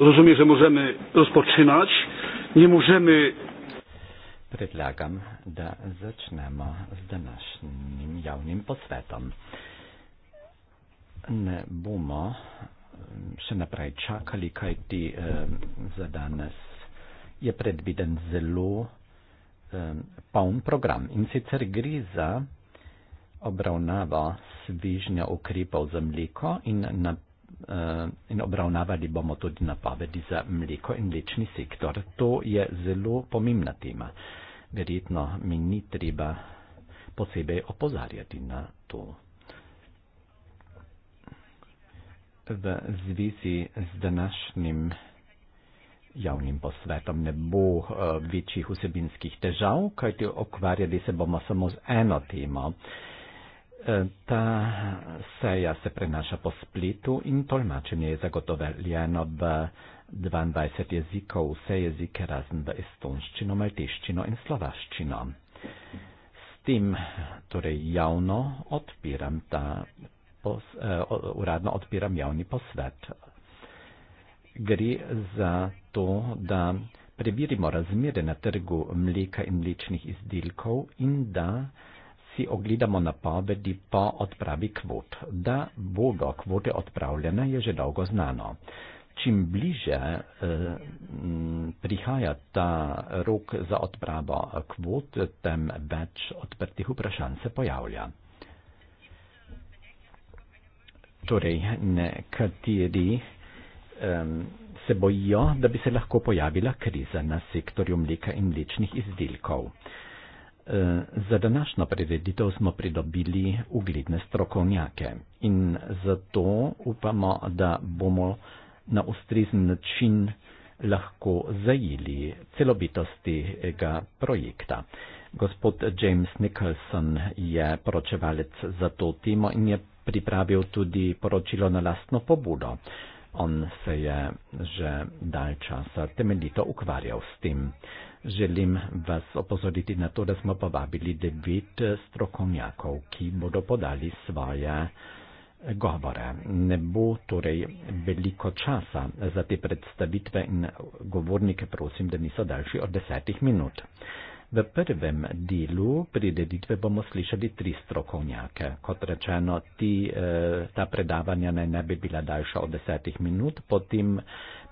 rozumie, że możemy rozpoczynać. Nie możemy. Предлагам да зачнемо с домашним явним посветом. Не бумо, ще напрай чакали, кай ти е, за данес е предбиден зелу е, паун програм. И сицер гриза обравнава свижня укрипал за млико и на Eh, in obravnavali bomo tudi napovedi za mleko in lečni sektor. To je zelo pomembna tema. Verjetno mi ni treba posebej opozarjati na to. V zvezi z današnjim javnim posvetom ne bo uh, večjih vsebinskih težav, kajti okvarjali se bomo samo z eno temo. Uh, E, ta seja se prenaša po splitu in tolmačenje je zagotovljeno v 22 jezikov, vse jezike razen v estonščino, maltiščino in slovaščino. S tim torej javno odpiram ta, pos, uh, uradno odpiram javni posvet. Gre za to, da preverimo razmere na trgu mleka in mlečnih izdelkov in da uh, si ogledamo napovedi po odpravi kvot. Da bodo kvote odpravljene, je že dolgo znano. Čim bliže eh, prihaja ta rok za odpravo kvot, tem več odprtih vprašanj se pojavlja. Torej, nekateri eh, se bojijo, da bi se lahko pojavila kriza na sektorju mleka in mlečnih izdelkov. Eh, Eh, za današnjo prireditev smo pridobili ugledne strokovnjake in zato upamo, da bomo na ustrezen način lahko zajeli celobitost tega projekta. Gospod James Nicholson je poročevalec za to temo in je pripravil tudi poročilo na lastno pobudo. On se je že dalj časa temeljito ukvarjal s tem. Želim vas opozoriti na to, da smo povabili devet strokovnjakov, ki bodo podali svoje govore. Ne bo torej veliko časa za te predstavitve in govornike prosim, da niso daljši od desetih minut. V prvem delu prideditve bomo slišali tri strokovnjake. Kot rečeno, ti, eh, ta predavanja ne, ne bi bila daljša od desetih minut, potem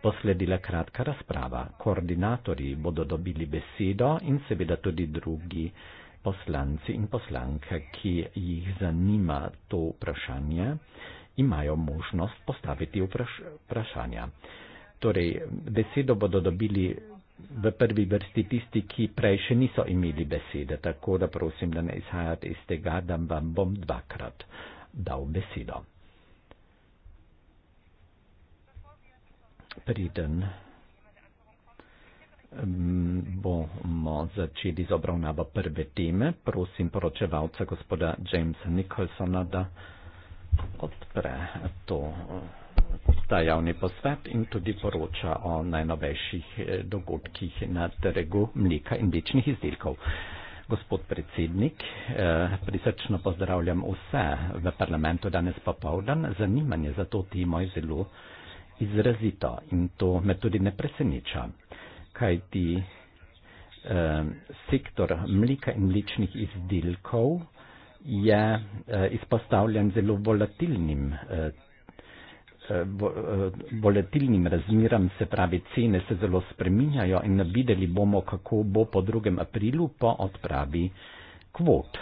Posledila kratka razprava. Koordinatorji bodo dobili besedo in seveda tudi drugi poslanci in poslanke, ki jih zanima to vprašanje, imajo možnost postaviti vpraš vprašanja. Torej, besedo bodo dobili v prvi vrsti tisti, ki prej še niso imeli besede, tako da prosim, da ne izhajate iz tega, da vam bom dvakrat dal besedo. preden bomo začeli z obravnavo prve teme, prosim poročevalca gospoda Jamesa Nicholsona, da odpre to, ta javni posvet in tudi poroča o najnovejših eh, dogodkih na trgu mleka in mlečnih izdelkov. Gospod predsednik, eh, prisrčno pozdravljam vse v parlamentu danes popovdan. Zanimanje za to temo je zelo izrazito in to me tudi ne preseneča, kajti eh, sektor mlika in mličnih izdelkov je eh, izpostavljen zelo volatilnim, eh, eh, eh volatilnim razmiram, se pravi, cene se zelo spreminjajo in videli bomo, kako bo po 2. aprilu po odpravi kvot.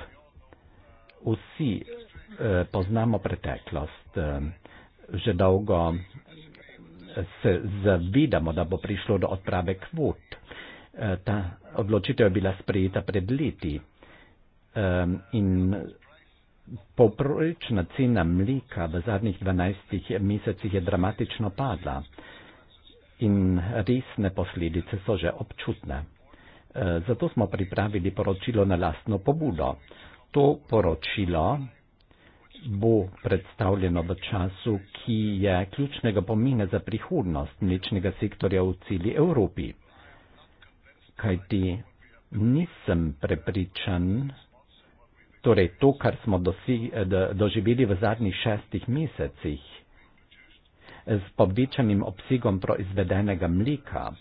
Vsi eh, poznamo preteklost, eh, že dolgo se zavedamo, da bo prišlo do odprave kvot. E, ta odločitev je bila sprejeta pred leti e, in poprečna cena mlika v zadnjih 12 mesecih je dramatično padla in resne posledice so že občutne. E, zato smo pripravili poročilo na lastno pobudo. To poročilo bo predstavljeno v času, ki je ključnega pomena za prihodnost mlečnega sektorja v celi Evropi. Kajti nisem prepričan, torej to, kar smo dosi, doživeli v zadnjih šestih mesecih s povečanim obsegom proizvedenega mleka,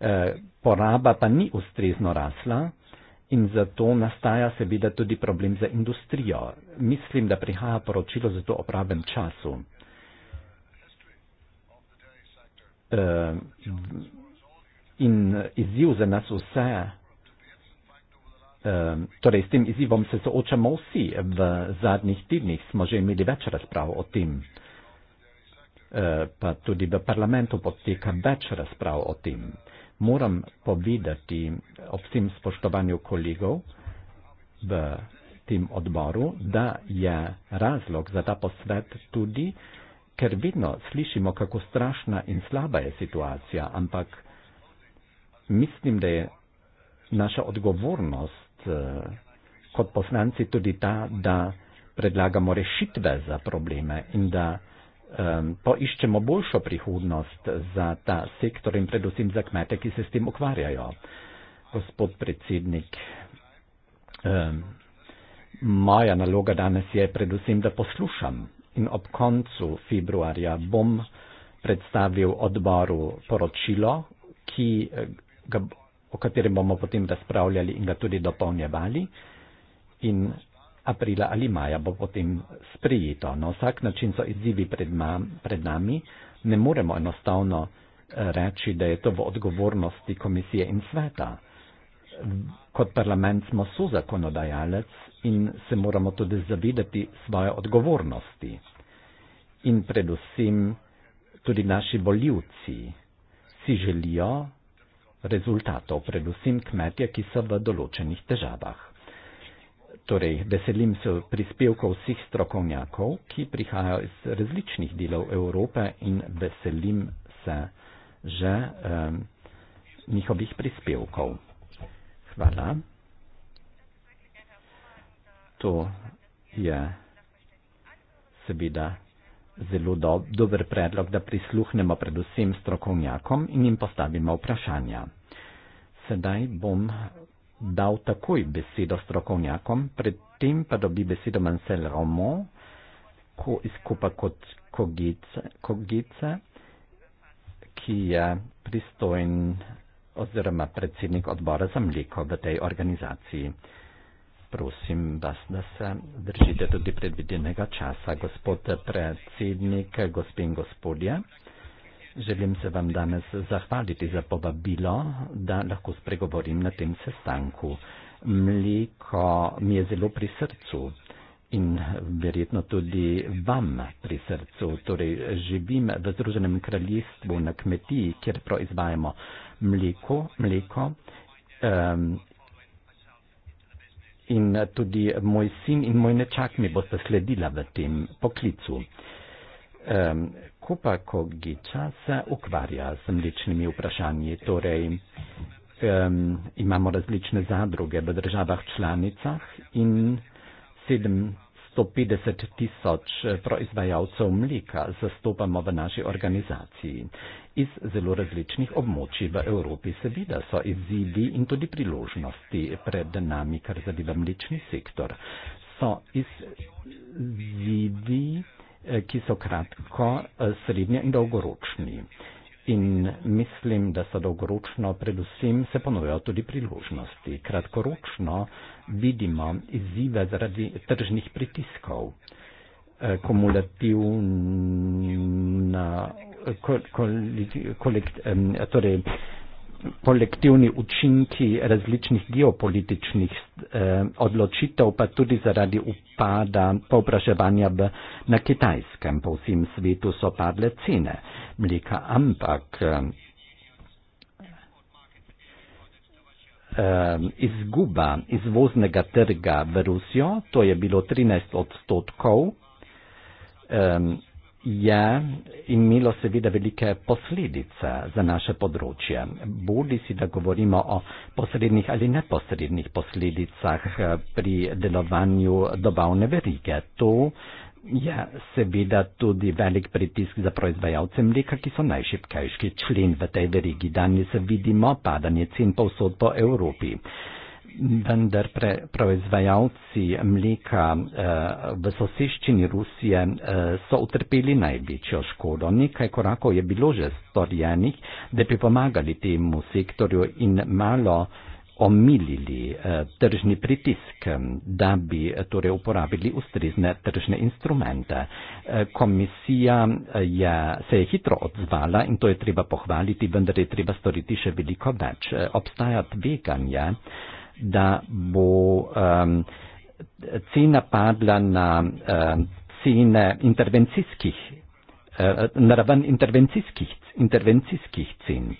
eh, poraba pa ni ustrezno rasla, in zato nastaja seveda tudi problem za industrijo. Mislim, da prihaja poročilo za to o pravem času. Eh, in izziv za nas vse, eh, torej s tem izzivom se soočamo vsi, v zadnjih tednih smo že imeli več razprav o tem, eh, pa tudi v parlamentu poteka več razprav o tem moram povedati ob vsem spoštovanju kolegov v tem odboru, da je razlog za ta posvet tudi, ker vedno slišimo, kako strašna in slaba je situacija, ampak mislim, da je naša odgovornost eh, kot poslanci tudi ta, da predlagamo rešitve za probleme in da um, poiščemo boljšo prihodnost za ta sektor in predvsem za kmete, ki se s tem ukvarjajo. Gospod predsednik, um, moja naloga danes je predvsem, da poslušam in ob koncu februarja bom predstavil odboru poročilo, ki eh, ga, o katerem bomo potem razpravljali in ga tudi dopolnjevali. In aprila ali maja bo potem sprijeto. Na vsak način so izzivi pred, ma, pred nami. Ne moremo enostavno eh, reči, da je to v odgovornosti komisije in sveta. Kot parlament smo so zakonodajalec in se moramo tudi zavedati svoje odgovornosti. In predvsem tudi naši boljivci si želijo rezultatov, predvsem kmetje, ki so v določenih težavah. Torej, veselim se prispevkov vseh strokovnjakov, ki prihajajo iz različnih delov Evrope in veselim se že um, njihovih prispevkov. Hvala. To je seveda zelo do, dober predlog, da prisluhnemo predvsem strokovnjakom in jim postavimo vprašanja. Sedaj bom dal takoj besedo strokovnjakom, predtem pa dobi besedo Mansel Romon, ko izkupa kot kogice, ki je pristojen oziroma predsednik odbora za mleko v tej organizaciji. Prosim vas, da se držite tudi predvidenega časa, gospod predsednik, gospe in gospodje. Želim se vam danes zahvaliti za povabilo, da lahko spregovorim na tem sestanku. Mliko mi je zelo pri srcu in verjetno tudi vam pri srcu. Torej, živim v Združenem kraljestvu na kmetiji, kjer proizvajamo mleko, mleko. Um, in tudi moj sin in moj nečak mi bosta sledila v tem poklicu. Um, ko pa kogi časa ukvarja z mličnimi vprašanji. Torej, um, imamo različne zadruge v državah članicah in 750 tisoč eh, proizvajalcev mlika zastopamo v naši organizaciji iz zelo različnih območij v Evropi. Seveda so izzivi in tudi priložnosti pred nami, kar zadeva mlični sektor. So izzivi. Iz Eh, ki so kratko, eh, srednje in dolgoročni. In mislim, da so dolgoročno predvsem se ponujajo tudi priložnosti. Kratkoročno vidimo izzive zaradi tržnih pritiskov. Eh, kumulativna, kolekt, torej, kolektivni učinki različnih geopolitičnih eh, odločitev, pa tudi zaradi upada povpraševanja na kitajskem. Po vsem svetu so padle cene mleka, ampak eh, eh izguba izvoznega trga v Rusijo, to je bilo 13 odstotkov, eh, je imelo seveda velike posledice za naše področje. Bodi si, da govorimo o posrednih ali neposrednih posledicah eh, pri delovanju dobavne verige. To je seveda tudi velik pritisk za proizvajalce mleka, ki so najšipkejški člen v tej verigi. Danes vidimo padanje cen povsod po Evropi vendar pre, proizvajalci mleka eh, v soseščini Rusije eh, so utrpeli največjo škodo. Nekaj korakov je bilo že storjenih, da bi pomagali temu sektorju in malo omilili eh, tržni pritisk, da bi eh, torej uporabili ustrezne tržne instrumente. Eh, komisija eh, je, se je hitro odzvala in to je treba pohvaliti, vendar je treba storiti še veliko več. Eh, obstaja tveganje. Eh, da bo um, cena padla na uh, cene intervencijskih, uh, na raven intervencijskih, intervencijskih cen.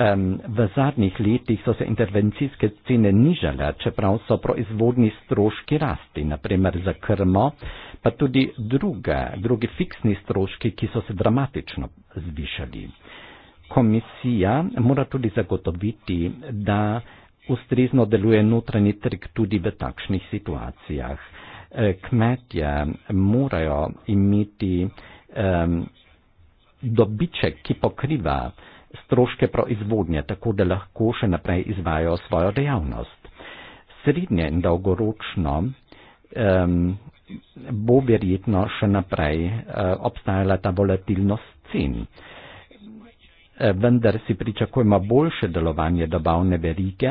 Um, v zadnjih letih so se intervencijske cene nižale, čeprav so proizvodni stroški rasti, naprimer za krmo, pa tudi druge, drugi fiksni stroški, ki so se dramatično zvišali. Komisija mora tudi zagotoviti, da ustrezno deluje notranji trg tudi v takšnih situacijah. E, kmetje morajo imeti um, dobiček, ki pokriva stroške proizvodnje, tako da lahko še naprej izvajo svojo dejavnost. Srednje in dolgoročno um, bo verjetno še naprej uh, obstajala ta volatilnost cen. Uh, Eh, vendar si pričakujemo boljše delovanje dobavne verige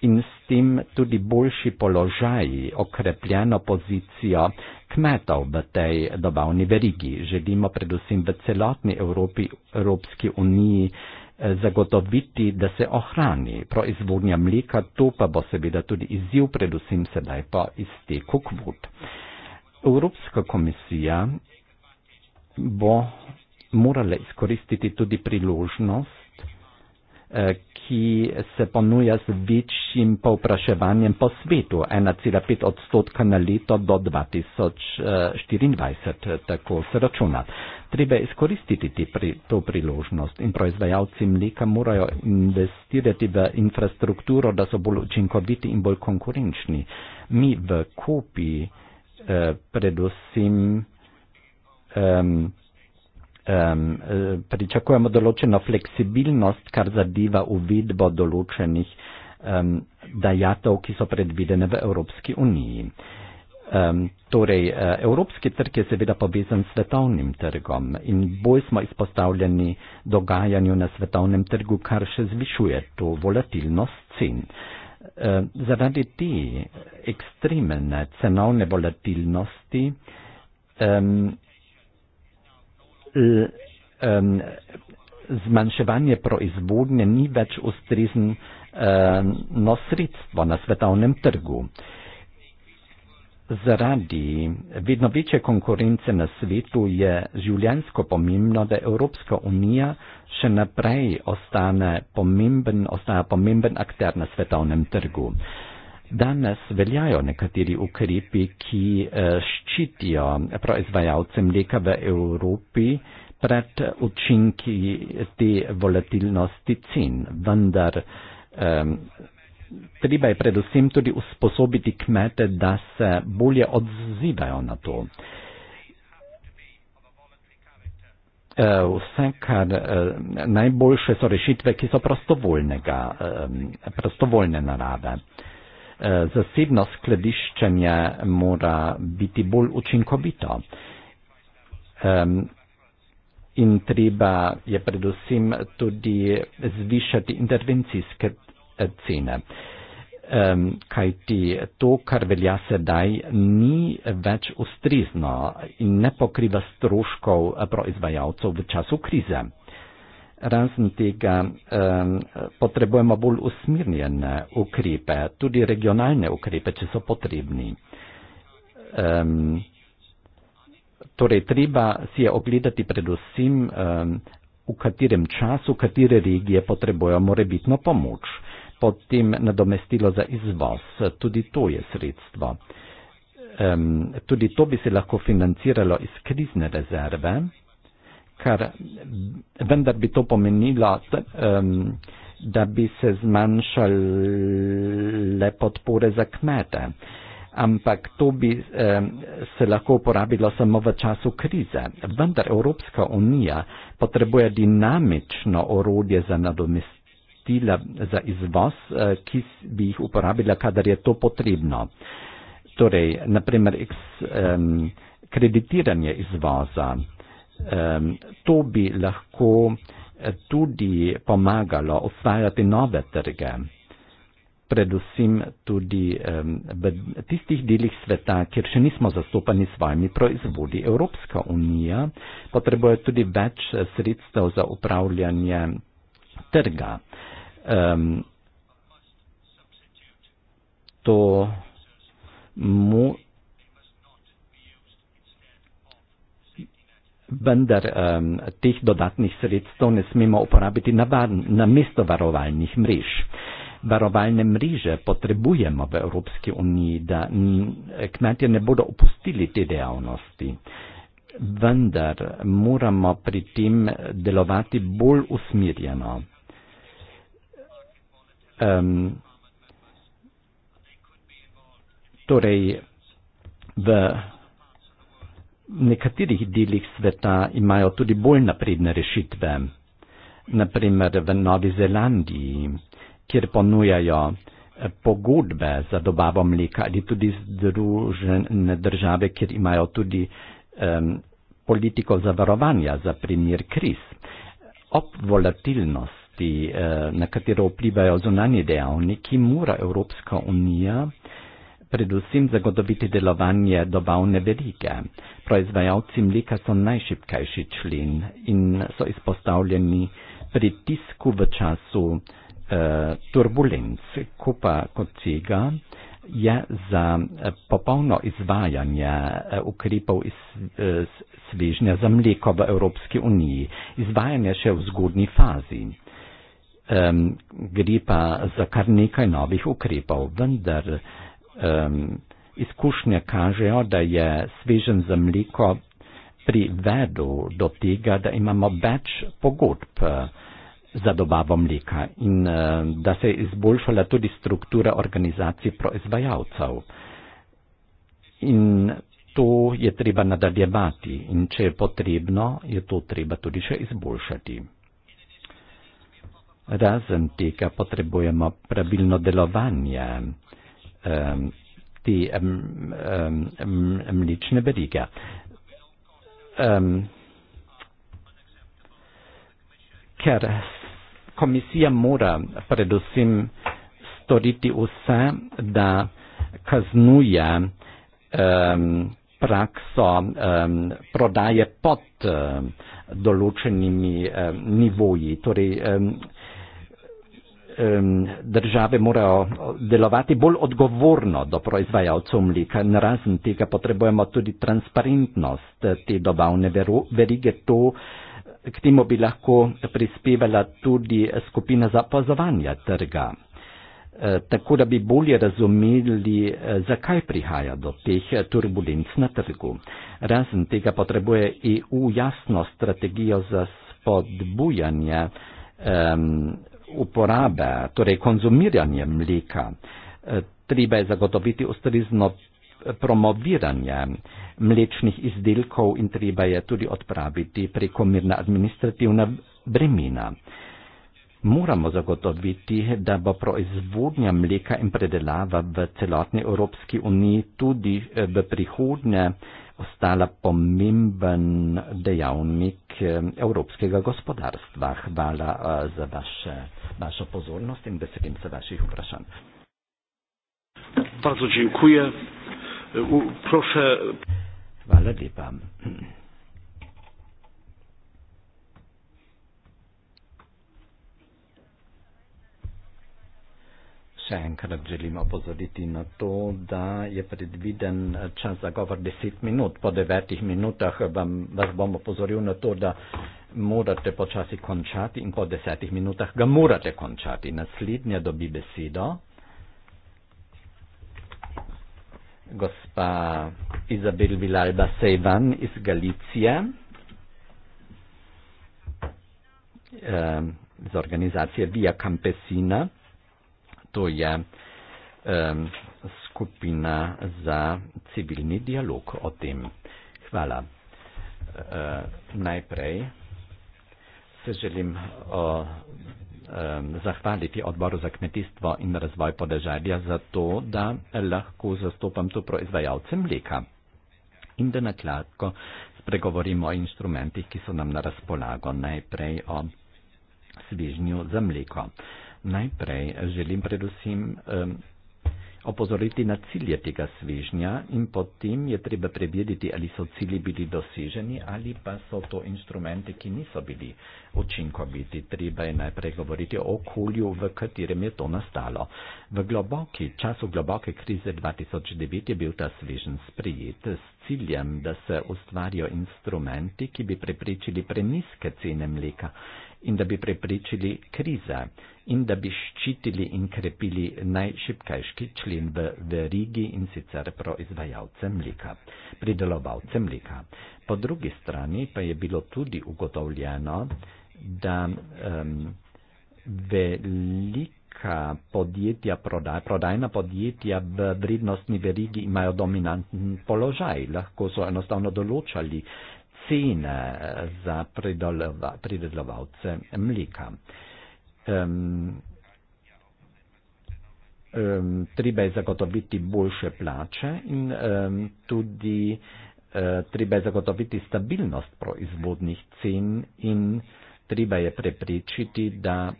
in s tem tudi boljši položaj, okrepljeno pozicijo kmetov v tej dobavni verigi. Želimo predvsem v celotni Evropi, Evropski uniji eh, zagotoviti, da se ohrani proizvodnja mlika, to pa bo seveda tudi izziv, predvsem sedaj po izteku kvot. Evropska komisija bo morale izkoristiti tudi priložnost, eh, ki se ponuja z večjim povpraševanjem po svetu, 1,5 odstotka na leto do 2024, eh, tako se računa. Treba izkoristiti pri, to priložnost in proizvajalci mleka morajo investirati v infrastrukturo, da so bolj učinkoviti in bolj konkurenčni. Mi v kopi eh, predvsem. Eh, um, pričakujemo določeno fleksibilnost, kar zadeva uvidbo določenih um, dajatov, ki so predvidene v Evropski uniji. Um, torej, e, evropski trg je seveda povezan s svetovnim trgom in bolj smo izpostavljeni dogajanju na svetovnem trgu, kar še zvišuje to volatilnost cen. Um, zaradi te ekstremne cenovne volatilnosti um, um, zmanjševanje proizvodnje ni več ustrezno sredstvo na svetovnem trgu. Zaradi vedno večje konkurence na svetu je življensko pomembno, da Evropska unija še naprej ostane pomemben, ostaja pomemben akter na svetovnem trgu. Uh, Danes veljajo nekateri ukrepi, ki eh, ščitijo proizvajalce mleka v Evropi pred učinki te volatilnosti cen, vendar um, treba je predvsem tudi usposobiti kmete, da se bolje odzivajo na to. Eh, vse, kar eh, najboljše so rešitve, ki so ehm, prostovoljne narave zasebno skladiščenje mora biti bolj učinkovito. Um, in treba je predvsem tudi zvišati intervencijske eh, cene. Um, kaj ti to, kar velja sedaj, ni več ustrezno in ne pokriva stroškov eh, proizvajalcev v času krize razen tega um, potrebujemo bolj usmirjene ukrepe, tudi regionalne ukrepe, če so potrebni. Um, torej, treba si je ogledati predvsem, um, v katerem času, katere regije potrebujemo morebitno pomoč, potem nadomestilo za izvoz, tudi to je sredstvo. Um, tudi to bi se lahko financiralo iz krizne rezerve kar vendar bi to pomenilo, t, um, da bi se zmanjšale podpore za kmete. Ampak to bi eh, se lahko uporabilo samo v času krize. Vendar Evropska unija potrebuje dinamično orodje za nadomestila za izvoz, eh, ki bi jih uporabila, kadar je to potrebno. Torej, naprimer, eks, eh, kreditiranje izvoza, um, to bi lahko eh, tudi pomagalo ustvarjati nove trge, predvsem tudi um, v tistih delih sveta, kjer še nismo zastopani s svojimi proizvodi. Evropska unija potrebuje tudi več eh, sredstev za upravljanje trga. Um, to mu, vendar um, teh dodatnih sredstev ne smemo uporabiti na mesto varovalnih mrež. Varovalne mreže potrebujemo v Evropski uniji, da kmetje ne bodo opustili te dejavnosti. Vendar moramo pri tem delovati bolj usmirjeno. Um, torej, v nekaterih delih sveta imajo tudi bolj napredne rešitve. Naprimer v Novi Zelandiji, kjer ponujajo eh, pogodbe za dobavo mleka ali tudi združene države, kjer imajo tudi um, politiko zavarovanja za primer kriz. Ob volatilnosti, eh, na katero vplivajo zunanje dejavniki, mora Evropska unija predvsem zagotoviti delovanje dobavne verige. Proizvajalci mlika so najšipkejši člen in so izpostavljeni pritisku v času eh, turbulenc. Kupa kociga je za eh, popolno izvajanje eh, ukrepov iz eh, svežnja za mleko v Evropski uniji. Izvajanje še v zgodni fazi. Um, gre pa za kar nekaj novih ukrepov, vendar uh, um, izkušnje kažejo, da je svežen za mleko privedel do tega, da imamo več pogodb eh, za dobavo mleka in eh, da se je izboljšala tudi struktura organizacij proizvajalcev. In to je treba nadaljevati in če je potrebno, je to treba tudi še izboljšati. Razen tega potrebujemo pravilno delovanje ähm, die ähm, ähm, mlitschne Beriga. Ähm, Ker komisija mora predvsem storiti vse, da kaznuje um, prakso um, prodaje pod um, določenimi um, nivoji. Torej, um, države morajo delovati bolj odgovorno do proizvajalcev mlika. Na razen tega potrebujemo tudi transparentnost eh, te dobavne verige. To, eh, k temu bi lahko prispevala tudi skupina za opazovanje trga. Eh, tako da bi bolje razumeli, zakaj prihaja do teh turbulenc na trgu. Razen tega potrebuje EU jasno strategijo za spodbujanje uporabe, torej konzumiranje mleka. Eh, treba je zagotoviti ustrezno promoviranje mlečnih izdelkov in treba je tudi odpraviti prekomirna administrativna bremena. Moramo zagotoviti, da bo proizvodnja mleka in predelava v celotni Evropski uniji tudi eh, v prihodnje eh, ostala pomemben dejavnik eh, evropskega gospodarstva. Hvala eh, za vaše, vašo pozornost in veselim se vaših vprašanj. Bardzo dziękuję. Proszę. Hvala lepa. še enkrat želim opozoriti na to, da je predviden eh, čas za govor 10 minut. Po 9 minutah vam, vas bom opozoril na to, da morate počasi končati in po 10 minutah ga morate končati. Naslednja dobi besedo. Gospa Izabel Vilalba Sejvan iz Galicije. Um, z organizacije Via Campesina to je um, skupina za civilni dialog o tem. Hvala. Uh, najprej se želim uh, um, zahvaliti odboru za kmetijstvo in razvoj podeželja za to, da lahko zastopam tu proizvajalce mleka in da nakladko spregovorimo o inštrumentih, ki so nam na razpolago najprej o svižnju za mleko. Uh, Najprej želim predvsem um, opozoriti na cilje tega svežnja in potem je treba prebjediti, ali so cilji bili doseženi ali pa so to instrumente, ki niso bili učinkoviti. Treba je najprej govoriti o okolju, v katerem je to nastalo. V globoki, času globoke krize 2009 je bil ta svežen sprijet s ciljem, da se ustvarijo instrumenti, ki bi preprečili preniske cene mleka in da bi preprečili krize in da bi ščitili in krepili najšipkejški člen v verigi in sicer proizvajalce mlika, pridelovalce mlika. Po drugi strani pa je bilo tudi ugotovljeno, da um, velika podjetja, prodaj, prodajna podjetja v vrednostni verigi imajo dominanten položaj, lahko so enostavno določali cene eh, za pridelovalce mlika. Um, um, treba je zagotoviti boljše plače in um, tudi uh, treba je zagotoviti stabilnost proizvodnih cen in treba je preprečiti, da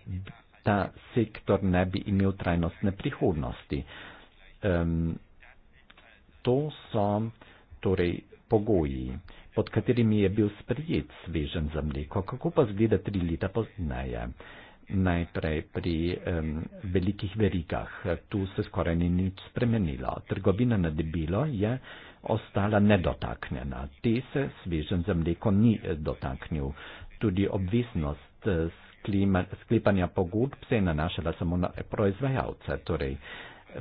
ta sektor ne bi imel trajnostne prihodnosti. Um, to so torej pogoji pod katerimi je bil sprijet svežen za mleko, kako pa zgleda tri leta pozdneje. Najprej pri um, velikih verigah, tu se skoraj ni nič spremenilo. Trgovina na debilo je ostala nedotaknjena. Te se svežen za mleko ni eh, dotaknil. Tudi obveznost eh, sklepanja pogodb se je nanašala samo na proizvajalce. Torej,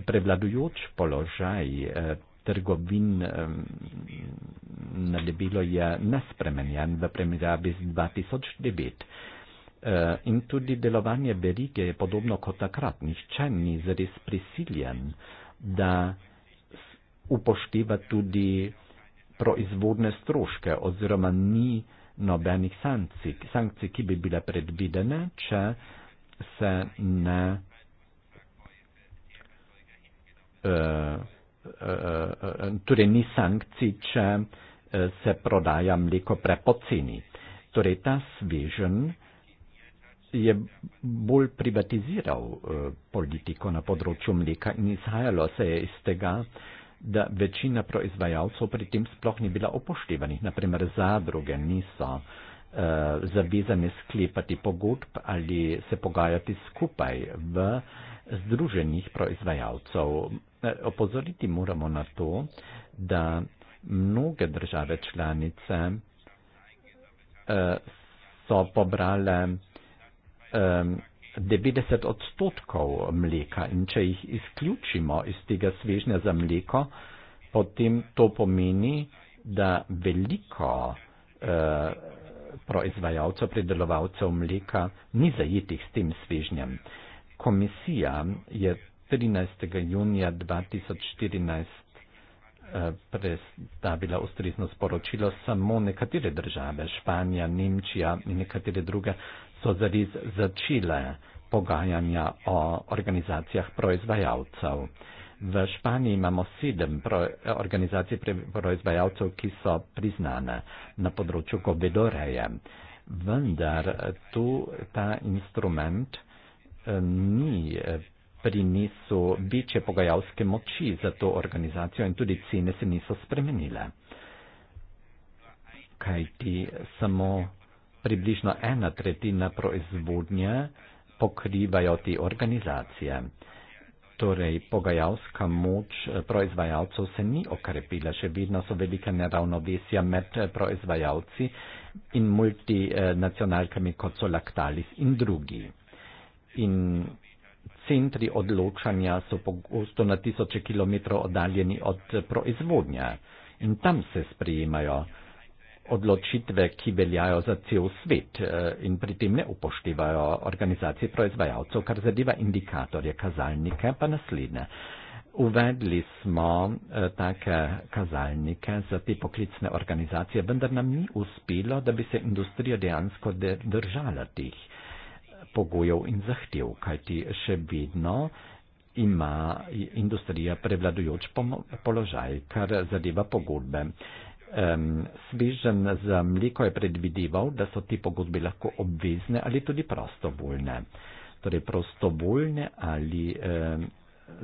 prevladujoč položaj eh, trgovin na debelo je nespremenjen v primerjavi z 2009. E, in tudi delovanje berige je podobno kot takrat. Nihče ni zares prisiljen, da upošteva tudi proizvodne stroške oziroma ni nobenih sankcij, sankcij, ki bi bile predvidene, če se ne. Uh, Eh, eh, torej ni sankcij, če eh, se prodaja mleko prepoceni. Torej ta svežen je bolj privatiziral politiko na področju mleka in izhajalo se je iz tega, da večina proizvajalcev pri tem sploh ni bila upoštevanih. Naprimer, zadruge niso zavezane sklepati pogodb ali se pogajati skupaj v združenih proizvajalcev. Opozoriti moramo na to, da mnoge države članice eh, so pobrale 90 eh, odstotkov mleka in če jih izključimo iz tega svežnja za mleko, potem to pomeni, da veliko eh, proizvajalcev, predelovalcev mleka ni zajetih s tem svežnjem komisija je 13. junija 2014 eh, predstavila ustrezno sporočilo, samo nekatere države, Španija, Nemčija in nekatere druge, so zares začele pogajanja o organizacijah proizvajalcev. V Španiji imamo sedem pro, organizacij proizvajalcev, ki so priznane na področju govedoreje. Vendar tu ta instrument ni eh, prinesel večje pogajalske moči za to organizacijo in tudi cene se niso spremenile. Kajti samo približno ena tretjina proizvodnje pokrivajo te organizacije. Torej, pogajalska moč eh, proizvajalcev se ni okrepila, še vedno so velike neravnovesja med eh, proizvajalci in multinacionalkami, kot so Lactalis in drugi in centri odločanja so pogosto na tisoče kilometrov oddaljeni od proizvodnja in tam se sprejemajo odločitve, ki veljajo za cel svet eh, in pri tem ne upoštevajo organizacije proizvajalcev, kar zadeva indikatorje, kazalnike pa naslednje. Uvedli smo eh, take kazalnike za te poklicne organizacije, vendar nam ni uspelo, da bi se industrija dejansko držala teh pogojev in zahtev, kajti še vedno ima industrija prevladujoč položaj, kar zadeva pogodbe. Um, Svežen za mleko je predvideval, da so te pogodbe lahko obvezne ali tudi prostovoljne. Torej prostovoljne ali um,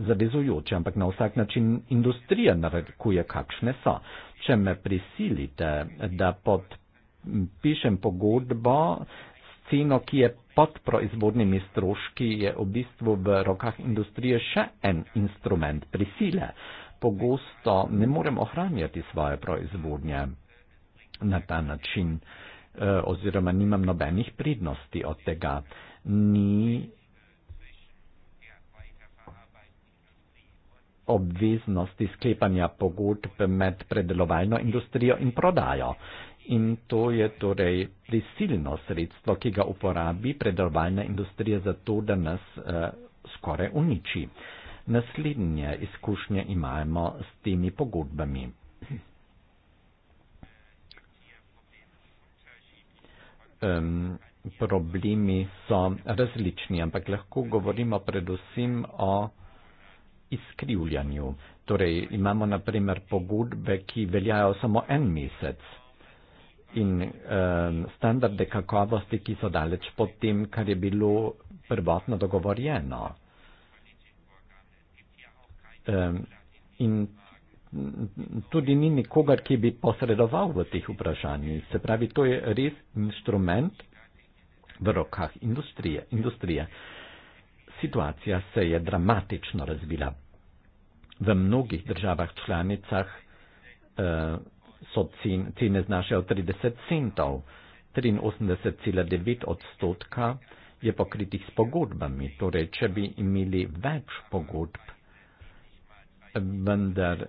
zavezujoče, ampak na vsak način industrija narekuje, kakšne so. Če me prisilite, da podpišem pogodbo, ceno, ki je pod proizvodnimi stroški, je v bistvu v rokah industrije še en instrument prisile. Pogosto ne morem ohranjati svoje proizvodnje na ta način eh, oziroma nimam nobenih prednosti od tega. Ni obveznosti sklepanja pogodb med predelovalno industrijo in prodajo in to je torej prisilno sredstvo, ki ga uporabi predelovalna industrija za to, da nas eh, skoraj uniči. Naslednje izkušnje imamo s temi pogodbami. Um, problemi so različni, ampak lahko govorimo predvsem o izkrivljanju. Torej, imamo naprimer pogodbe, ki veljajo samo en mesec in um, standarde kakovosti, ki so daleč pod tem, kar je bilo prvotno dogovorjeno. Um, in tudi ni nikogar, ki bi posredoval v teh vprašanjih. Se pravi, to je res inštrument v rokah industrije. industrije. Situacija se je dramatično razvila. V mnogih državah članicah uh, so cene znašajo 30 centov, 83,9 odstotka je pokritih s pogodbami, torej če bi imeli več pogodb, vendar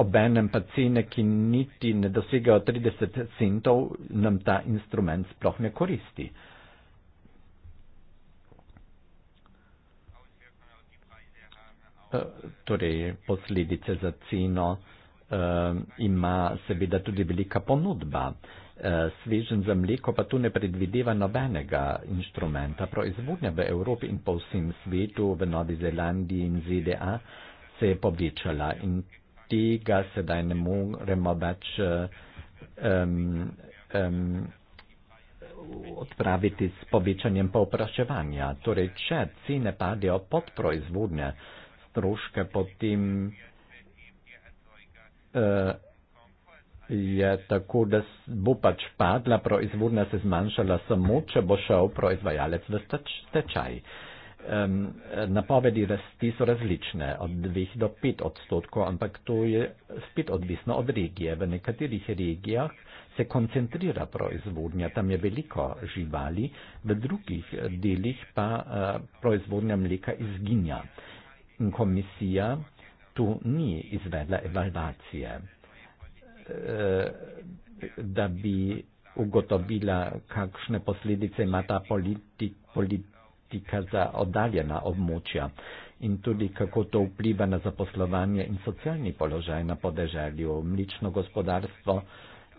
obenem pa cene, ki niti ne dosegajo 30 centov, nam ta instrument sploh ne koristi. E, torej, posledice za ceno uh, ima seveda tudi velika ponudba. Uh, svežen za mleko pa tu ne predvideva nobenega inštrumenta. Proizvodnja v Evropi in po vsem svetu, v Novi Zelandiji in ZDA se je povečala in tega sedaj ne moremo več. Um, um, odpraviti s povečanjem povpraševanja. Torej, če cene padejo pod proizvodne stroške, potem Eh, je tako, da bo pač padla proizvodnja, se zmanjšala samo, če bo šel proizvajalec v stečaj. Napovedi rasti so različne, od 2 do 5 odstotkov, ampak to je spet odvisno od regije. V nekaterih regijah se koncentrira proizvodnja, tam je veliko živali, v drugih delih pa eh, proizvodnja mleka izginja. Komisija tu ni izvedla evalvacije, eh, da bi ugotovila, kakšne posledice ima ta politik, politika za oddaljena območja in tudi kako to vpliva na zaposlovanje in socialni položaj na podeželju, mlično gospodarstvo.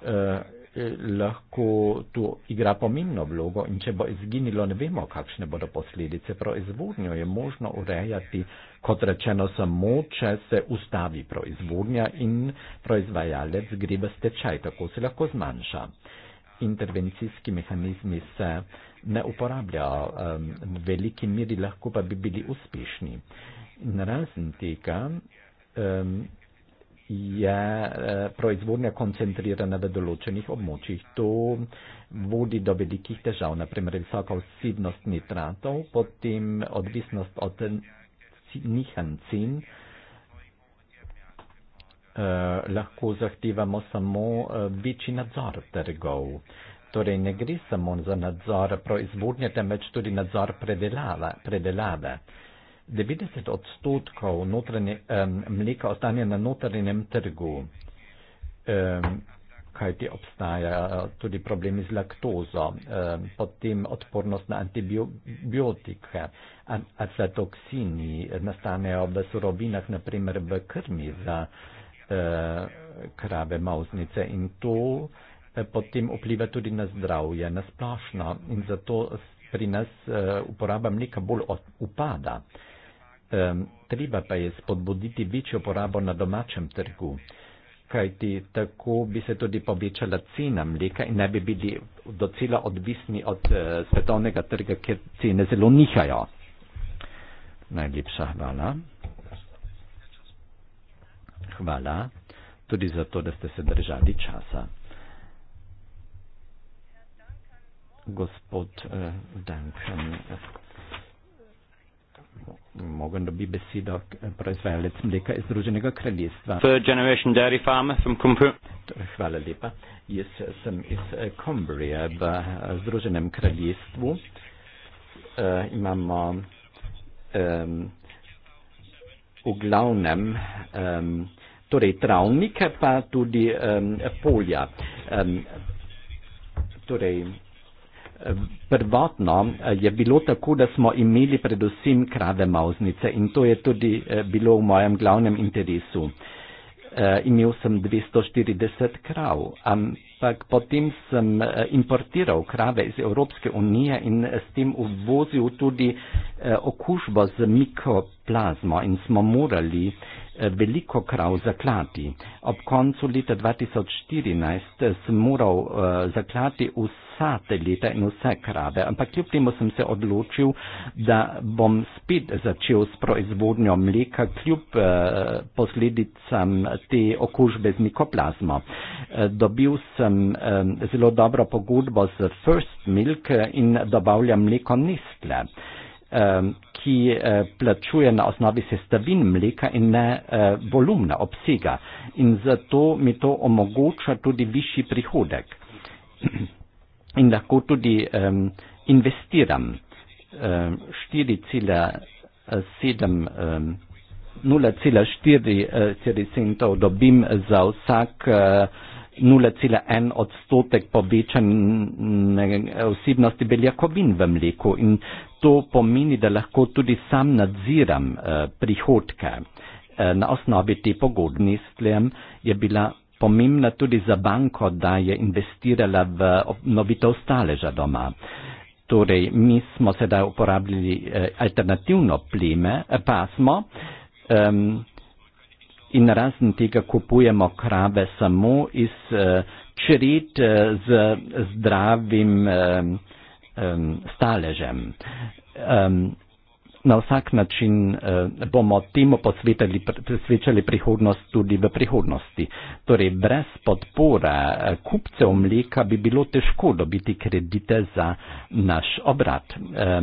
Eh, Eh, lahko tu igra pomembno vlogo in če bo izginilo, ne vemo, kakšne bodo posledice. Proizvodnjo je možno urejati, kot rečeno, samo če se ustavi proizvodnja in proizvajalec gre v stečaj, tako se lahko zmanjša. Intervencijski mehanizmi se ne uporabljajo v veliki meri, lahko pa bi bili uspešni. In razen tega je eh, proizvodnja koncentrirana v določenih območjih. To vodi do velikih težav, naprimer visoka vsebnost nitratov, potem odvisnost od nihan cen. Eh, lahko zahtevamo samo eh, večji nadzor trgov. Torej ne gre samo za nadzor proizvodnje, temveč tudi nadzor predelave. predelave. 90 odstotkov notrene, um, mleka ostane na notranjem trgu, um, kajti obstaja tudi problemi z laktozo, um, potem odpornost na antibiotike, acetoksini nastanejo v surovinah, naprimer v krmi za uh, krave mauznice in to e, potem vpliva tudi na zdravje, na splošno in zato pri nas uh, uporaba mleka bolj od, upada. Uh, treba pa je spodbuditi večjo porabo na domačem trgu, kajti tako bi se tudi povečala cena mleka in ne bi bili docela odvisni od eh, svetovnega trga, ker cene zelo nihajo. Najlepša hvala. Hvala tudi za to, da ste se držali časa. Gospod uh, Duncan. Uh, mogel dobi besedo proizvajalec mleka iz Združenega kraljestva. Torej, hvala lepa. Jaz eh, sem iz Cumbria eh, v eh, Združenem kraljestvu. E, imamo em, v glavnem em, torej travnike, pa tudi em, polja. Em, torej, Prvotno eh, je bilo tako, da smo imeli predvsem krave mauznice in to je tudi eh, bilo v mojem glavnem interesu. Eh, imel sem 240 krav, ampak potem sem importiral krave iz Evropske unije in s tem uvozil tudi okužbo z mikroplazmo in smo morali veliko krav zaklati. Ob koncu leta 2014 sem moral zaklati vse pisatelji, to je eno vse, kar rade. Ampak kljub temu sem se odločil, da bom spet začel s proizvodnjo mleka, kljub uh, posledicam te okužbe z mikoplazmo. Uh, dobil sem um, zelo dobro pogodbo z First Milk in dobavljam mleko Nestle. Um, ki eh, plačuje na osnovi sestavin mleka in ne eh, volumna obsega. In zato mi to omogoča tudi višji prihodek. in lahko tudi um, investiram. Um, 4,7, um, 0,4 centov dobim za vsak eh, um, 0,1 odstotek povečanja osebnosti eh, beljakovin v mleku in to pomeni, da lahko tudi sam nadziram uh, prihodke. Na osnovi te pogodnosti je bila pomembna tudi za banko, da je investirala v obnovitev staleža doma. Torej, mi smo sedaj uporabljali eh, alternativno pleme, eh, pasmo um, in razen tega kupujemo krave samo iz uh, čred uh, z zdravim uh, um, staležem. Um, na vsak način eh, bomo temu posvetili, posvečali prihodnost tudi v prihodnosti. Torej, brez podpore eh, kupcev mleka bi bilo težko dobiti kredite za naš obrat. Eh,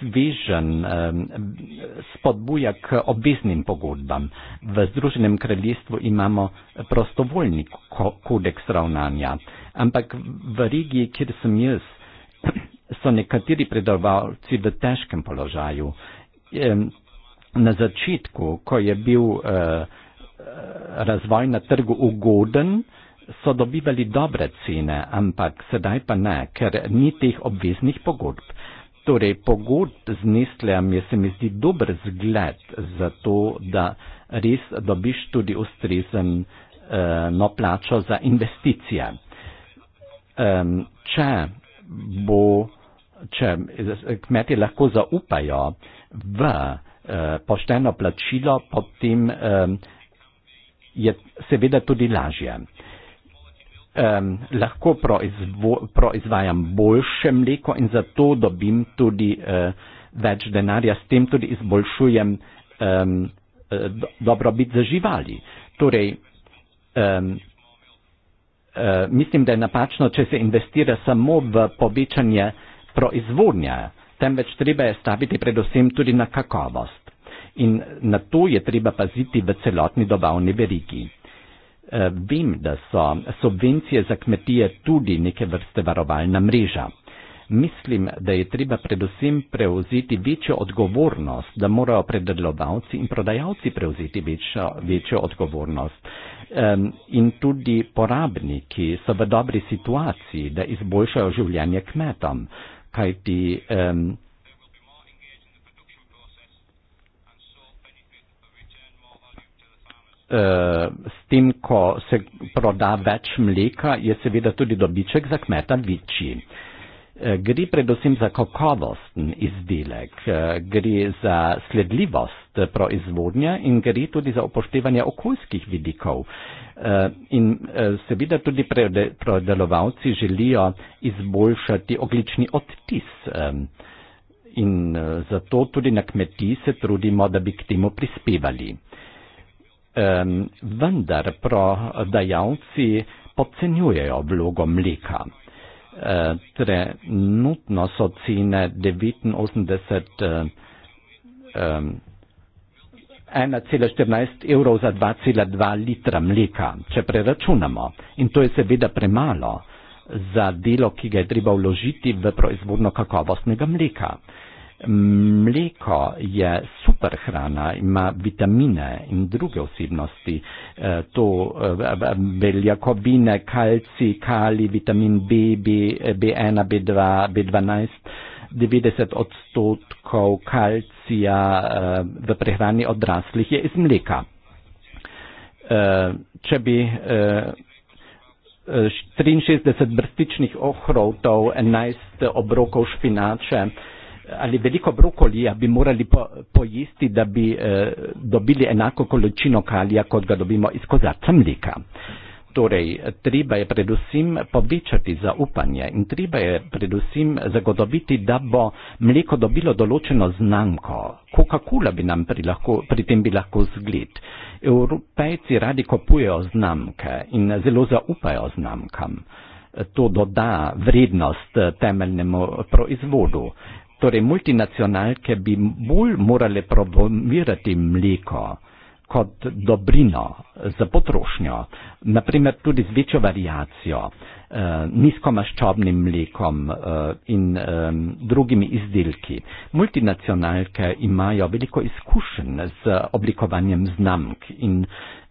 svežen eh, spodbuja k obveznim pogodbam. V Združenem kraljestvu imamo prostovoljni kodeks ravnanja, ampak v regiji, kjer sem jaz, so nekateri predavalci v težkem položaju. Na začetku, ko je bil eh, razvoj na trgu ugoden, so dobivali dobre cene, ampak sedaj pa ne, ker ni teh obveznih pogodb. Torej, pogod z Nestlejem je se mi zdi dober zgled za to, da res dobiš tudi ustrezeno eh, no, plačo za investicije. Eh, če bo eh, če kmetje lahko zaupajo v eh, pošteno plačilo, potem eh, je seveda tudi lažje. Lahko proizvajam boljše mleko in zato dobim tudi eh, več denarja, s tem tudi izboljšujem dobrobit za živali. Torej, mislim, da je napačno, če se investira samo v povečanje proizvodnje, temveč treba je staviti predvsem tudi na kakovost. In na to je treba paziti v celotni dobavni verigi. Eh, vem, da so subvencije za kmetije tudi neke vrste varovalna mreža. Mislim, da je treba predvsem prevzeti večjo odgovornost, da morajo predelovalci in prodajalci prevzeti večjo, večjo odgovornost. Um, in tudi porabniki so v dobri situaciji, da izboljšajo življenje kmetom kajti um, s tem, ko se proda več mleka, je seveda tudi dobiček za kmeta večji. Eh, gre predvsem za kakovosten izdelek, eh, gre za sledljivost proizvodnje in gre tudi za upoštevanje okoljskih vidikov. Eh, in seveda tudi prodelovalci želijo izboljšati oglični odtis. In zato tudi na kmetiji se trudimo, da bi k temu prispevali. Vendar prodajalci podcenjujejo vlogo mleka. Eh, trenutno so cene 89, eh, 1,14 evrov za 2,2 litra mleka, če preračunamo. In to je seveda premalo za delo, ki ga je treba vložiti v proizvodno kakovostnega mleka. Eh, Mleko je super hrana, ima vitamine in druge osebnosti, eh, to eh, beljakovine, kalci, kali, vitamin B, B, B1, B2, B12, 90 odstotkov kalcija eh, v prehrani odraslih je iz mleka. Če bi 63 brstičnih ohrovtov, 11 obrokov špinače, ali veliko brokolija bi morali po, pojesti, da bi eh, dobili enako količino kalija, kot ga dobimo iz kozarca mlika. Torej, treba je predvsem povečati zaupanje in treba je predvsem zagotoviti, da bo mleko dobilo določeno znamko. Coca-Cola bi nam pri, lahko, pri tem bi lahko zgled. Evropejci radi kupujejo znamke in zelo zaupajo znamkam. To doda vrednost temeljnemu proizvodu torej multinacionalke bi bolj morale promovirati mleko kot dobrino za potrošnjo, naprimer tudi z večjo variacijo, eh, nizkomaščobnim mlekom eh, in eh, drugimi izdelki. Multinacionalke imajo veliko izkušenj z oblikovanjem znamk in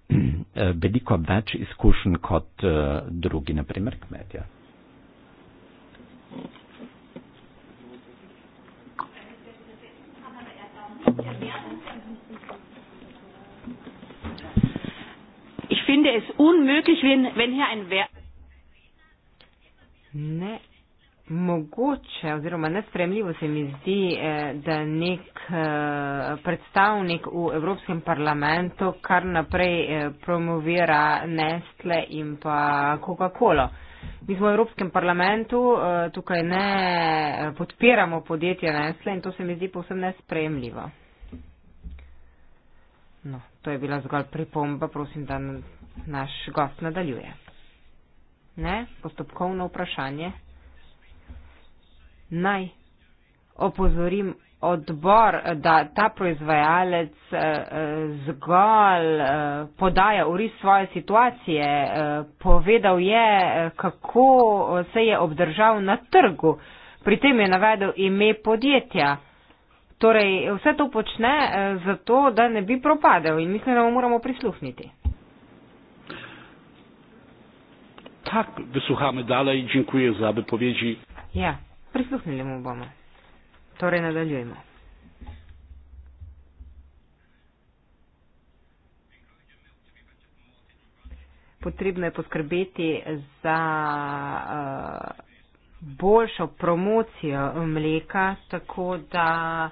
eh, veliko več izkušenj kot eh, drugi, naprimer kmetje. Ich finde es unmöglich, wenn, wenn hier ein Wer ne mogoče oziroma nespremljivo se mi zdi, eh, da nek eh, predstavnik v Evropskem parlamentu kar naprej eh, promovira Nestle in pa Coca-Colo. Mi smo v Evropskem parlamentu, tukaj ne podpiramo podjetja Nestle in to se mi zdi povsem nespremljivo. No, to je bila zgolj pripomba, prosim, da naš gost nadaljuje. Ne, postopkovno vprašanje. Naj opozorim odbor, da ta proizvajalec e, e, zgolj e, podaja uris svoje situacije. Povedal je, kako se je obdržal na trgu. Pri tem je navedel ime podjetja. Torej, vse to počne eh, zato, da ne bi propadel in mislim, da mu moramo prisluhniti. Tak, vysuchame dalej, dziękuję za wypowiedzi. Ja, przysłuchnijmy mu bomu. Torej, nadaljujmy. Potrzebne jest poskrbieti za uh, eh, bolszą promocję mleka, tako da...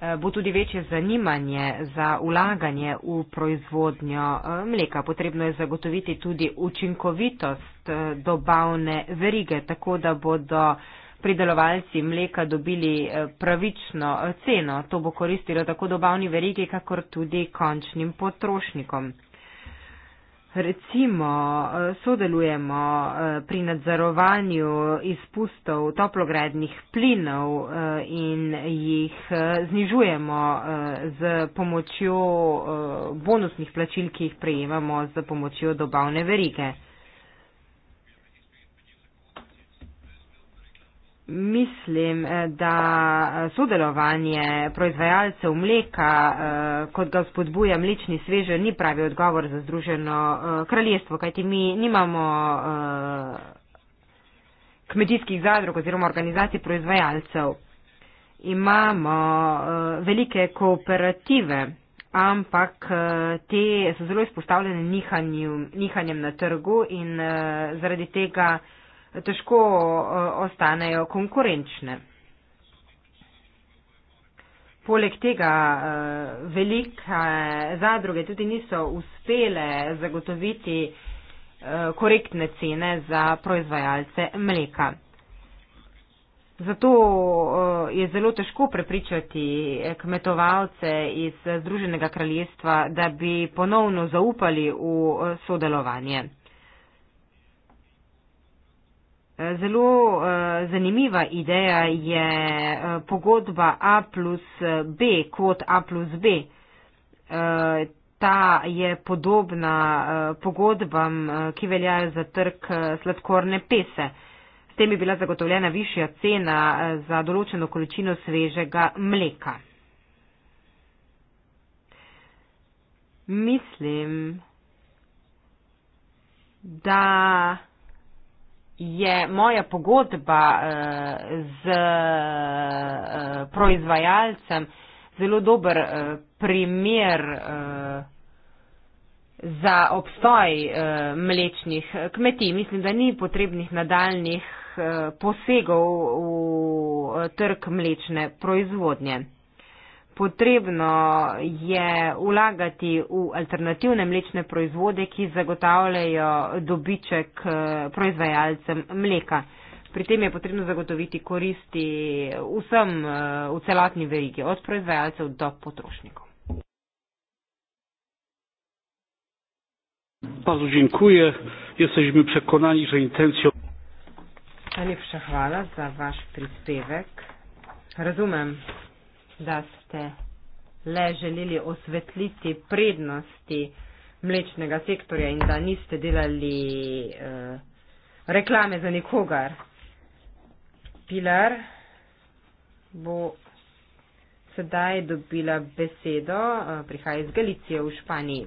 Eh, bo tudi večje zanimanje za ulaganje v proizvodnjo eh, mleka. Potrebno je zagotoviti tudi učinkovitost eh, dobavne verige, tako da bodo pridelovalci mleka dobili pravično ceno. To bo koristilo tako dobavni verigi, kakor tudi končnim potrošnikom recimo eh, sodelujemo eh, pri nadzorovanju izpustov toplogrednih plinov eh, in jih znižujemo z pomočjo bonusnih plačil, ki jih prejemamo z pomočjo dobavne verige. Mislim, eh, da sodelovanje proizvajalcev mleka, eh, kot ga spodbuja mlečni sveže, ni pravi odgovor za Združeno eh, kraljestvo, kajti mi nimamo kmetijskih zadrug oziroma organizacij proizvajalcev. Imamo velike kooperative, ampak te so zelo izpostavljene nihanju, nihanjem na trgu in zaradi tega težko eh, ostanejo konkurenčne. Poleg tega eh, velike eh, zadruge tudi niso uspele zagotoviti korektne cene za proizvajalce mleka. Zato je zelo težko prepričati kmetovalce iz Združenega kraljestva, da bi ponovno zaupali v sodelovanje. Zelo eh, zanimiva ideja je eh, pogodba A plus eh, B kot A plus B. Ta je podobna pogodbam, ki veljajo za trg sladkorne pese. S tem je bila zagotovljena višja cena za določeno količino svežega mleka. Mislim, da je moja pogodba eh, z eh, proizvajalcem zelo dober eh, primer za obstoj mlečnih kmetij. Mislim, da ni potrebnih nadaljnih posegov v trg mlečne proizvodnje. Potrebno je vlagati v alternativne mlečne proizvode, ki zagotavljajo dobiček eh, proizvajalcem mleka. Pri tem je potrebno zagotoviti koristi eh, vsem eh, v celotni verigi, od proizvajalcev do potrošnikov. Bardzo dziękuję. Jesteśmy przekonani, że intencją. Najlepsza chwała za Wasz przyspiewek. Rozumiem da ste le želeli osvetliti prednosti mlečnega sektorja in da niste delali eh, reklame za nikogar. Pilar bo sedaj dobila besedo, eh, prihaja iz Galicije v Španiji.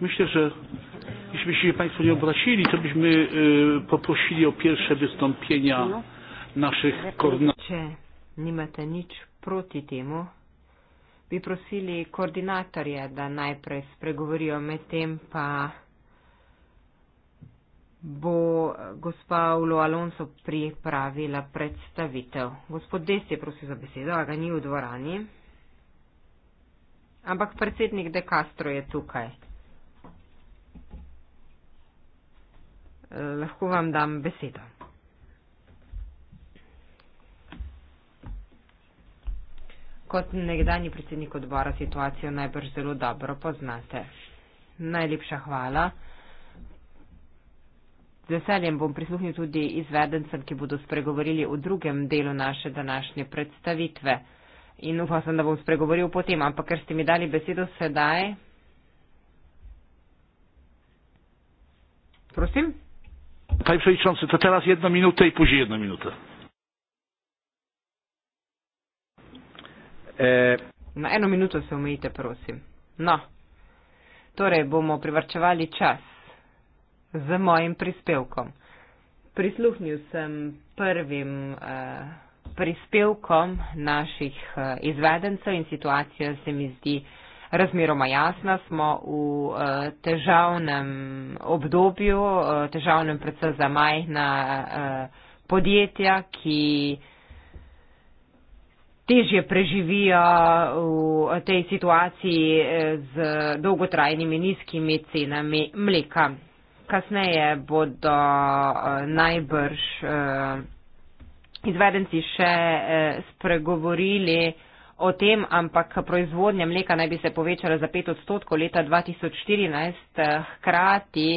Myślę, że jeśli byście się Państwo nie obrazili, to byśmy y, e, poprosili o pierwsze wystąpienia no. naszych koordynatorów. Prosili koordinatorje, da najprej spregovorijo, medtem pa bo gospa Ulo Alonso pripravila predstavitev. Gospod Des je prosil za besedo, a ga ni v dvorani. Ampak predsednik De Castro je tukaj. Eh, lahko vam dam besedo. Kot nekdani predsednik odbora situacijo najbrž zelo dobro poznate. Najlepša hvala. Z veseljem bom prisluhnil tudi izvedencem, ki bodo spregovorili v drugem delu naše današnje predstavitve. In upam sem, da bom spregovoril potem, ampak ker ste mi dali besedo sedaj. Prosim. Kaj prečonce, to je teraz jedna minuta in poži jedna minuta. E... Na eno minuto se omejite, prosim. No, torej bomo privrčevali čas z mojim prispevkom. Prisluhnil sem prvim eh, prispevkom naših eh, izvedencev in situacija se mi zdi razmeroma jasna. Smo v eh, težavnem obdobju, eh, težavnem predvsem za majhna eh, podjetja, ki težje preživijo v tej situaciji eh, z dolgotrajnimi nizkimi cenami mleka kasneje bodo eh, najbrž eh, izvedenci še eh, spregovorili o tem, ampak proizvodnja mleka naj bi se povečala za 5 odstotkov leta 2014, hkrati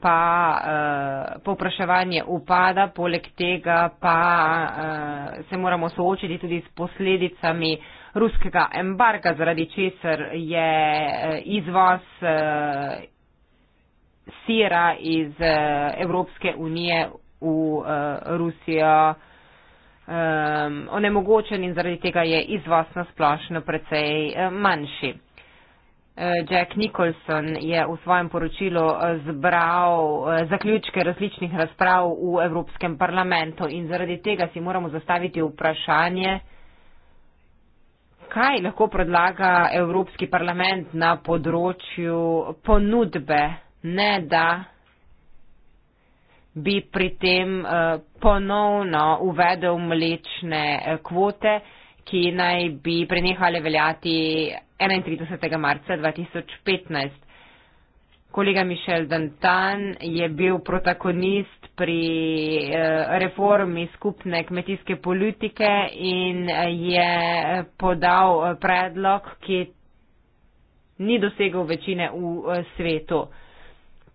pa eh, popraševanje upada, poleg tega pa eh, se moramo soočiti tudi s posledicami ruskega embarga, zaradi česar je eh, izvoz eh, sira iz uh, Evropske unije v uh, Rusijo um, onemogočen in zaradi tega je izvaz na splošno precej uh, manjši. Jack Nicholson je v svojem poročilu zbral zaključke različnih razprav v Evropskem parlamentu in zaradi tega si moramo zastaviti vprašanje, kaj lahko predlaga Evropski parlament na področju ponudbe ne da bi pri tem eh, ponovno uvedel mlečne eh, kvote, ki naj bi prenehale veljati 31. marca 2015. Kolega Mišel Dantan je bil protagonist pri eh, reformi skupne kmetijske politike in je podal predlog, ki ni dosegel večine v svetu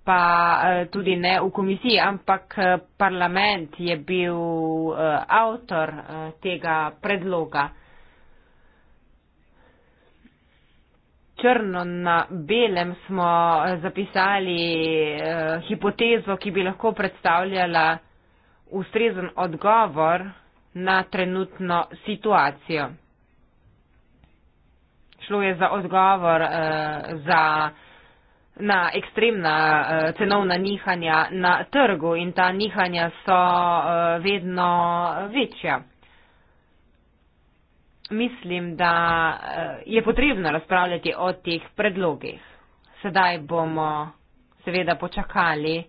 pa eh, tudi ne v komisiji, ampak eh, parlament je bil eh, avtor tega predloga. Črno na belem smo zapisali hipotezo, ki bi lahko predstavljala ustrezen odgovor na trenutno situacijo. Šlo je za odgovor eh, za na ekstremna uh, cenovna nihanja na trgu in ta nihanja so uh, vedno večja. Mislim, da uh, je potrebno razpravljati o teh predlogih. Sedaj bomo seveda počakali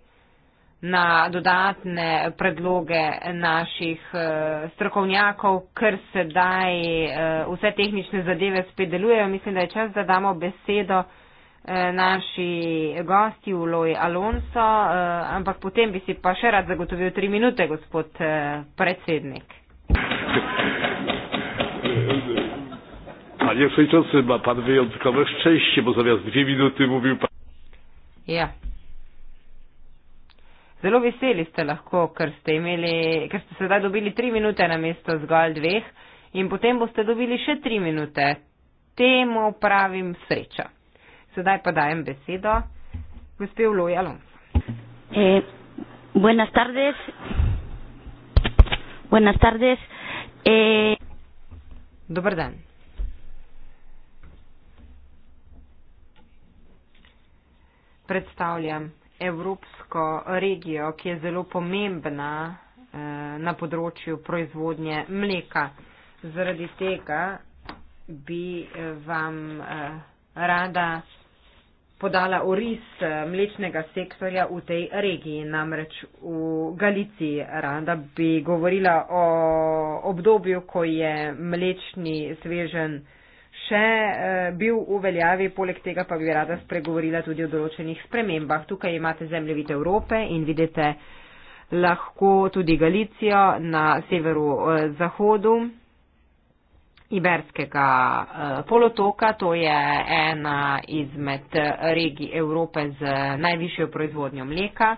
na dodatne predloge naših uh, strokovnjakov, ker sedaj uh, vse tehnične zadeve spet delujejo. Mislim, da je čas, da damo besedo. Eh, naši gosti Uloj Alonso, eh, ampak potem bi si pa še rad zagotovil tri minute, gospod eh, predsednik. Panie przewodniczący, ma pan wyjątkowe szczęście, bo zamiast dwie minuty mówił pan. Ja. Zelo veseli ste lahko, ker ste, imeli, ker ste sedaj dobili tri minute na mesto zgolj dveh in potem boste dobili še tri minute. Temu pravim sreča. Sedaj pa dajem besedo gospe Uloj Alonso. Eh, buenas tardes. Buenas tardes. Eh... Dobar dan. Predstavljam evropsko regijo, ki je zelo pomembna eh, na področju proizvodnje mleka. Zaradi tega bi eh, vam eh, rada podala oris eh, mlečnega sektorja v tej regiji, namreč v Galiciji. Rada bi govorila o obdobju, ko je mlečni svežen še eh, bil v veljavi, poleg tega pa bi rada spregovorila tudi o določenih spremembah. Tukaj imate zemljevide Evrope in vidite lahko tudi Galicijo na severu eh, zahodu. Iberskega eh, polotoka, to je ena izmed regij Evrope z najvišjo proizvodnjo mleka.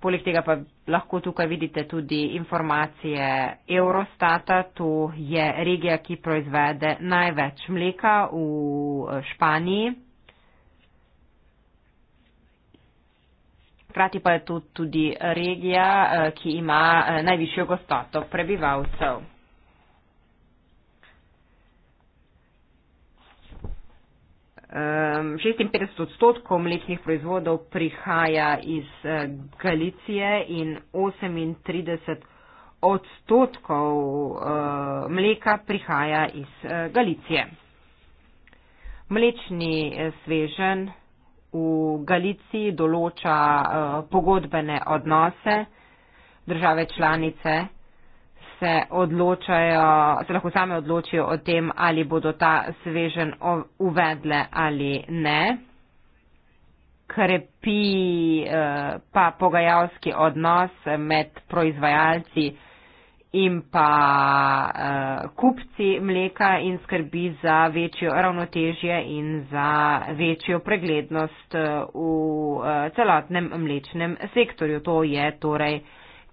Poleg tega pa lahko tukaj vidite tudi informacije Eurostata, to je regija, ki proizvede največ mleka v eh, Španiji. Hkrati pa je to tudi regija, eh, ki ima najvišjo gostoto prebivalcev. Um, ehm, 56 odstotkov mlečnih proizvodov prihaja iz uh, Galicije in 38 odstotkov uh, mleka prihaja iz uh, Galicije. Mlečni uh, svežen v Galiciji določa uh, pogodbene odnose države članice uh, se odločajo, se lahko same odločijo o tem, ali bodo ta svežen uvedle ali ne. Krepi eh, pa pogajalski odnos med proizvajalci in pa eh, kupci mleka in skrbi za večjo ravnotežje in za večjo preglednost eh, v celotnem mlečnem sektorju. To je torej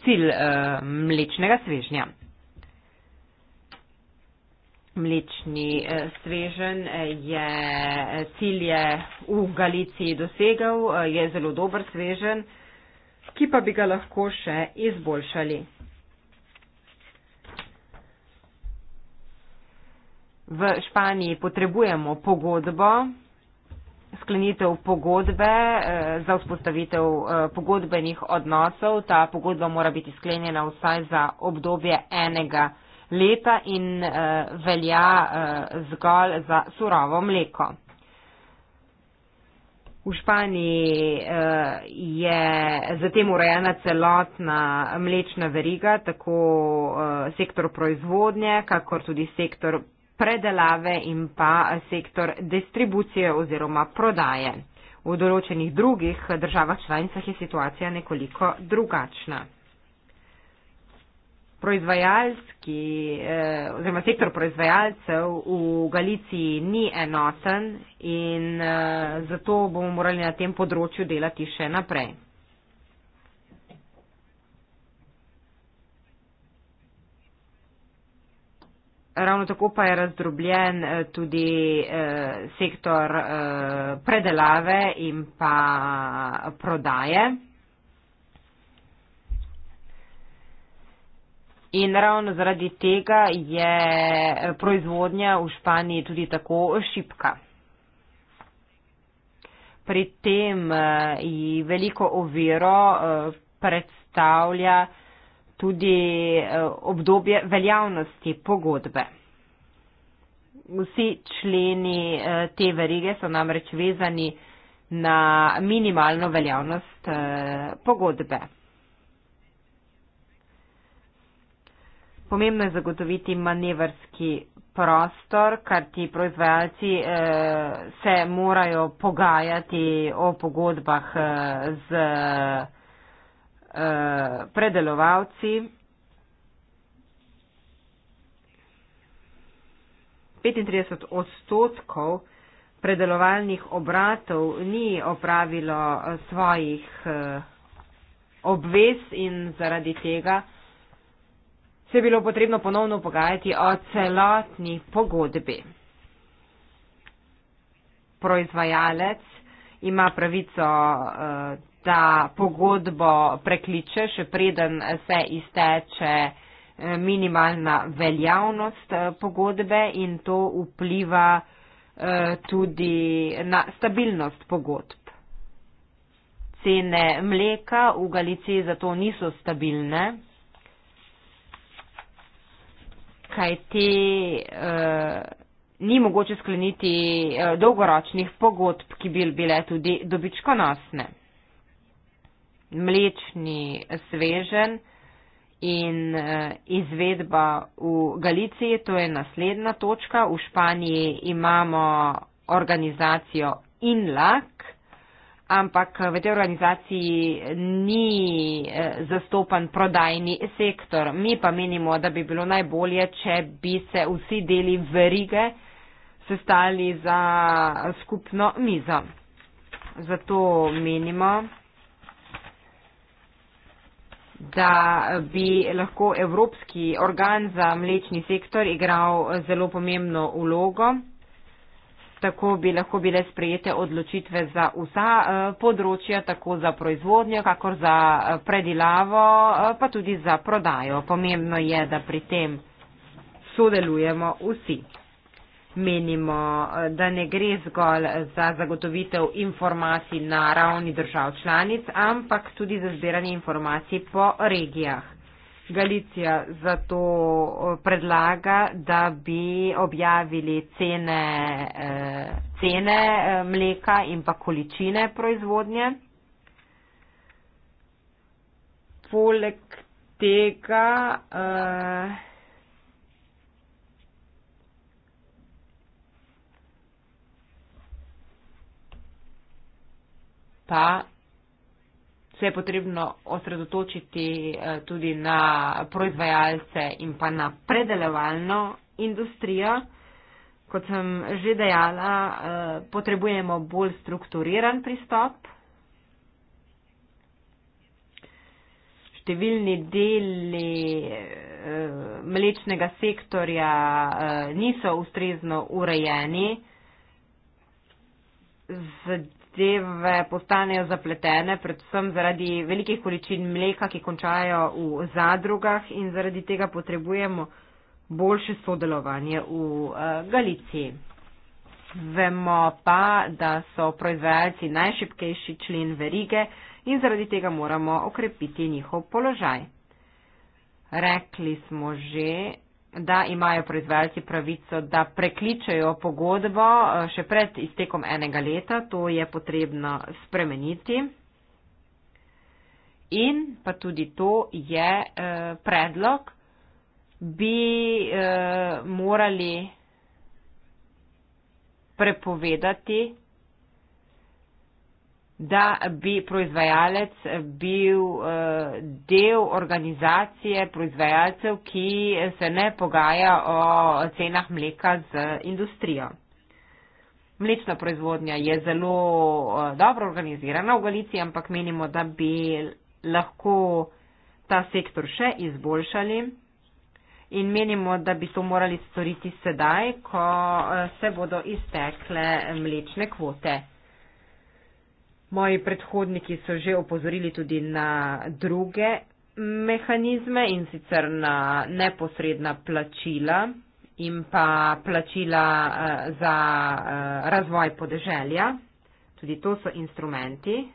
cilj uh, mlečnega svežnja. Mlečni eh, svežen eh, je cilj je v Galiciji dosegel, je zelo dober svežen, ki pa bi ga lahko še izboljšali. V Španiji potrebujemo pogodbo sklenitev pogodbe eh, za vzpostavitev eh, pogodbenih odnosov. Ta pogodba mora biti sklenjena vsaj za obdobje enega leta in eh, velja eh, zgolj za surovo mleko. V Španiji eh, je zatem urejena celotna mlečna veriga, tako eh, sektor proizvodnje, kakor tudi sektor predelave in pa sektor distribucije oziroma prodaje. V določenih drugih državah članicah je situacija nekoliko drugačna. Proizvajalski eh, oziroma sektor proizvajalcev v Galiciji ni enoten in eh, zato bomo morali na tem področju delati še naprej. Ravno tako pa je razdrobljen eh, tudi eh, sektor eh, predelave in pa prodaje. In ravno zaradi tega je eh, proizvodnja v Španiji tudi tako šipka. Pri tem eh, veliko oviro eh, predstavlja eh, tudi eh, obdobje veljavnosti pogodbe. Vsi členi eh, te verige so namreč vezani na minimalno veljavnost eh, pogodbe. Pomembno je zagotoviti manevrski prostor, kar ti proizvajalci se morajo pogajati o pogodbah z. Eh, predelovalci 35 odstotkov predelovalnih obratov ni opravilo eh, svojih eh, obvez in zaradi tega se je bilo potrebno ponovno pogajati o celotni pogodbi. Proizvajalec ima pravico da pogodbo prekliče, še preden se izteče eh, minimalna veljavnost eh, pogodbe in to vpliva eh, tudi na stabilnost pogodb. Cene mleka v Galiciji zato niso stabilne, kaj te ni mogoče skleniti dolgoročnih pogodb, ki bi bile tudi dobičkonosne mlečni svežen in eh, izvedba v Galiciji, to je naslednja točka. V Španiji imamo organizacijo INLAK, ampak v tej organizaciji ni eh, zastopan prodajni sektor. Mi pa menimo, da bi bilo najbolje, če bi se vsi deli verige sestali za skupno mizo. Zato menimo, da bi lahko Evropski organ za mlečni sektor igral zelo pomembno ulogo. Tako bi lahko bile sprejete odločitve za vsa eh, področja, tako za proizvodnjo, kakor za eh, predilavo, eh, pa tudi za prodajo. Pomembno je, da pri tem sodelujemo vsi menimo, eh, da ne gre zgolj za zagotovitev informacij na ravni držav članic, ampak tudi za zbiranje informacij po regijah. Galicija zato eh, predlaga, da bi objavili cene, eh, cene mleka in pa količine proizvodnje. Poleg tega. Uh, pa se je potrebno osredotočiti eh, tudi na proizvajalce in pa na predelevalno industrijo. Kot sem že dejala, eh, potrebujemo bolj strukturiran pristop. Številni deli eh, mlečnega sektorja niso ustrezno urejeni z zadeve postanejo zapletene, predvsem zaradi velikih količin mleka, ki končajo v zadrugah in zaradi tega potrebujemo boljše sodelovanje v eh, Galiciji. Vemo pa, da so proizvajalci najšipkejši člen verige in zaradi tega moramo okrepiti njihov položaj. Rekli smo že, da imajo proizvajalci pravico, da prekličajo pogodbo eh, še pred iztekom enega leta. To je potrebno spremeniti. In pa tudi to je eh, predlog, bi eh, morali prepovedati da bi proizvajalec bil eh, del organizacije proizvajalcev, ki se ne pogaja o cenah mleka z industrijo. Mlečna proizvodnja je zelo eh, dobro organizirana v Galiciji, ampak menimo, da bi lahko ta sektor še izboljšali in menimo, da bi to morali storiti sedaj, ko eh, se bodo iztekle mlečne kvote. Moji predhodniki so že opozorili tudi na druge mehanizme in sicer na neposredna plačila in pa plačila eh, za eh, razvoj podeželja. Tudi to so instrumenti,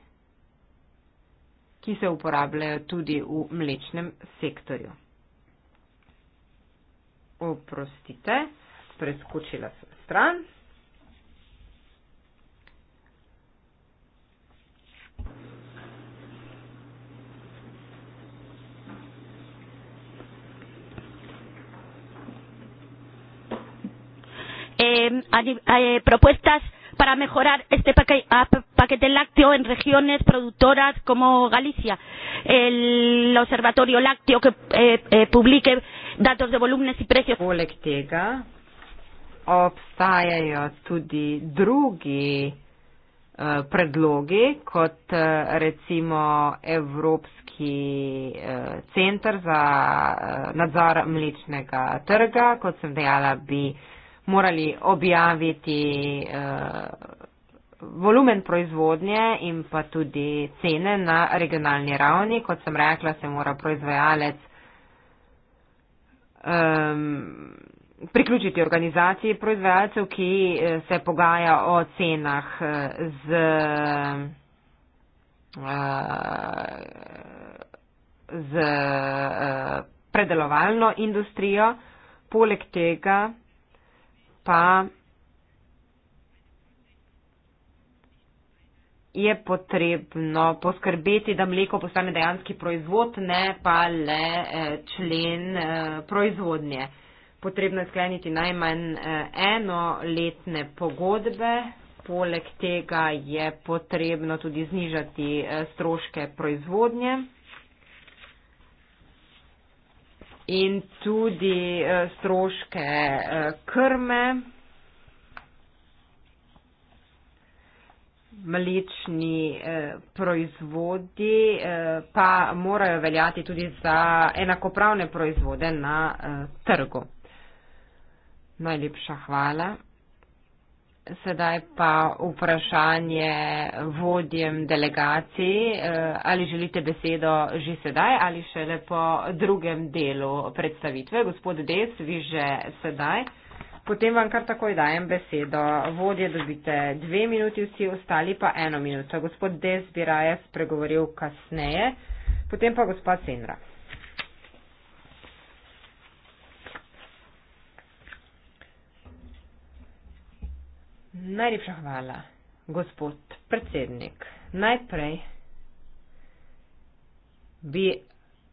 ki se uporabljajo tudi v mlečnem sektorju. Oprostite, preskočila sem stran. eh, eh, propuestas para mejorar este paquete lácteo en regiones productoras como Galicia. El Observatorio Lácteo que eh, eh, publique datos de volúmenes y precios. Poleg tega, obstajajo tudi drugi eh, predlogi, kot eh, recimo Evropski eh, centar za eh, nadzor mlečnega trga, kot sem dejala, bi eh, morali objaviti eh, volumen proizvodnje in pa tudi cene na regionalni ravni. Kot sem rekla, se mora proizvajalec eh, priključiti organizaciji proizvajalcev, ki eh, se pogaja o cenah eh, z. Eh, z predelovalno industrijo, poleg tega pa je potrebno poskrbeti, da mleko postane dejanski proizvod, ne pa le eh, člen eh, proizvodnje. Potrebno je skleniti najmanj eh, eno letne pogodbe, poleg tega je potrebno tudi znižati stroške proizvodnje. in tudi eh, stroške eh, krme, mlečni eh, proizvodi, pa morajo veljati tudi za enakopravne proizvode na trgu. Najlepša hvala sedaj pa vprašanje vodjem delegacij. Eh, ali želite besedo že sedaj ali šele po drugem delu predstavitve? Gospod Des, vi že sedaj. Potem vam kar takoj dajem besedo. Vodje dobite dve minuti, vsi ostali pa eno minuto. Gospod Des bi raje spregovoril kasneje, potem pa gospod Senra. Najlepša hvala, gospod predsednik. Najprej bi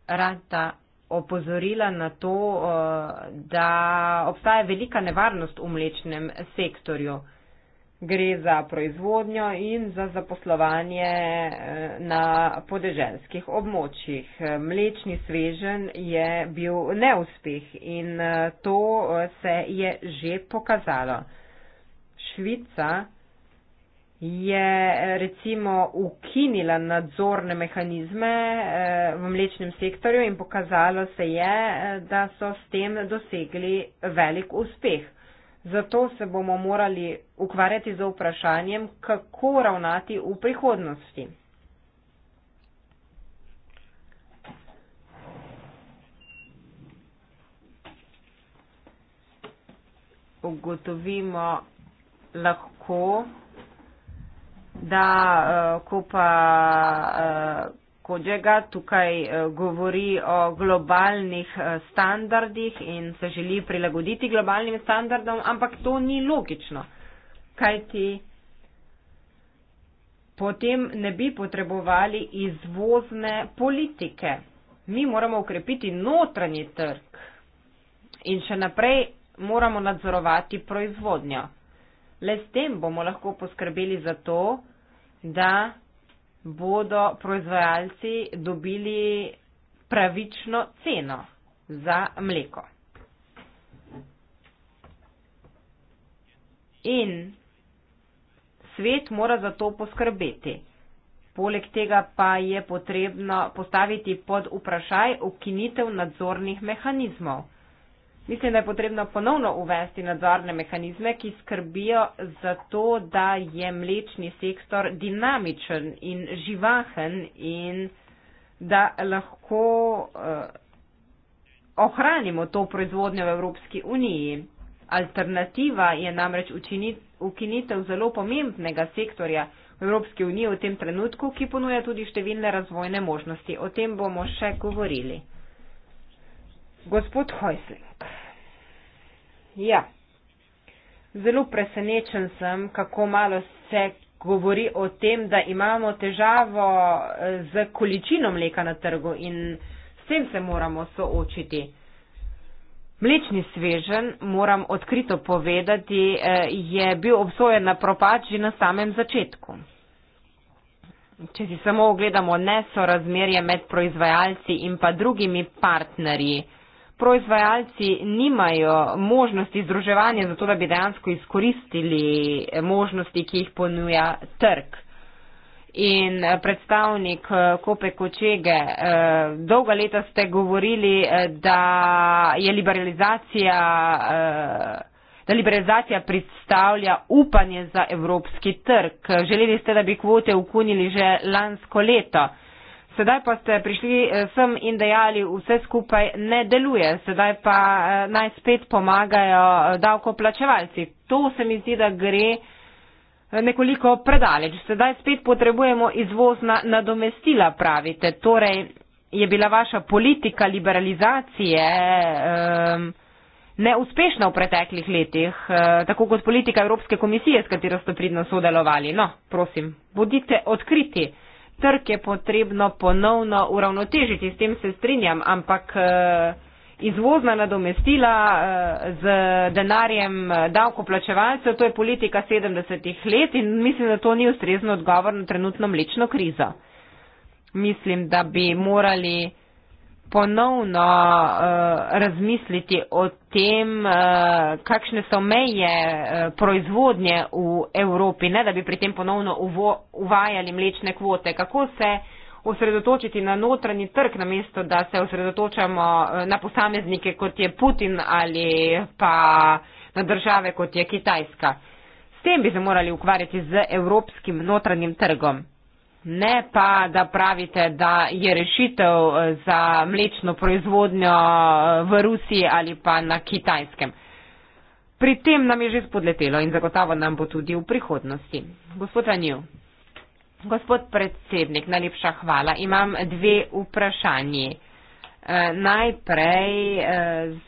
rada opozorila na to, eh, da obstaja velika nevarnost v mlečnem sektorju. Gre za proizvodnjo in za zaposlovanje eh, na podeželskih območjih. Mlečni svežen je bil neuspeh in eh, to se je že pokazalo. Švica je recimo ukinila nadzorne mehanizme eh, v mlečnem sektorju in pokazalo se je, eh, da so s tem dosegli velik uspeh. Zato se bomo morali ukvarjati z vprašanjem, kako ravnati v prihodnosti. Ugotovimo, lahko, da eh, ko pa eh, Kodžega tukaj eh, govori o globalnih standardih in se želi prilagoditi globalnim standardom, ampak to ni logično, kajti potem ne bi potrebovali izvozne politike. Mi moramo ukrepiti notranji trg in še naprej moramo nadzorovati proizvodnjo. Le s tem bomo lahko poskrbeli za to, da bodo proizvajalci dobili pravično ceno za mleko. In svet mora za to poskrbeti. Poleg tega pa je potrebno postaviti pod vprašaj ukinitev nadzornih mehanizmov. Mislim, da je potrebno ponovno uvesti nadzorne mehanizme, ki skrbijo za to, da je mlečni sektor dinamičen in živahen in da lahko eh, ohranimo to proizvodnjo v Evropski uniji. Alternativa je namreč ukinitev zelo pomembnega sektorja v Evropski uniji v tem trenutku, ki ponuja tudi številne razvojne možnosti. O tem bomo še govorili. Gospod Hojsling. Ja, zelo presenečen sem, kako malo se govori o tem, da imamo težavo eh, z količino mleka na trgu in s tem se moramo soočiti. Mlečni svežen, moram odkrito povedati, eh, je bil obsojen na propad že na samem začetku. Če si samo ogledamo nesorazmerje med proizvajalci in pa drugimi partnerji, proizvajalci nimajo možnosti združevanja zato, da bi dejansko izkoristili možnosti, ki jih ponuja trg. In eh, predstavnik eh, Kope Kočege, eh, dolga leta ste govorili, da je liberalizacija, da liberalizacija predstavlja upanje za evropski trg. Želeli ste, da bi kvote ukunili že lansko leto. Sedaj pa ste prišli eh, sem in dejali, vse skupaj ne deluje, sedaj pa eh, naj spet pomagajo eh, davkoplačevalci. To se mi zdi, da gre nekoliko predaleč. Sedaj spet potrebujemo izvozna nadomestila, pravite. Torej je bila vaša politika liberalizacije um, neuspešna v preteklih letih, uh, tako kot politika Evropske komisije, s katero ste pridno sodelovali. No, prosim, bodite odkriti trg je potrebno ponovno uravnotežiti, s tem se strinjam, ampak eh, izvozna nadomestila eh, z denarjem eh, davkoplačevalcev, to je politika 70-ih let in mislim, da to ni ustrezno odgovor na trenutno mlečno krizo. Mislim, da bi morali ponovno eh, razmisliti o tem, eh, kakšne so meje eh, proizvodnje v Evropi, ne da bi pri tem ponovno uvajali mlečne kvote. Kako se osredotočiti na notranji trg, namesto da se osredotočamo na posameznike, kot je Putin ali pa na države, kot je Kitajska. S tem bi se morali ukvarjati z evropskim notranjim trgom. Ne pa, da pravite, da je rešitev eh, za mlečno proizvodnjo eh, v Rusiji ali pa na kitajskem. Pri tem nam je že spodletelo in zagotavo nam bo tudi v prihodnosti. Gospod Anju, gospod predsednik, najlepša hvala. Imam dve vprašanji. E, najprej e,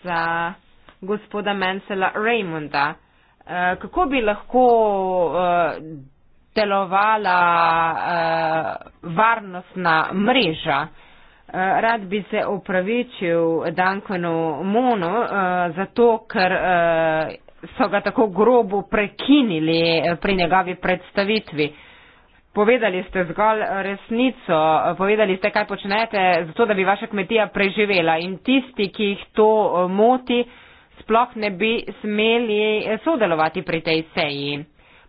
za gospoda Mansela Raymonda. E, kako bi lahko. E, delovala uh, varnostna mreža. Eh, rad bi se upravičil Dankonu Monu uh, zato, ker uh, so ga tako grobo prekinili pri njegovi predstavitvi. Povedali ste zgolj resnico, povedali ste, kaj počnete, zato da bi vaša kmetija preživela in tisti, ki jih to moti, sploh ne bi smeli sodelovati pri tej seji.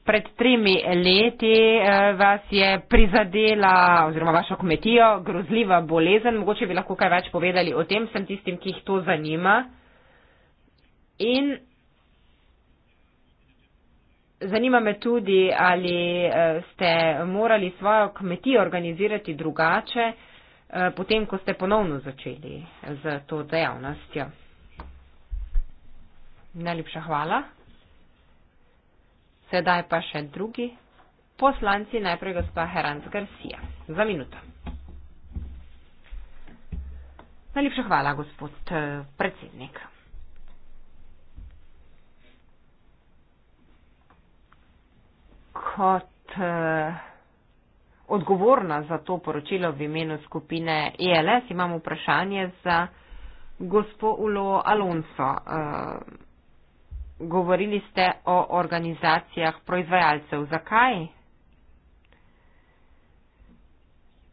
Pred tremi leti eh, vas je prizadela oziroma vašo kmetijo grozljiva bolezen. Mogoče bi lahko kaj več povedali o tem, sem tistim, ki jih to zanima. In zanima me tudi, ali eh, ste morali svojo kmetijo organizirati drugače, eh, potem, ko ste ponovno začeli z to dejavnostjo. Najlepša hvala. Sedaj pa še drugi poslanci, najprej gospa Herans Garcia. Za minuto. Najlepša hvala, gospod eh, predsednik. Kot eh, odgovorna za to poročilo v imenu skupine ELS imam vprašanje za gospo Ulo Alonso. Eh, govorili ste o organizacijah proizvajalcev. Zakaj?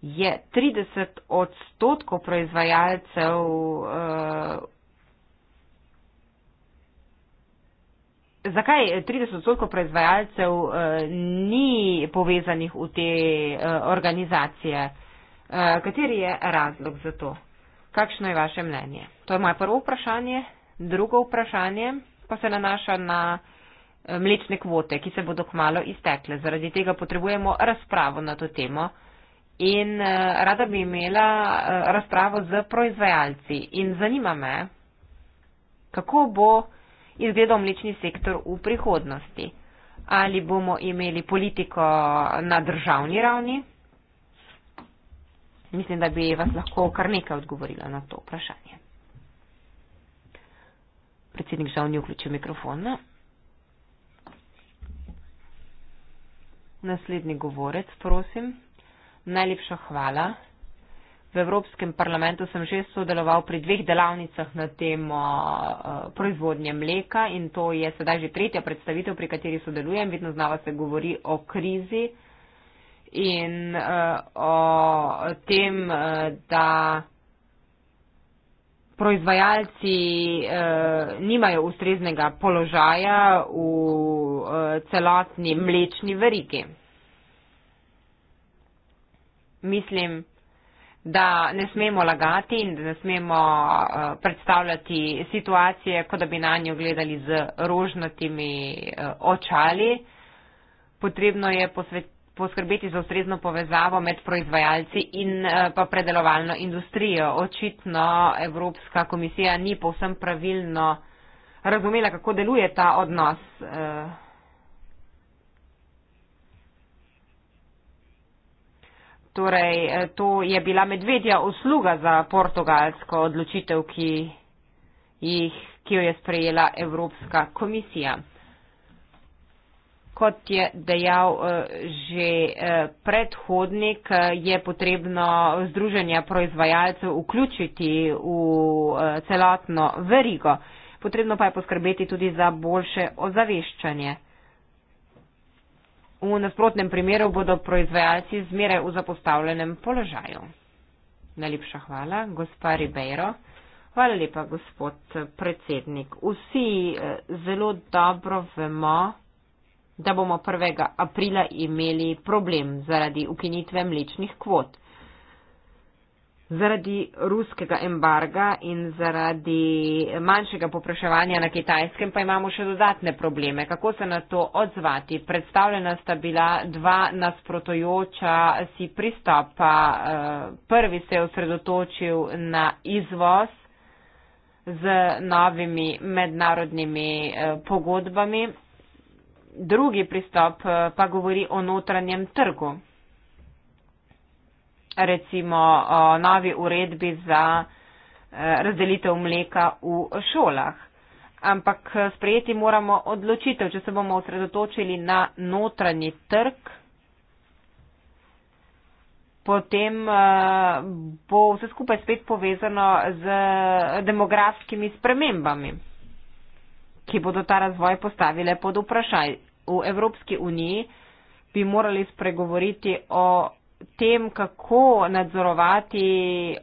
Je 30 odstotkov proizvajalcev uh, Zakaj 30 odstotkov proizvajalcev uh, ni povezanih v te uh, organizacije? Uh, kateri je razlog za to? Kakšno je vaše mnenje? To je moje prvo vprašanje. Drugo vprašanje pa se nanaša na eh, mlečne kvote, ki se bodo kmalo iztekle. Zaradi tega potrebujemo razpravo na to temo in eh, rada bi imela eh, razpravo z proizvajalci. In zanima me, kako bo izgledal mlečni sektor v prihodnosti. Ali bomo imeli politiko na državni ravni? Mislim, da bi vas lahko kar nekaj odgovorila na to vprašanje. Predsednik žal ni vključil mikrofona. Naslednji govorec, prosim. Najlepša hvala. V Evropskem parlamentu sem že sodeloval pri dveh delavnicah na temo uh, proizvodnje mleka in to je sedaj že tretja predstavitev, pri kateri sodelujem. Vedno znova se govori o krizi in uh, o tem, uh, da proizvajalci eh, nimajo ustreznega položaja v eh, celotni mlečni verigi. Mislim, da ne smemo lagati in da ne smemo eh, predstavljati situacije, kot da bi na njo gledali z rožnatimi eh, očali. Potrebno je posvetiti poskrbeti za ustrezno povezavo med proizvajalci in eh, pa predelovalno industrijo. Očitno Evropska komisija ni povsem pravilno razumela, kako deluje ta odnos. Eh. Torej, eh, to je bila medvedja usluga za portugalsko odločitev, ki, jih, ki jo je sprejela Evropska komisija. Kot je dejal eh, že eh, predhodnik, eh, je potrebno združenje proizvajalcev vključiti v celotno verigo. Potrebno pa je poskrbeti tudi za boljše ozaveščanje. V nasprotnem primeru bodo proizvajalci zmeraj v zapostavljenem položaju. Najlepša hvala, gospa Ribeiro. Hvala lepa, gospod predsednik. Vsi zelo dobro vemo, da bomo 1. aprila imeli problem zaradi ukinitve mlečnih kvot. Zaradi ruskega embarga in zaradi manjšega popraševanja na kitajskem pa imamo še dodatne probleme. Kako se na to odzvati? Predstavljena sta bila dva nasprotojoča si pristopa. Eh, prvi se je osredotočil na izvoz z novimi mednarodnimi eh, pogodbami drugi pristop eh, pa govori o notranjem trgu. Recimo o novi uredbi za eh, razdelitev mleka v šolah. Ampak eh, sprejeti moramo odločitev, če se bomo osredotočili na notranji trg, potem bo vse skupaj spet povezano z demografskimi spremembami ki bodo ta razvoj postavile pod vprašaj. V Evropski uniji bi morali spregovoriti o tem, kako nadzorovati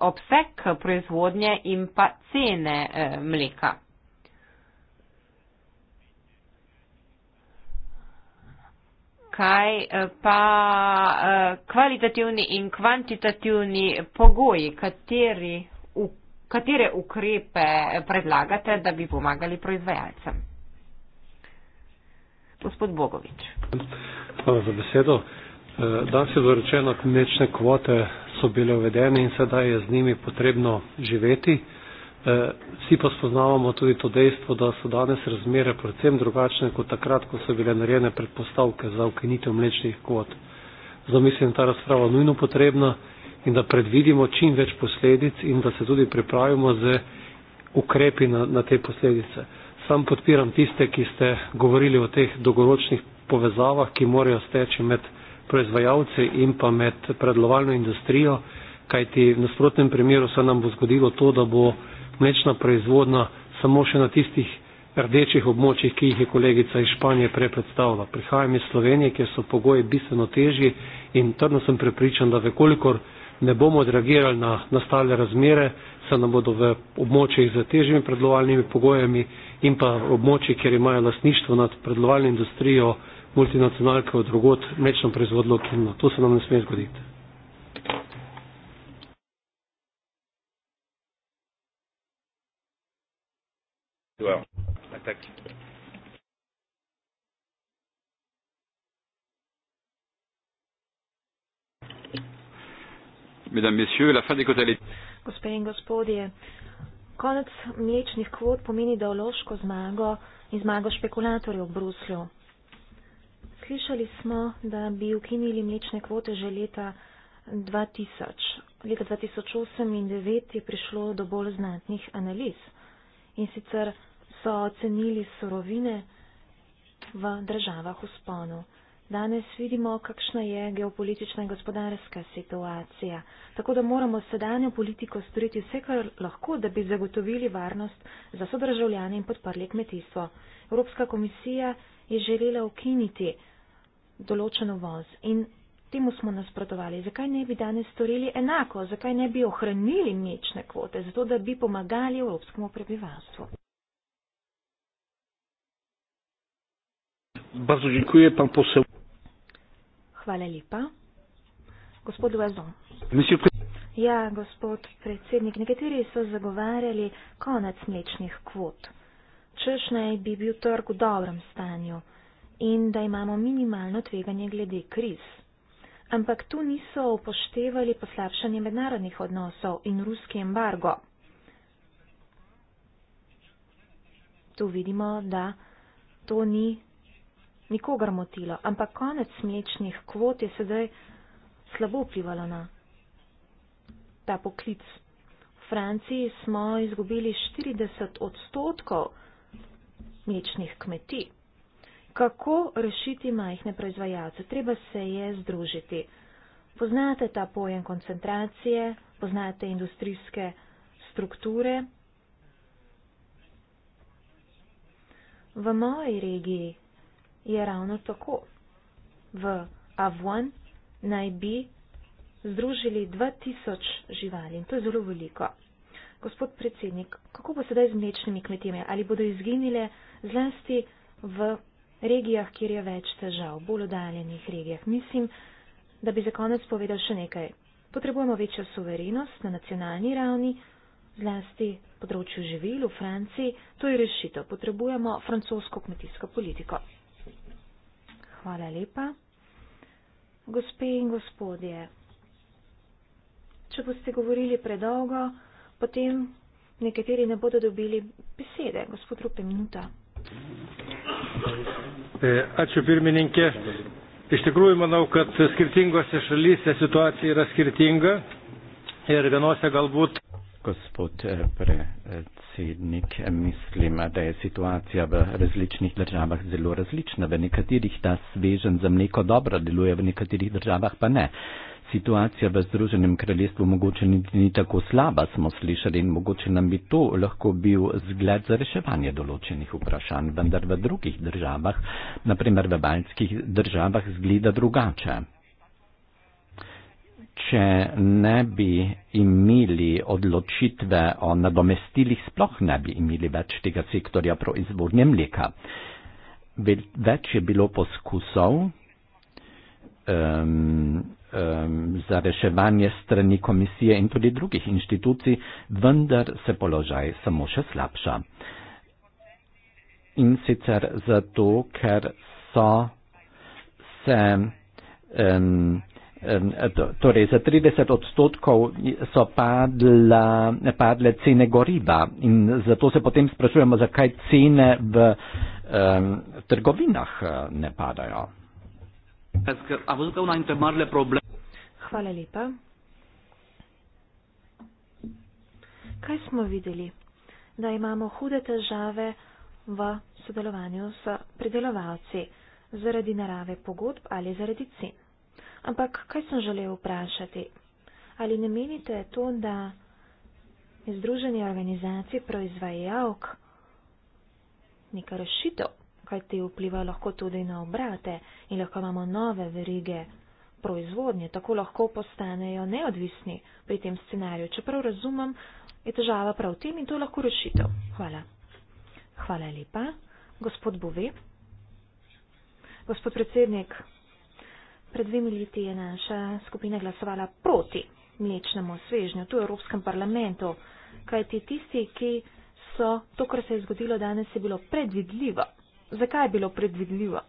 obseg proizvodnje in pa cene eh, mleka. Kaj eh, pa eh, kvalitativni in kvantitativni pogoji, kateri Katere ukrepe predlagate, da bi pomagali proizvajalcem? Gospod Bogovič. Hvala za besedo. Eh, danes je dorečeno, mlečne kvote so bile uvedene in sedaj je z njimi potrebno živeti. Eh, vsi pa spoznavamo tudi to dejstvo, da so danes razmere predvsem drugačne kot takrat, ko so bile narejene predpostavke za ukinitev mlečnih kvot. Zato mislim, da je ta razprava nujno potrebna in da predvidimo čim več posledic in da se tudi pripravimo z ukrepi na, na te posledice. Sam podpiram tiste, ki ste govorili o teh dolgoročnih povezavah, ki morajo steči med proizvajalci in pa med predlovalno industrijo, kajti v nasprotnem primeru se nam bo zgodilo to, da bo mlečna proizvodna samo še na tistih rdečih območjih, ki jih je kolegica iz Španije prej predstavila. Prihajam iz Slovenije, kjer so pogoji bistveno težji in trdno sem prepričan, da vekolikor ne bomo odreagirali na nastale razmere, se nam bodo v območjih z težjimi predlovalnimi pogojami in pa v območjih, kjer imajo lasništvo nad predlovalno industrijo multinacionalke od drugot mlečno proizvodilo kilno. To se nam ne sme zgoditi. Well, I think. mesdames, messieurs, la fin des quotas Konec mlečnih kvot pomeni ideološko zmago in zmago špekulatorjev v Bruslju. Slišali smo, da bi ukinili mlečne kvote že leta 2000. Leta 2008 in 2009 je prišlo do bolj znatnih analiz in sicer so ocenili sorovine v državah v sponu. Danes vidimo, kakšna je geopolitična in gospodarska situacija. Tako da moramo sedanjo politiko storiti vse, kar lahko, da bi zagotovili varnost za sodržavljane in podprli kmetijstvo. Evropska komisija je želela ukiniti določen uvoz in temu smo nasprotovali. Zakaj ne bi danes storili enako? Zakaj ne bi ohranili mlečne kvote? Zato, da bi pomagali evropskemu prebivalstvu. Bardzo dziękuję pan poseł. Hvala lepa. Gospod Vazon. Ja, gospod predsednik, nekateri so zagovarjali konec mlečnih kvot. Češ naj bi bil trg v dobrem stanju in da imamo minimalno tveganje glede kriz. Ampak tu niso upoštevali poslabšanje mednarodnih odnosov in ruski embargo. Tu vidimo, da to ni nikogar motilo, ampak konec mlečnih kvot je sedaj slabo vplivalo na ta poklic. V Franciji smo izgubili 40 odstotkov mlečnih kmetij. Kako rešiti majhne proizvajalce? Treba se je združiti. Poznate ta pojem koncentracije, poznate industrijske strukture. V moji regiji je ravno tako. V Avon naj bi združili 2000 živali in to je zelo veliko. Gospod predsednik, kako bo sedaj z mlečnimi kmetijami? Ali bodo izginile zlasti v regijah, kjer je več težav, bolj oddaljenih regijah? Mislim, da bi za konec povedal še nekaj. Potrebujemo večjo suverenost na nacionalni ravni, zlasti področju živil v Franciji. To je rešitev. Potrebujemo francosko kmetijsko politiko. Hvala lepa. Gospe in gospodje, če boste govorili predolgo, potem nekateri ne bodo dobili besede. Gospod Rupe, minuta. E, ačiū pirmininkė. Iš tikrųjų manau, kad skirtingose šalyse situacija yra skirtinga ir vienose galbūt. Gospod e, e, predsednik, mislim, da je situacija v različnih državah zelo različna. V nekaterih ta svežen za mleko dobro deluje, v nekaterih državah pa ne. Situacija v Združenem kraljestvu mogoče ni, ni tako slaba, smo slišali in mogoče nam bi to lahko bil zgled za reševanje določenih vprašanj, vendar v drugih državah, naprimer v baljskih državah, zgleda drugače če ne bi imeli odločitve o nadomestilih, sploh ne bi imeli več tega sektorja proizvodnje mleka. Več je bilo poskusov um, um, za reševanje strani komisije in tudi drugih inštitucij, vendar se položaj samo še slabša. In sicer zato, ker so se um, torej za 30 odstotkov so padla, padle cene goriva in zato se potem sprašujemo, zakaj cene v um, trgovinah eh, ne padajo. Hvala lepa. Kaj smo videli? Da imamo hude težave v sodelovanju s pridelovalci zaradi narave pogodb ali zaradi cen. Ampak kaj sem želel vprašati? Ali ne menite to, da je Združenje organizacij proizvajalk neka rešitev, kaj te vpliva lahko tudi na obrate in lahko imamo nove verige proizvodnje, tako lahko postanejo neodvisni pri tem scenariju. Čeprav razumem, je težava prav v tem in to je lahko rešitev. Hvala. Hvala lepa. Gospod Bove. Gospod predsednik, Pred dvemi leti je naša skupina glasovala proti mlečnemu svežnju tu v Evropskem parlamentu, kajti tisti, ki so to, kar se je zgodilo danes, je bilo predvidljivo. Zakaj je bilo predvidljivo?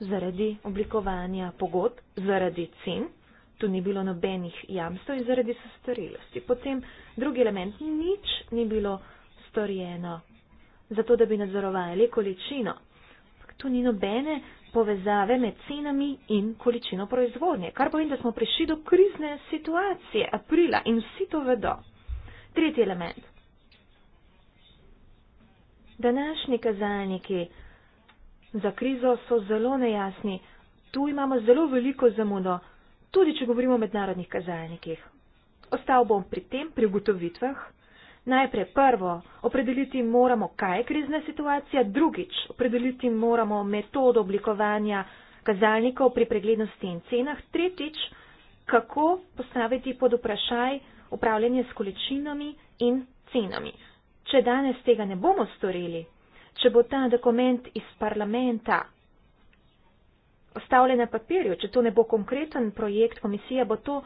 Zaradi oblikovanja pogod, zaradi cen, tu ni bilo nobenih jamstv in zaradi sestarilosti. Potem drugi element, nič ni bilo storjeno, zato da bi nadzorovali količino. Tu ni nobene povezave med cenami in količino proizvodnje. Kar pomeni, da smo prišli do krizne situacije aprila in vsi to vedo. Tretji element. Današnji kazalniki za krizo so zelo nejasni. Tu imamo zelo veliko zamudo, tudi če govorimo o mednarodnih kazalnikih. Ostal bom pri tem, pri ugotovitvah. Najprej prvo, opredeliti moramo, kaj je krizna situacija, drugič, opredeliti moramo metodo oblikovanja kazalnikov pri preglednosti in cenah, tretjič, kako postaviti pod vprašaj upravljanje s količinami in cenami. Če danes tega ne bomo storili, če bo ta dokument iz parlamenta ostavljen na papirju, če to ne bo konkreten projekt komisije, bo to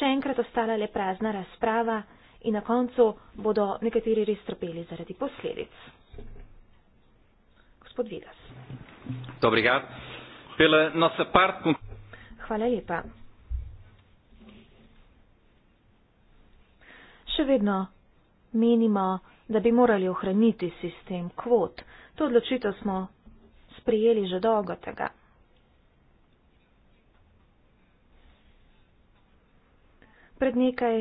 še enkrat ostala le prazna razprava in na koncu bodo nekateri res trpeli zaradi posledic. Gospod Vigas. No Hvala lepa. Še vedno menimo, da bi morali ohraniti sistem kvot. To odločitev smo sprijeli že dolgo tega. Pred nekaj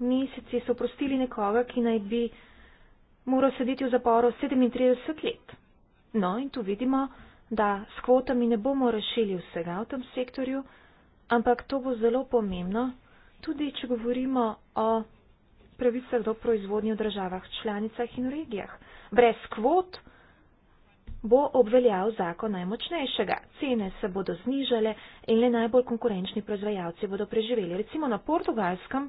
meseci so oprostili nekoga, ki naj bi moral sedeti v zaporu 37 let. No in tu vidimo, da s kvotami ne bomo rešili vsega v tem sektorju, ampak to bo zelo pomembno, tudi če govorimo o pravicah do proizvodnje v državah, članicah in regijah. Brez kvot bo obveljal zakon najmočnejšega. Cene se bodo znižale in le najbolj konkurenčni proizvajalci bodo preživeli. Recimo na portugalskem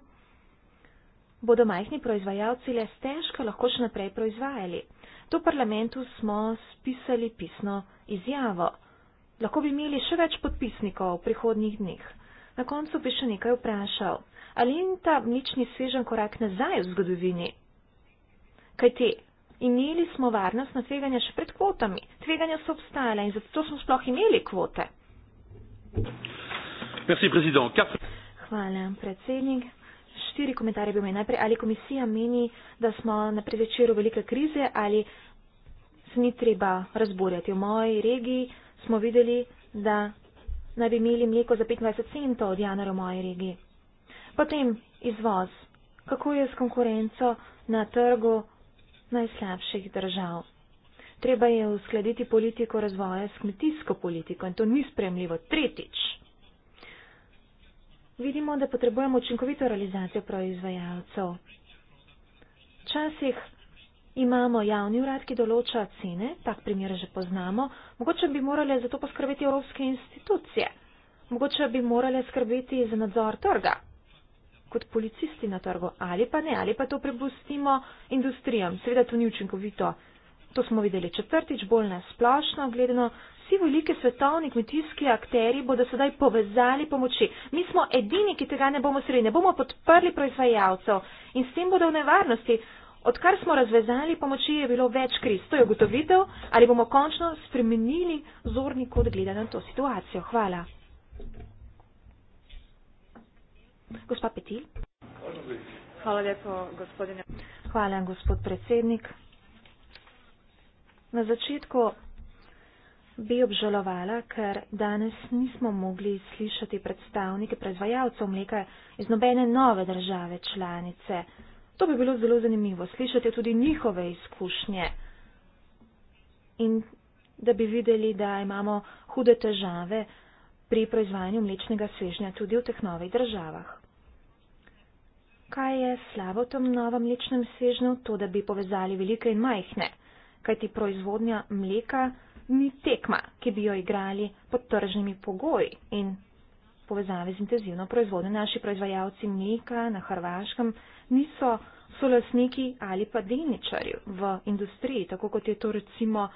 bodo majhni proizvajalci le stežka lahko še naprej proizvajali. To parlamentu smo spisali pisno izjavo. Lahko bi imeli še več podpisnikov v prihodnjih dneh. Na koncu bi še nekaj vprašal. Ali je ta mlični svežen korak nazaj v zgodovini? Kaj te? Imeli smo varnostna tveganja še pred kvotami. Tveganja so obstajala in zato smo sploh imeli kvote. Merci, Hvala, predsednik štiri komentarje bi imel. Najprej, ali komisija meni, da smo na predvečeru velike krize ali se ni treba razborjati. V moji regiji smo videli, da naj bi imeli mleko za 25 centov od januarja v moji regiji. Potem izvoz. Kako je s konkurenco na trgu najslabših držav? Treba je uskladiti politiko razvoja s kmetijsko politiko in to ni spremljivo. Tretjič vidimo, da potrebujemo učinkovito realizacijo proizvajalcev. Včasih imamo javni urad, ki določa cene, tak primer že poznamo, mogoče bi morale za to poskrbeti evropske institucije, mogoče bi morale skrbeti za nadzor trga kot policisti na trgu ali pa ne, ali pa to prepustimo industrijam. Seveda to ni učinkovito. To smo videli četrtič, bolj nasplošno gledano, Vsi veliki svetovni kmetijski akteri bodo sedaj povezali pomoči. Mi smo edini, ki tega ne bomo sredi, ne bomo podprli proizvajalcev in s tem bodo v nevarnosti. Odkar smo razvezali pomoči, je bilo več kriz. To je ugotovitev, ali bomo končno spremenili zorni kod gleda na to situacijo. Hvala. Gospa Petil. Hvala lepo, gospodine. Hvala, gospod predsednik. Na začetku bi obžalovala, ker danes nismo mogli slišati predstavnike proizvajalcev mleka iz nobene nove države članice. To bi bilo zelo zanimivo, slišati tudi njihove izkušnje in da bi videli, da imamo hude težave pri proizvajanju mlečnega svežnja tudi v teh novih državah. Kaj je slabo v tem novem mlečnem svežnju? To, da bi povezali velike in majhne, kajti proizvodnja mleka ni tekma, ki bi jo igrali pod tržnimi pogoji in povezave z intenzivno proizvodnjo. Naši proizvajalci mlika na Hrvaškem niso solasniki ali pa delničarji v industriji, tako kot je to recimo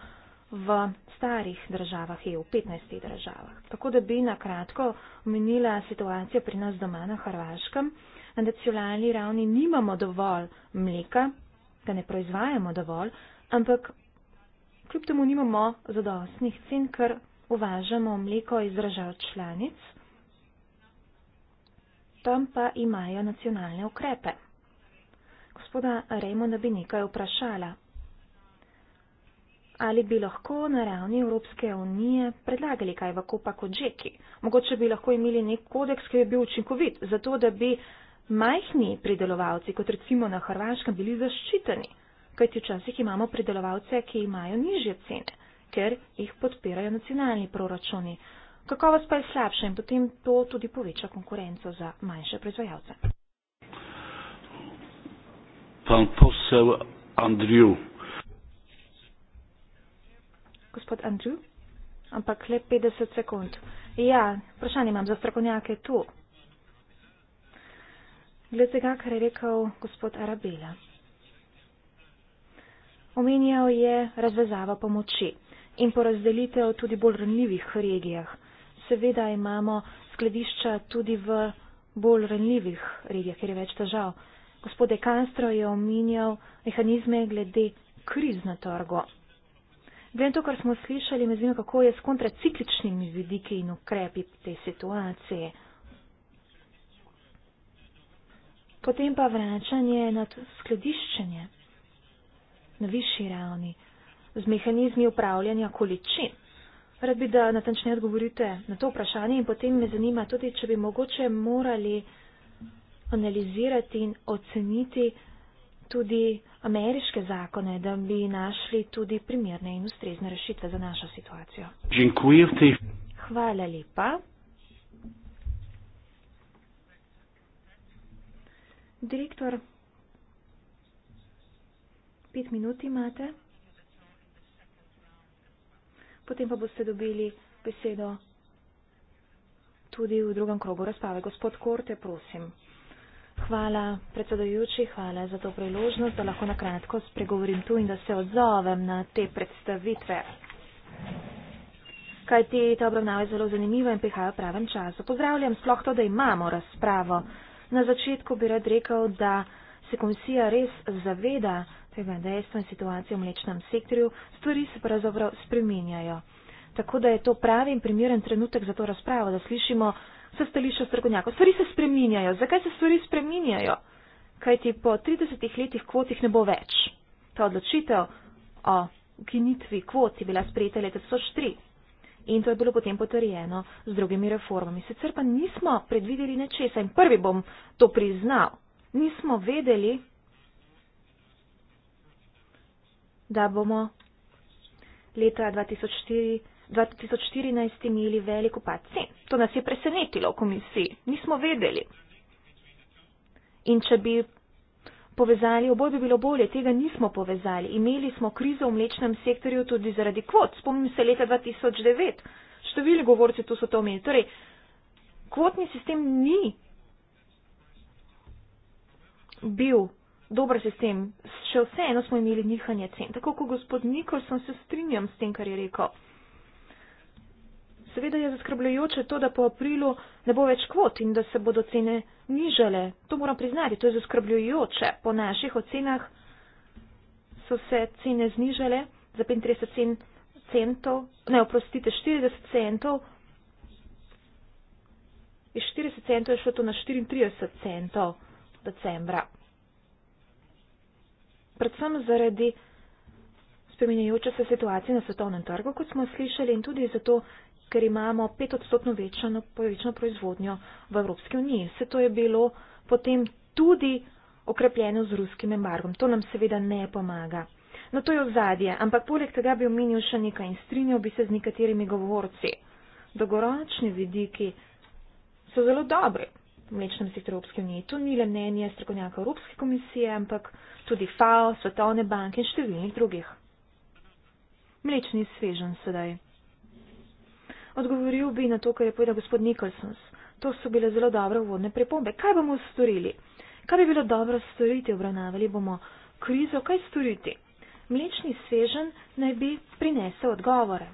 v starih državah EU, 15 državah. Tako da bi na kratko omenila situacijo pri nas doma na Hrvaškem. Na nacionalni ravni nimamo dovolj mleka, ga ne proizvajamo dovolj, ampak Kljub temu nimamo zadostnih cen, ker uvažamo mleko iz držav članic, tam pa imajo nacionalne ukrepe. Gospoda Raymonda bi nekaj vprašala. Ali bi lahko na ravni Evropske unije predlagali kaj v kopa kot žeki? Mogoče bi lahko imeli nek kodeks, ki bi bil učinkovit, zato da bi majhni pridelovalci, kot recimo na Hrvaškem, bili zaščiteni kajti včasih imamo pridelovalce, ki imajo nižje cene, ker jih podpirajo nacionalni proračuni. Kakovost pa je slabša in potem to tudi poveča konkurenco za manjše proizvajalce. Pan posel Andriju. Gospod Andriju, ampak le 50 sekund. Ja, vprašanje imam za strokovnjake tu. Glede tega, kar je rekel gospod Arabela. Omenjal je razvezava pomoči in porazdelitev tudi bolj ranljivih regijah. Seveda imamo skladišča tudi v bolj ranljivih regijah, kjer je več težav. Gospode Kanstro je omenjal mehanizme glede kriz na trgo. Glede to, kar smo slišali, me zanima, kako je s kontracikličnimi vidiki in ukrepi te situacije. Potem pa vračanje na skladiščenje na višji ravni, z mehanizmi upravljanja količin. Rad bi, da natančneje odgovorite na to vprašanje in potem me zanima tudi, če bi mogoče morali analizirati in oceniti tudi ameriške zakone, da bi našli tudi primerne in ustrezne rešitve za našo situacijo. Hvala lepa. Direktor Pet minut imate. Potem pa boste dobili besedo tudi v drugem krogu razprave. Gospod Korte, prosim. Hvala predsedojuči, hvala za to priložnost, da lahko na kratko spregovorim tu in da se odzovem na te predstavitve. Kaj ti ta obravnava je zelo zanimiva in prihaja v pravem času. Pozdravljam sploh to, da imamo razpravo. Na začetku bi rad rekel, da se komisija res zaveda tega dejstva in situacije v mlečnem sektorju, stvari se pravzaprav spreminjajo. Tako da je to pravi in primeren trenutek za to razpravo, da slišimo vse stališče strokovnjakov. Stvari se spreminjajo. Zakaj se stvari spreminjajo? Kaj ti po 30 letih kvotih ne bo več. Ta odločitev o ukinitvi kvot je bila sprejeta leta 2003 in to je bilo potem potrjeno z drugimi reformami. Sicer pa nismo predvideli nečesa in prvi bom to priznal nismo vedeli, da bomo leta 2004, 2014 imeli velik upad cen. To nas je presenetilo v komisiji. Nismo vedeli. In če bi povezali, oboj bi bilo bolje, tega nismo povezali. Imeli smo krizo v mlečnem sektorju tudi zaradi kvot. Spomnim se leta 2009. Številni govorci tu so to omenili. Torej, kvotni sistem ni bil dober sistem, še vseeno smo imeli nihanje cen. Tako kot gospod Nikolson se strinjam s tem, kar je rekel. Seveda je zaskrbljujoče to, da po aprilu ne bo več kvot in da se bodo cene nižale. To moram priznati, to je zaskrbljujoče. Po naših ocenah so se cene znižale za 35 cen, centov, ne oprostite, 40 centov. Iz 40 centov je šlo to na 34 centov decembra. Predvsem zaradi spremenjajoče se situacije na svetovnem trgu, kot smo slišali, in tudi zato, ker imamo pet odstotno povečano proizvodnjo v Evropski uniji. Vse to je bilo potem tudi okrepljeno z ruskim embargom. To nam seveda ne pomaga. No, to je ozadje, ampak poleg tega bi omenil še nekaj in strinjal bi se z nekaterimi govorci. Dolgoročni vidiki so zelo dobri, mlečnem sektorju Evropske unije. To ni le mnenje strokovnjaka Evropske komisije, ampak tudi FAO, Svetovne banke in številnih drugih. Mlečni svežen sedaj. Odgovoril bi na to, kar je povedal gospod Nikolsons. To so bile zelo dobre vodne pripombe. Kaj bomo storili? Kaj bi bilo dobro storiti? Obravnavali bomo krizo. Kaj storiti? Mlečni svežen naj bi prinesel odgovore.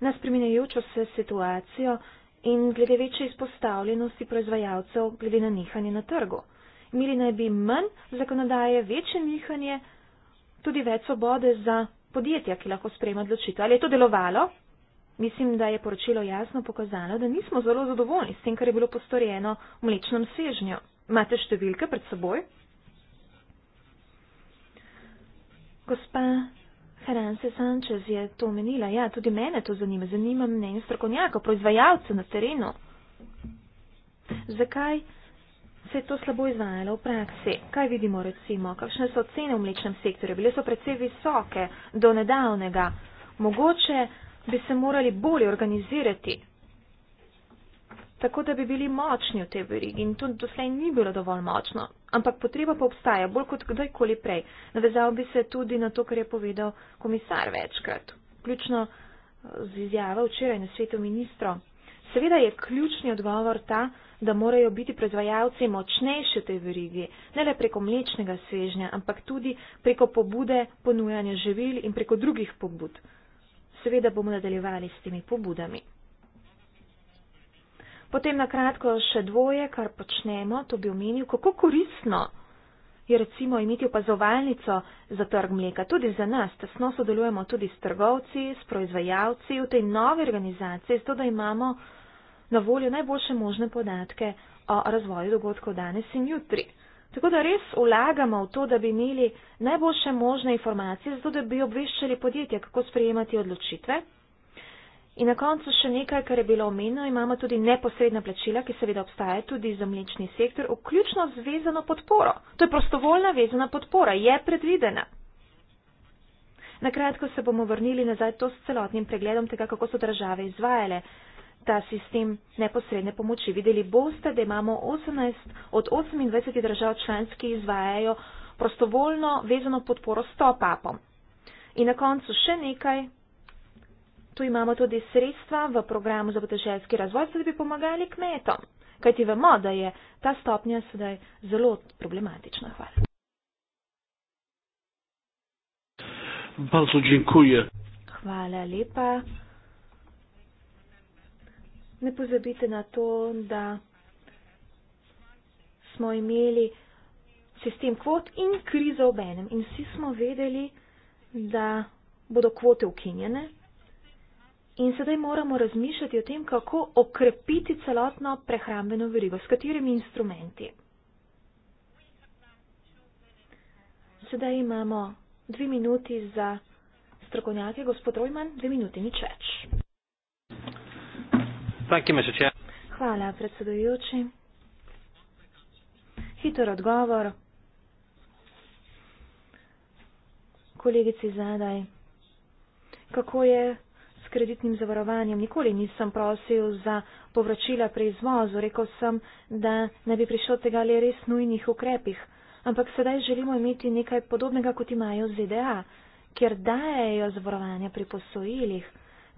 Na spremenjajočo se situacijo in glede večje izpostavljenosti proizvajalcev glede na nihanje na trgu. Imeli naj bi manj zakonodaje, večje nihanje, tudi več svobode za podjetja, ki lahko sprejema odločitev. Ali je to delovalo? Mislim, da je poročilo jasno pokazalo, da nismo zelo zadovoljni s tem, kar je bilo postorjeno v mlečnem svežnju. Imate številke pred seboj? Gospa Hran se Sančez je to omenila. Ja, tudi mene to zanima. Zanima me in strokovnjaka, proizvajalce na terenu. Zakaj se je to slabo izvajalo v praksi? Kaj vidimo recimo? Kakšne so cene v mlečnem sektorju? Bile so precej visoke do nedavnega. Mogoče bi se morali bolje organizirati, tako da bi bili močni v tej verigi in to doslej ni bilo dovolj močno. Ampak potreba pa obstaja, bolj kot kdajkoli prej. Navezal bi se tudi na to, kar je povedal komisar večkrat, ključno eh, z izjavo včeraj na svetu ministro. Seveda je ključni odgovor ta, da morajo biti proizvajalci močnejši v tej verigi, ne le preko mlečnega svežnja, ampak tudi preko pobude ponujanja živil in preko drugih pobud. Seveda bomo nadaljevali s temi pobudami. Potem na kratko še dvoje, kar počnemo, to bi omenil, kako koristno je recimo imeti opazovalnico za trg mleka. Tudi za nas tesno sodelujemo tudi s trgovci, s proizvajalci v tej novi organizaciji, zato da imamo na voljo najboljše možne podatke o razvoju dogodkov danes in jutri. Tako da res ulagamo v to, da bi imeli najboljše možne informacije, zato da bi obveščali podjetja, kako sprejemati odločitve. In na koncu še nekaj, kar je bilo omenjeno, imamo tudi neposredna plačila, ki seveda obstajajo tudi za mlečni sektor, vključno z vezano podporo. To je prostovoljna vezana podpora, je predvidena. Na kratko se bomo vrnili nazaj to s celotnim pregledom tega, kako so države izvajale ta sistem neposredne pomoči. Videli boste, da imamo 18 od 28 držav članskih, ki izvajajo prostovoljno vezano podporo s top-upom. In na koncu še nekaj, zato imamo tudi sredstva v programu za podeželski razvoj, da bi pomagali kmetom. Kajti vemo, da je ta stopnja sedaj zelo problematična. Hvala. Hvala lepa. Ne pozabite na to, da smo imeli sistem kvot in krizo ob enem. In vsi smo vedeli, da bodo kvote ukinjene, In sedaj moramo razmišljati o tem, kako okrepiti celotno prehrambeno verigo, s katerimi instrumenti. Sedaj imamo dve minuti za strokovnjake, gospod Rojman, dve minuti, nič več. Hvala, predsedujoči. Hitor odgovor. Kolegici zadaj, kako je kreditnim zavarovanjem. Nikoli nisem prosil za povračila pri izvozu. Rekel sem, da ne bi prišlo tega le res nujnih ukrepih. Ampak sedaj želimo imeti nekaj podobnega, kot imajo ZDA, kjer dajejo zavarovanja pri posojilih.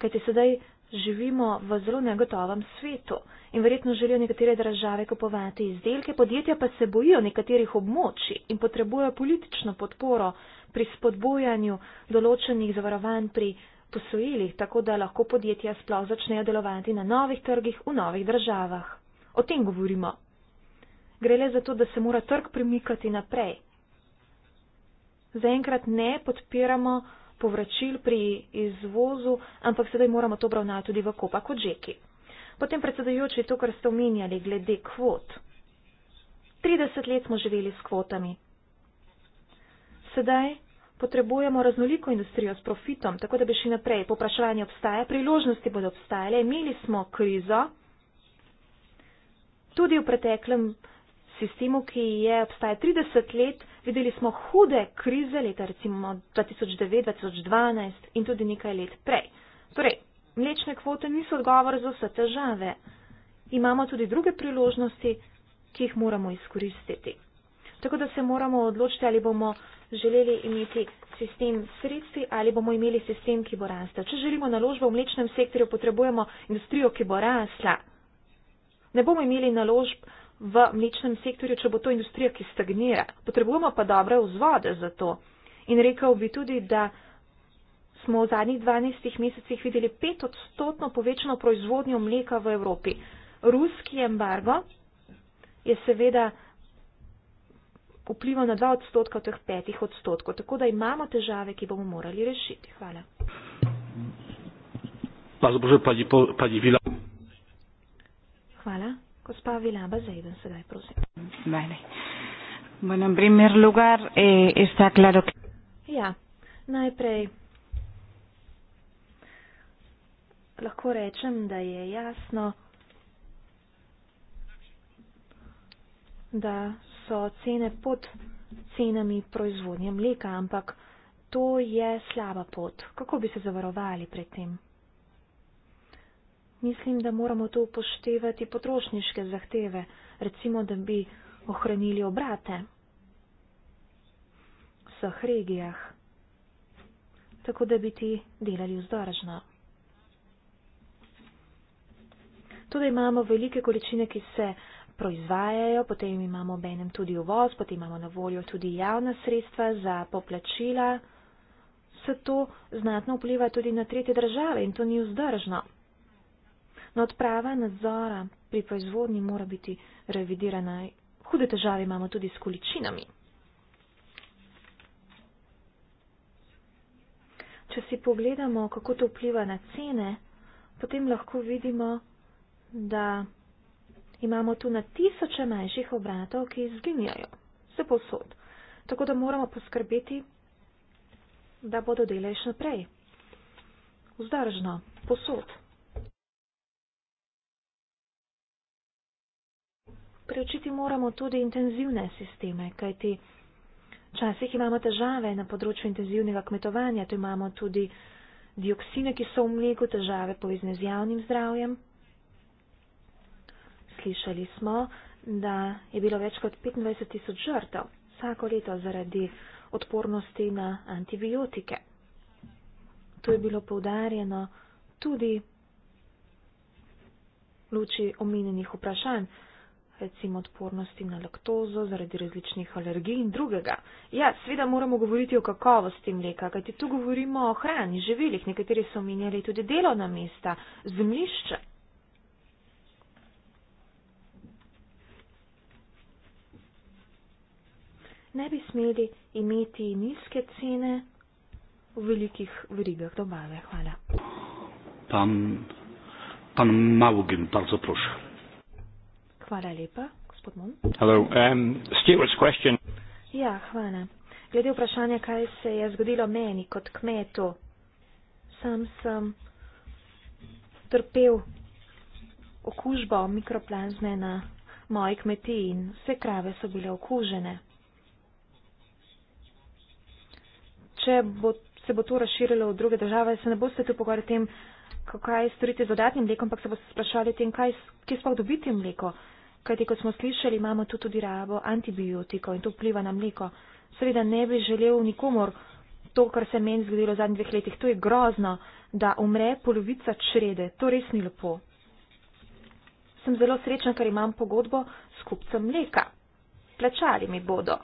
Kajti sedaj živimo v zelo negotovem svetu in verjetno želijo nekatere države kupovati izdelke, podjetja pa se bojijo nekaterih območij in potrebujejo politično podporo pri spodbujanju določenih zavarovanj pri posojilih, tako da lahko podjetja sploh začnejo delovati na novih trgih v novih državah. O tem govorimo. Gre le za to, da se mora trg premikati naprej. Zaenkrat ne podpiramo povračil pri izvozu, ampak sedaj moramo to obravnavati tudi v kopa kot žeki. Potem predsedujoči to, kar ste omenjali glede kvot. 30 let smo živeli s kvotami. Sedaj potrebujemo raznoliko industrijo s profitom, tako da bi še naprej. Popraševanje obstaja, priložnosti bodo obstajale, imeli smo krizo tudi v preteklem sistemu, ki je obstaja 30 let, videli smo hude krize leta recimo 2009-2012 in tudi nekaj let prej. Torej, mlečne kvote niso odgovor za vse težave. Imamo tudi druge priložnosti, ki jih moramo izkoristiti. Tako da se moramo odločiti, ali bomo želeli imeti sistem sredstvi ali bomo imeli sistem, ki bo rasta. Če želimo naložbo v mlečnem sektorju, potrebujemo industrijo, ki bo rasla. Ne bomo imeli naložb v mlečnem sektorju, če bo to industrija, ki stagnira. Potrebujemo pa dobre vzvode za to. In rekel bi tudi, da smo v zadnjih 12 mesecih videli pet odstotno povečano proizvodnjo mleka v Evropi. Ruski embargo je seveda vpliva na 2 odstotka od teh 5 odstotkov. Tako da imamo težave, ki bomo morali rešiti. Hvala. Hvala. Gospa Vilaba, zaidem sedaj, prosim. Vale. Bueno, en primer lugar, eh, está claro que... Ja, najprej lahko rečem, da je jasno, da so cene pod cenami proizvodnje mleka, ampak to je slaba pot. Kako bi se zavarovali pred tem? Mislim, da moramo to upoštevati potrošniške zahteve, recimo, da bi ohranili obrate v vseh regijah, tako da bi ti delali vzdržno. Tudi imamo velike količine, ki se proizvajajo, potem imamo benem tudi uvoz, potem imamo na voljo tudi javna sredstva za poplačila, se to znatno vpliva tudi na tretje države in to ni vzdržno. No, odprava nadzora pri proizvodnji mora biti revidirana. Hude težave imamo tudi s količinami. Če si pogledamo, kako to vpliva na cene, potem lahko vidimo, da imamo tu na tisoče manjših obratov, ki izginjajo vse posod. Tako da moramo poskrbeti, da bodo delež naprej. Vzdržno, posod. Preučiti moramo tudi intenzivne sisteme, kajti včasih imamo težave na področju intenzivnega kmetovanja, tu imamo tudi dioksine, ki so v mleku, težave povezne z javnim zdravjem, slišali smo, da je bilo več kot 25 tisoč žrtev vsako leto zaradi odpornosti na antibiotike. To je bilo poudarjeno tudi v luči omenjenih vprašanj, recimo odpornosti na laktozo zaradi različnih alergij in drugega. Ja, sveda moramo govoriti o kakovosti mleka, kajti tu govorimo o hrani, živilih, nekateri so omenjali tudi delovna mesta, zemlišče. ne bi smeli imeti nizke cene v velikih vrigah dobave. Hvala. Pan, pan Maugin, bardzo proszę. Hvala lepa, gospod Mon. Hello, um, Stewart's question. Ja, hvala. Glede vprašanja, kaj se je zgodilo meni kot kmetu, sam sem trpel okužbo mikroplazme na moji kmetiji in vse krave so bile okužene. če bo, se bo to razširilo v druge države, se ne boste tu pogovarjali o tem, kaj storiti z dodatnim mlekom, ampak se boste sprašali o tem, kaj, kje sploh dobiti mleko. Kajti, kot smo slišali, imamo tu tudi rabo antibiotikov in to vpliva na mleko. Seveda ne bi želel nikomor to, kar se meni zgodilo v zadnjih dveh letih. To je grozno, da umre polovica črede. To res ni lepo. Sem zelo srečen, ker imam pogodbo s kupcem mleka. Plačali mi bodo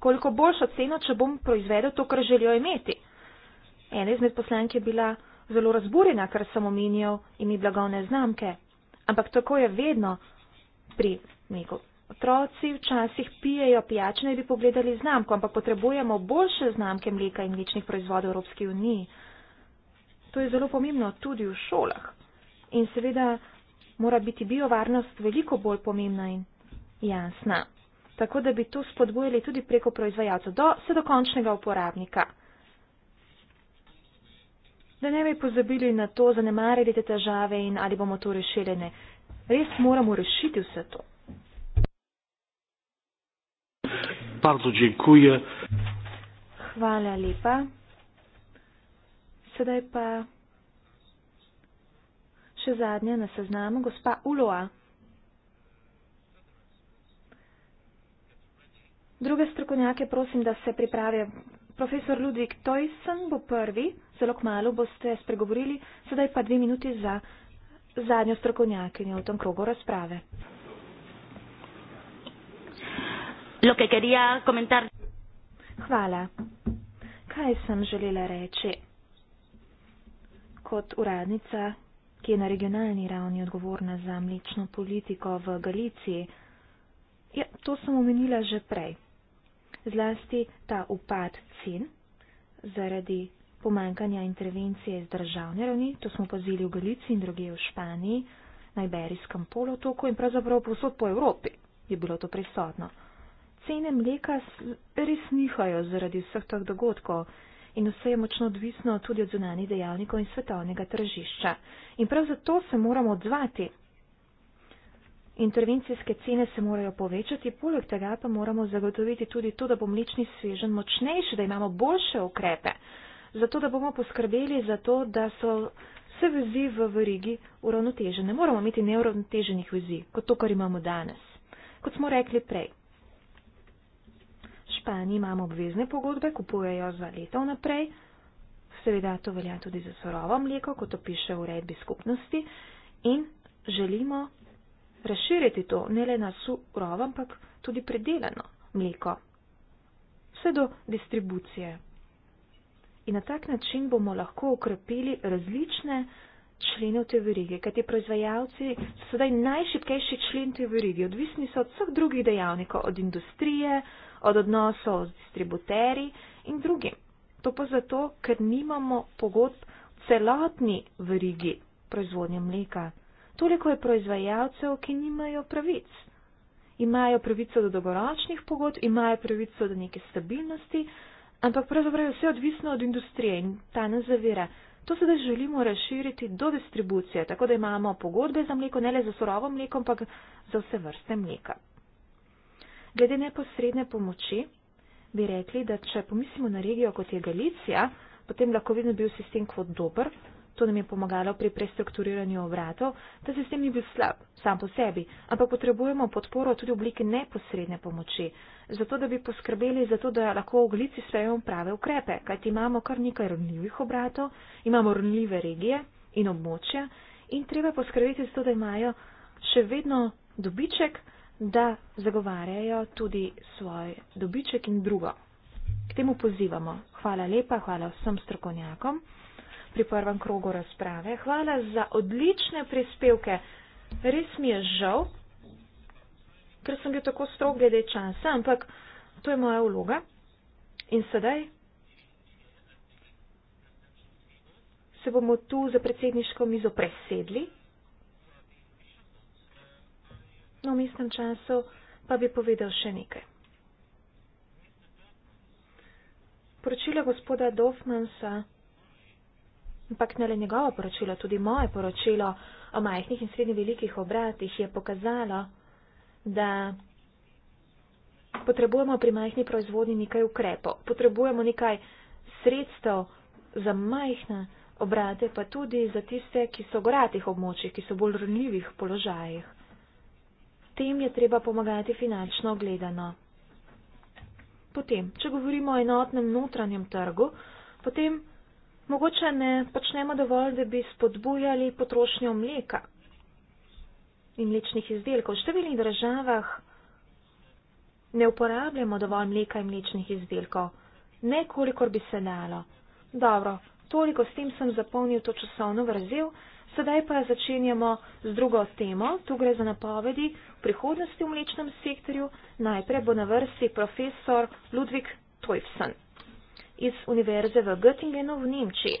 koliko boljša cena, če bom proizvedel to, kar želijo imeti. Ena izmed poslank je bila zelo razburjena, ker sem omenjal imi blagovne znamke. Ampak tako je vedno pri neko. Otroci včasih pijejo pijače, ne bi pogledali znamko, ampak potrebujemo boljše znamke mleka in mlečnih proizvodov Evropske unije. To je zelo pomembno tudi v šolah. In seveda mora biti biovarnost veliko bolj pomembna in jasna tako da bi to spodbujali tudi preko proizvajalca do vse do končnega uporabnika. Da ne bi pozabili na to, zanemarili te težave in ali bomo to rešili, ne. Res moramo rešiti vse to. Bardzo dziękuję. Hvala lepa. Sedaj pa še zadnja na seznamu, gospa Uloa. Druge strokovnjake prosim, da se pripravijo. Profesor Ludvik Toysen bo prvi, zelo kmalo boste spregovorili, sedaj pa dve minuti za zadnjo strokovnjakinjo v tem krogu razprave. Hvala. Kaj sem želela reči? Kot uradnica, ki je na regionalni ravni odgovorna za mlečno politiko v Galiciji, ja, to sem omenila že prej zlasti ta upad cen zaradi pomankanja intervencije iz državne ravni, to smo pozili v Galici in druge v Španiji, na Iberijskem polotoku in pravzaprav posod po Evropi je bilo to prisotno. Cene mleka res nihajo zaradi vseh teh dogodkov in vse je močno odvisno tudi od zunanih dejavnikov in svetovnega tržišča. In prav zato se moramo odzvati. Intervencijske cene se morajo povečati, poleg tega pa moramo zagotoviti tudi to, da bo mlečni svežen močnejši, da imamo boljše ukrepe, zato da bomo poskrbeli za to, da so vse vezi v verigi uravnotežene. Ne moramo imeti neuravnoteženih vezi, kot to, kar imamo danes. Kot smo rekli prej, v Španiji imamo obvezne pogodbe, kupujejo za leto naprej, seveda to velja tudi za sorovo mleko, kot to piše v redbi skupnosti in želimo razširiti to ne le na surovo, ampak tudi predelano mleko, vse do distribucije. In na tak način bomo lahko ukrepili različne člene v te verigi, kajti proizvajalci so sedaj najšipkejši člen te verigi, odvisni so od vseh drugih dejavnikov, od industrije, od odnosov z distributeri in drugim. To pa zato, ker nimamo pogodb celotni verigi proizvodnje mleka, toliko je proizvajalcev, ki nimajo pravic. Imajo pravico do dolgoročnih pogod, imajo pravico do neke stabilnosti, ampak pravzaprav je vse odvisno od industrije in ta nas zavira. To sedaj želimo razširiti do distribucije, tako da imamo pogodbe za mleko, ne le za surovo mleko, ampak za vse vrste mleka. Glede neposredne pomoči bi rekli, da če pomislimo na regijo kot je Galicija, potem lahko vidno bil sistem kot dober, to nam je pomagalo pri prestrukturiranju obratov, ta sistem ni bil slab sam po sebi, ampak potrebujemo podporo tudi v obliki neposredne pomoči, zato da bi poskrbeli za to, da lahko v glici sprejemo prave ukrepe, kajti imamo kar nekaj rnljivih obratov, imamo rnljive regije in območja in treba poskrbeti za to, da imajo še vedno dobiček, da zagovarjajo tudi svoj dobiček in drugo. K temu pozivamo. Hvala lepa, hvala vsem strokovnjakom pri prvem krogu razprave. Hvala za odlične prispevke. Res mi je žal, ker sem bil tako strog glede časa, ampak to je moja vloga. In sedaj se bomo tu za predsedniško mizo presedli. No, v mestnem času pa bi povedal še nekaj. Poročilo gospoda Dofmansa Ampak ne le njegovo poročilo, tudi moje poročilo o majhnih in srednji velikih obratih je pokazalo, da potrebujemo pri majhni proizvodnji nekaj ukrepov, potrebujemo nekaj sredstev za majhne obrate, pa tudi za tiste, ki so v goratih območjih, ki so v bolj rnljivih položajih. Tem je treba pomagati finančno gledano. Potem, če govorimo o enotnem notranjem trgu, potem mogoče ne počnemo dovolj, da bi spodbujali potrošnjo mleka in mlečnih izdelkov. V številnih državah ne uporabljamo dovolj mleka in mlečnih izdelkov, ne kolikor bi se dalo. Dobro, toliko s tem sem zapolnil to časovno vrzel, sedaj pa začenjamo z drugo temo. Tu gre za napovedi prihodnosti v mlečnem sektorju. Najprej bo na vrsti profesor Ludvik Toifsen iz univerze v Göttingenu v Nemčiji.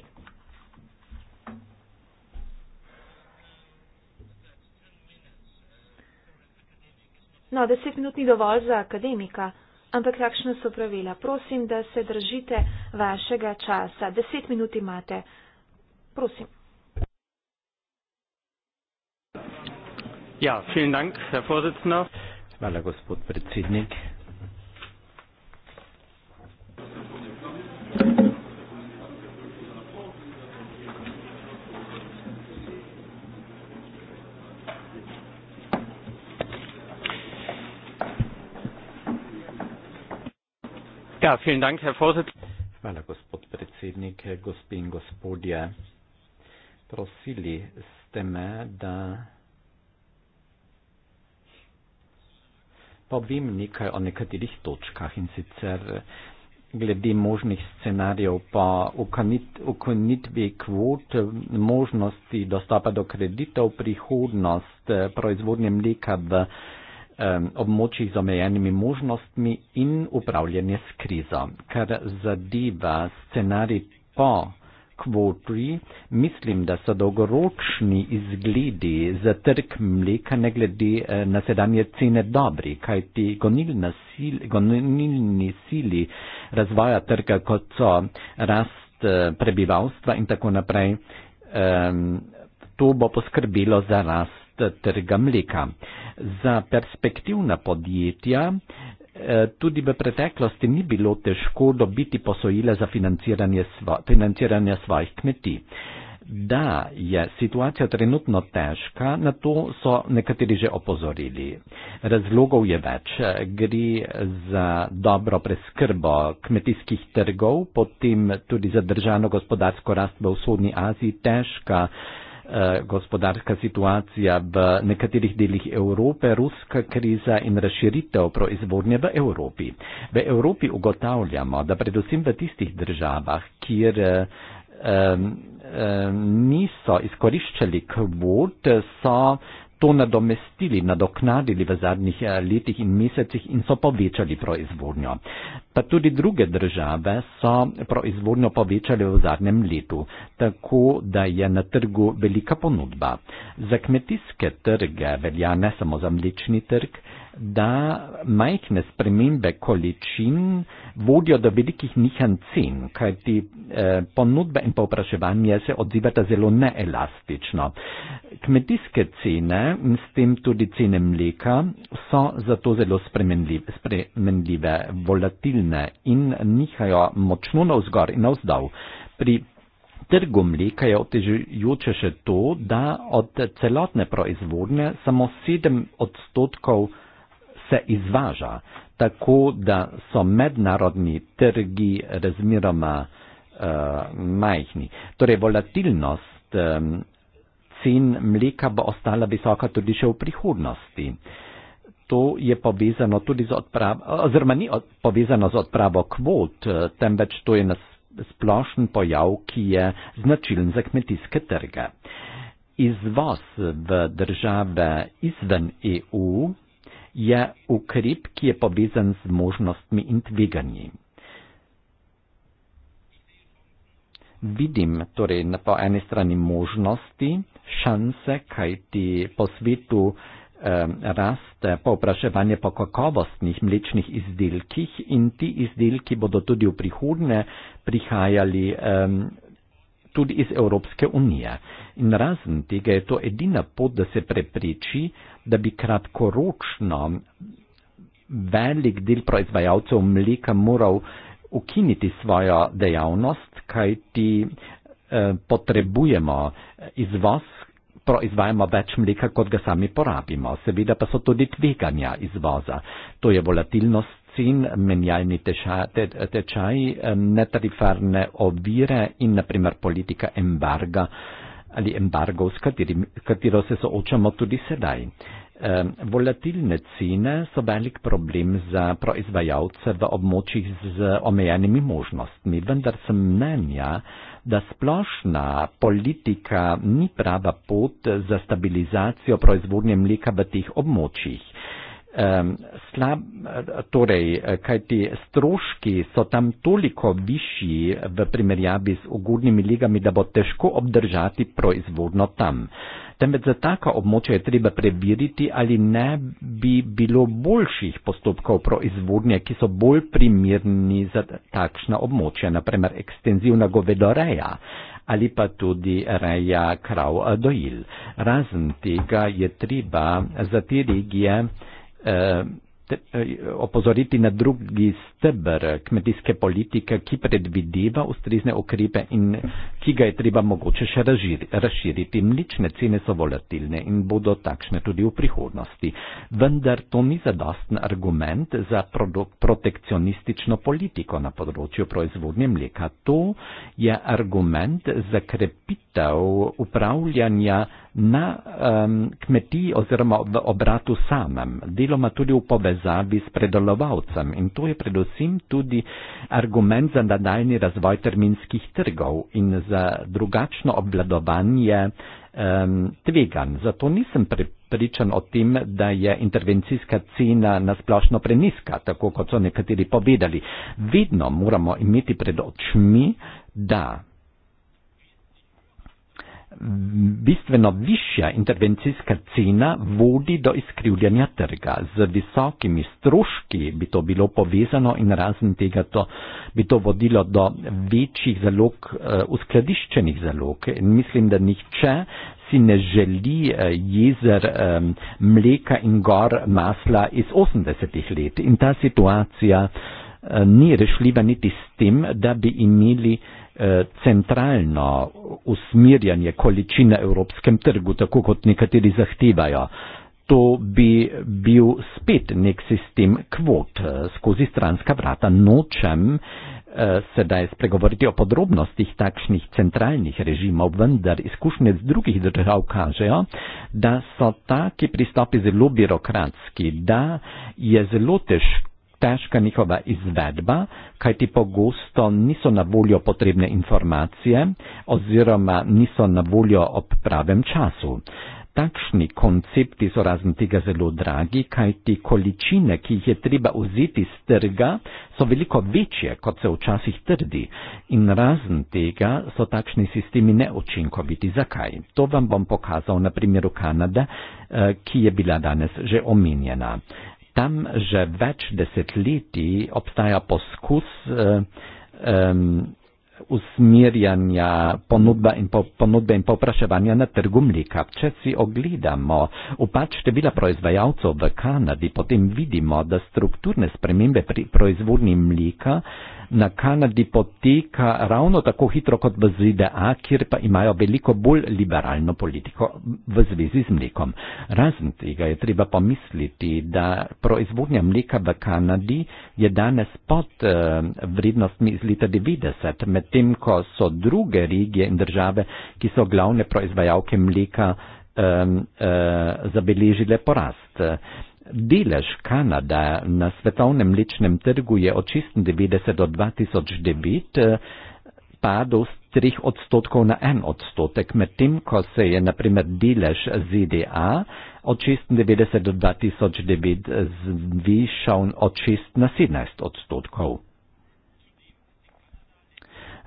No, deset minut ni dovolj za akademika, ampak kakšno so pravila? Prosim, da se držite vašega časa. Deset minut imate. Prosim. Ja, vielen Dank, Herr Vorsitzender. Hvala, gospod predsednik. Ja, vielen Dank, Herr Vorsitzender. gospod predsednik, gospe in gospodje, prosili ste me, da povem nekaj o nekaterih točkah in sicer glede možnih scenarijev pa ukonitvi kvot, možnosti dostopa do kreditov, prihodnost proizvodnje mleka v območjih z omejenimi možnostmi in upravljanje s krizo. Kar zadeva scenarij po kvotri, mislim, da so dolgoročni izgledi za trg mleka ne glede e, na sedanje cene dobri, kajti gonilni sili razvoja trga, kot so rast e, prebivalstva in tako naprej, to bo poskrbelo za rast trga mleka. Za perspektivna podjetja eh, tudi v preteklosti ni bilo težko dobiti posojila za financiranje, sva, financiranje svojih kmetij. Da je situacija trenutno težka, na to so nekateri že opozorili. Razlogov je več. Gre za dobro preskrbo kmetijskih trgov, potem tudi za državno gospodarsko rast v vzhodni Aziji, težka Eh, gospodarska situacija v nekaterih delih Evrope, ruska kriza in razširitev proizvodnje v Evropi. V Evropi ugotavljamo, da predvsem v tistih državah, kjer um, um, niso izkoriščali kvot, so to nadomestili, nadoknadili v zadnjih eh, letih in mesecih in so povečali proizvodnjo. Pa tudi druge države so proizvodnjo povečali v zadnjem letu, tako da je na trgu velika ponudba. Za kmetijske trge velja ne samo za mlečni trg, da majhne spremembe količin vodijo do velikih nihanj cen, kajti eh, ponudba in povpraševanje se odzivata zelo neelastično. Kmetijske cene in s tem tudi cene mleka so zato zelo spremenljive, spremenljive volatilne in nihajo močno navzgor in navzdol. Pri Trgu mleka je otežujoče še to, da od celotne proizvodnje samo 7 odstotkov se izvaža, tako da so mednarodni trgi razmeroma uh, majhni. Torej, volatilnost um, cen mleka bo ostala visoka tudi še v prihodnosti. To je povezano tudi z odpravo, oziroma ni od, povezano z odpravo kvot, eh, temveč to je nas splošen pojav, ki je značilen za kmetijske trge. Izvoz v države izven EU je ukrep, ki je povezan z možnostmi in tveganji. Vidim torej na po eni strani možnosti, šanse, kaj ti po svetu eh, raste povpraševanje po kakovostnih mlečnih izdelkih in ti izdelki bodo tudi v prihodne prihajali eh, tudi iz Evropske unije. In razen tega je to edina pot, da se prepriči, da bi kratkoročno velik del proizvajalcev mleka moral ukiniti svojo dejavnost, kajti eh, potrebujemo izvoz. Proizvajamo več mleka, kot ga sami porabimo. Seveda pa so tudi tveganja izvoza. To je volatilnost sin menjalni tečaj eh, ne tarifarne ovire in na primer politika embarga ali embargo, s katerim, katero se soočamo tudi sedaj. Eh, volatilne cene so velik problem za proizvajalce v območjih z omejenimi možnostmi, vendar sem mnenja, da splošna politika ni prava pot za stabilizacijo proizvodnje mleka v teh območjih slab, eh, torej, eh, kajti stroški so tam toliko višji v primerjavi z ugodnimi ligami, da bo težko obdržati proizvodno tam. Temveč za tako območje je treba preveriti, ali ne bi bilo boljših postopkov proizvodnje, ki so bolj primirni za takšna območja, naprimer ekstenzivna govedoreja ali pa tudi reja krav eh, dojil. Razen tega je treba za te regije, Eh, eh, opozoriti na drugi stebr kmetijske politike, ki predvideva ustrezne ukrepe in ki ga je treba mogoče še razširiti. Mlične cene so volatilne in bodo takšne tudi v prihodnosti. Vendar to ni zadosten argument za protekcionistično politiko na področju proizvodnje mleka. To je argument za krepitev upravljanja na um, kmetiji oziroma v obratu samem, deloma tudi v povezavi s predolovalcem. In to je predvsem tudi argument za nadaljni razvoj terminskih trgov in za drugačno obvladovanje um, tvegan. Zato nisem pripričan o tem, da je intervencijska cena nasplošno preniska, tako kot so nekateri povedali. Vedno moramo imeti pred očmi, da Bistveno višja intervencijska cena vodi do izkrivljanja trga. Z visokimi stroški bi to bilo povezano in razen tega to, bi to vodilo do večjih zalog, eh, uskladiščenih zalog. In mislim, da nihče si ne želi eh, jezer eh, mleka in gor masla iz 80-ih let. In ta situacija ni rešljiva niti s tem, da bi imeli Eh, centralno usmirjanje količin na evropskem trgu, tako kot nekateri zahtevajo. To bi bil spet nek sistem kvot skozi stranska vrata. Nočem eh, sedaj spregovoriti o podrobnostih takšnih centralnih režimov, vendar izkušnje z drugih držav kažejo, da so taki pristopi zelo birokratski, da je zelo težko težka njihova izvedba, kajti pogosto niso na voljo potrebne informacije oziroma niso na voljo ob pravem času. Takšni koncepti so razen tega zelo dragi, kajti količine, ki jih je treba vzeti z trga, so veliko večje, kot se včasih trdi. In razen tega so takšni sistemi neočinkoviti. Zakaj? To vam bom pokazal na primeru Kanade, eh, ki je bila danes že omenjena tam že več desetletij obstaja poskus um, usmerjanja ponudba in po, ponudbe in povpraševanja na trgu mlika. Če si ogledamo upad števila proizvajalcev v Kanadi, potem vidimo, da strukturne spremembe pri proizvodnji mlika uh, na Kanadi poteka ravno tako hitro kot v ZDA, kjer pa imajo veliko bolj liberalno politiko v zvezi z mlekom. Razen tega je treba pomisliti, da proizvodnja mleka v Kanadi je danes pod eh, vrednostmi iz leta 90, medtem ko so druge regije in države, ki so glavne proizvajalke mleka, eh, zabeležile porast. Delež Kanada na svetovnem mlečnem trgu je od 96 do 2009 eh, padel z 3 odstotkov na 1 odstotek, medtem ko se je na primer delež ZDA od 96 do 2009 eh, zvišal od 6 na 17 odstotkov.